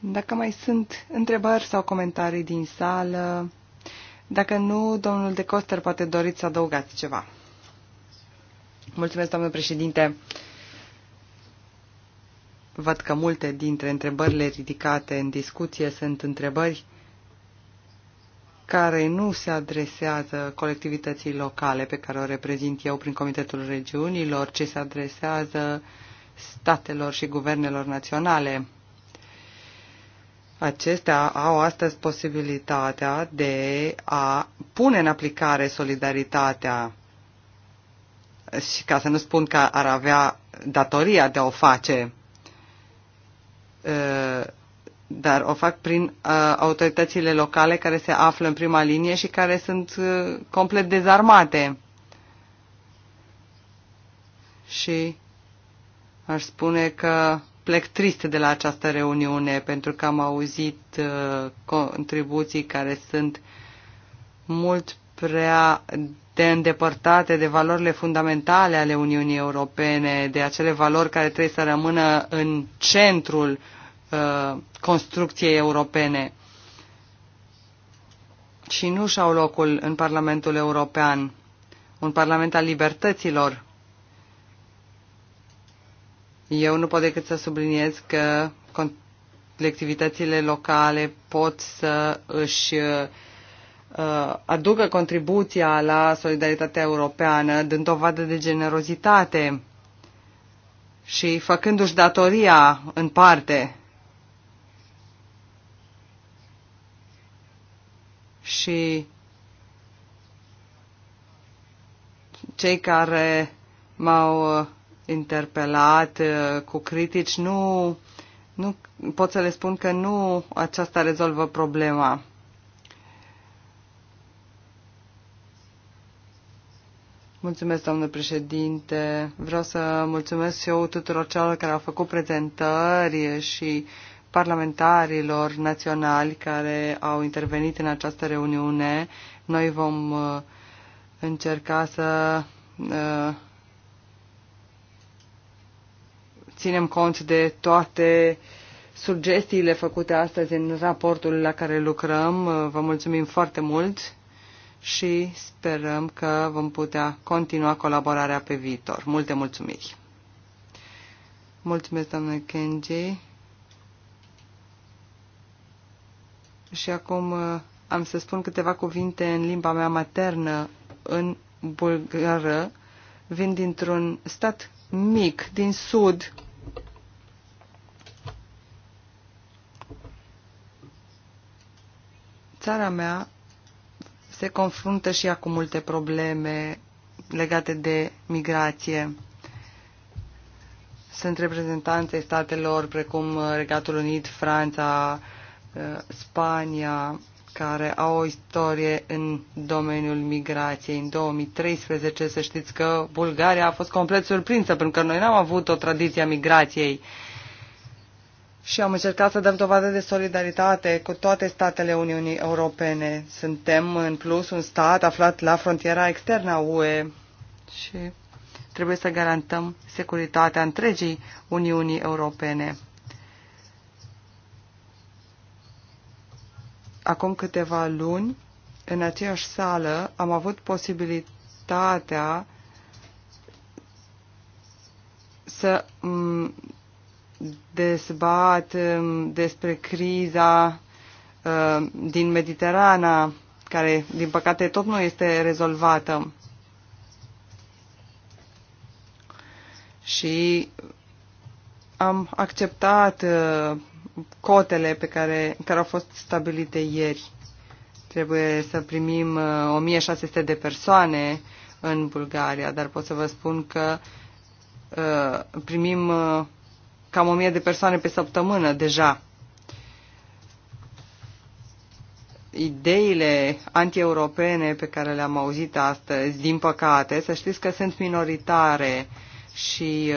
Dacă mai sunt întrebări sau comentarii din sală, dacă nu, domnul de Coster poate doriți să adăugați ceva. Mulțumesc, domnule președinte. Văd că multe dintre întrebările ridicate în discuție sunt întrebări care nu se adresează colectivității locale pe care o reprezint eu prin Comitetul Regiunilor, ci se adresează statelor și guvernelor naționale. Acestea au astăzi posibilitatea de a pune în aplicare solidaritatea și ca să nu spun că ar avea datoria de a o face ă, dar o fac prin uh, autoritățile locale care se află în prima linie și care sunt uh, complet dezarmate. Și aș spune că plec trist de la această reuniune pentru că am auzit uh, contribuții care sunt mult prea de îndepărtate de valorile fundamentale ale Uniunii Europene, de acele valori care trebuie să rămână în centrul uh, Uh, construcției europene și nu și-au locul în Parlamentul European, un parlament al libertăților. Eu nu pot decât să subliniez că colectivitățile locale pot să își uh, aducă contribuția la solidaritatea europeană, dând dovadă de generozitate și făcându-și datoria în parte și cei care m-au uh, interpelat uh, cu critici, nu, nu pot să le spun că nu aceasta rezolvă problema. Mulțumesc, domnule președinte. Vreau să mulțumesc și eu tuturor celor care au făcut prezentări și parlamentarilor naționali care au intervenit în această reuniune. Noi vom uh, încerca să uh, ținem cont de toate sugestiile făcute astăzi în raportul la care lucrăm. Uh, vă mulțumim foarte mult și sperăm că vom putea continua colaborarea pe viitor. Multe mulțumiri! Mulțumesc, doamnă Kenji! Și acum uh, am să spun câteva cuvinte în limba mea maternă, în bulgară. Vin dintr-un stat mic, din sud. Țara mea se confruntă și ea cu multe probleme legate de migrație. Sunt reprezentanțe statelor precum Regatul Unit, Franța, Uh, Spania, care au o istorie în domeniul migrației. În 2013, să știți că Bulgaria a fost complet surprinsă, pentru că noi n-am avut o tradiție a migrației. Și am încercat să dăm dovadă de solidaritate cu toate statele Uniunii Europene. Suntem, în plus, un stat aflat la frontiera externă a UE și trebuie să garantăm securitatea întregii Uniunii Europene. acum câteva luni, în aceeași sală, am avut posibilitatea să dezbat despre criza uh, din Mediterana, care, din păcate, tot nu este rezolvată. Și am acceptat uh, cotele pe care, care au fost stabilite ieri. Trebuie să primim 1600 uh, de persoane în Bulgaria, dar pot să vă spun că uh, primim uh, cam 1000 de persoane pe săptămână deja. Ideile antieuropene pe care le-am auzit astăzi, din păcate, să știți că sunt minoritare și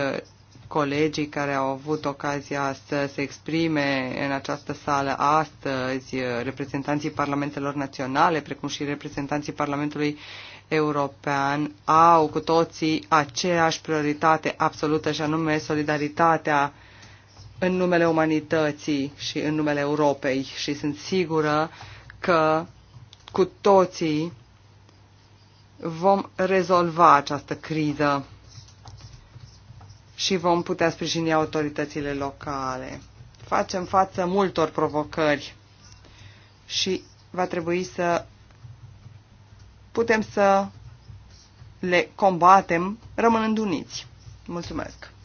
colegii care au avut ocazia să se exprime în această sală astăzi, reprezentanții parlamentelor naționale, precum și reprezentanții Parlamentului European, au cu toții aceeași prioritate absolută și anume solidaritatea în numele umanității și în numele Europei și sunt sigură că cu toții vom rezolva această criză și vom putea sprijini autoritățile locale. Facem față multor provocări și va trebui să putem să le combatem rămânând uniți. Mulțumesc!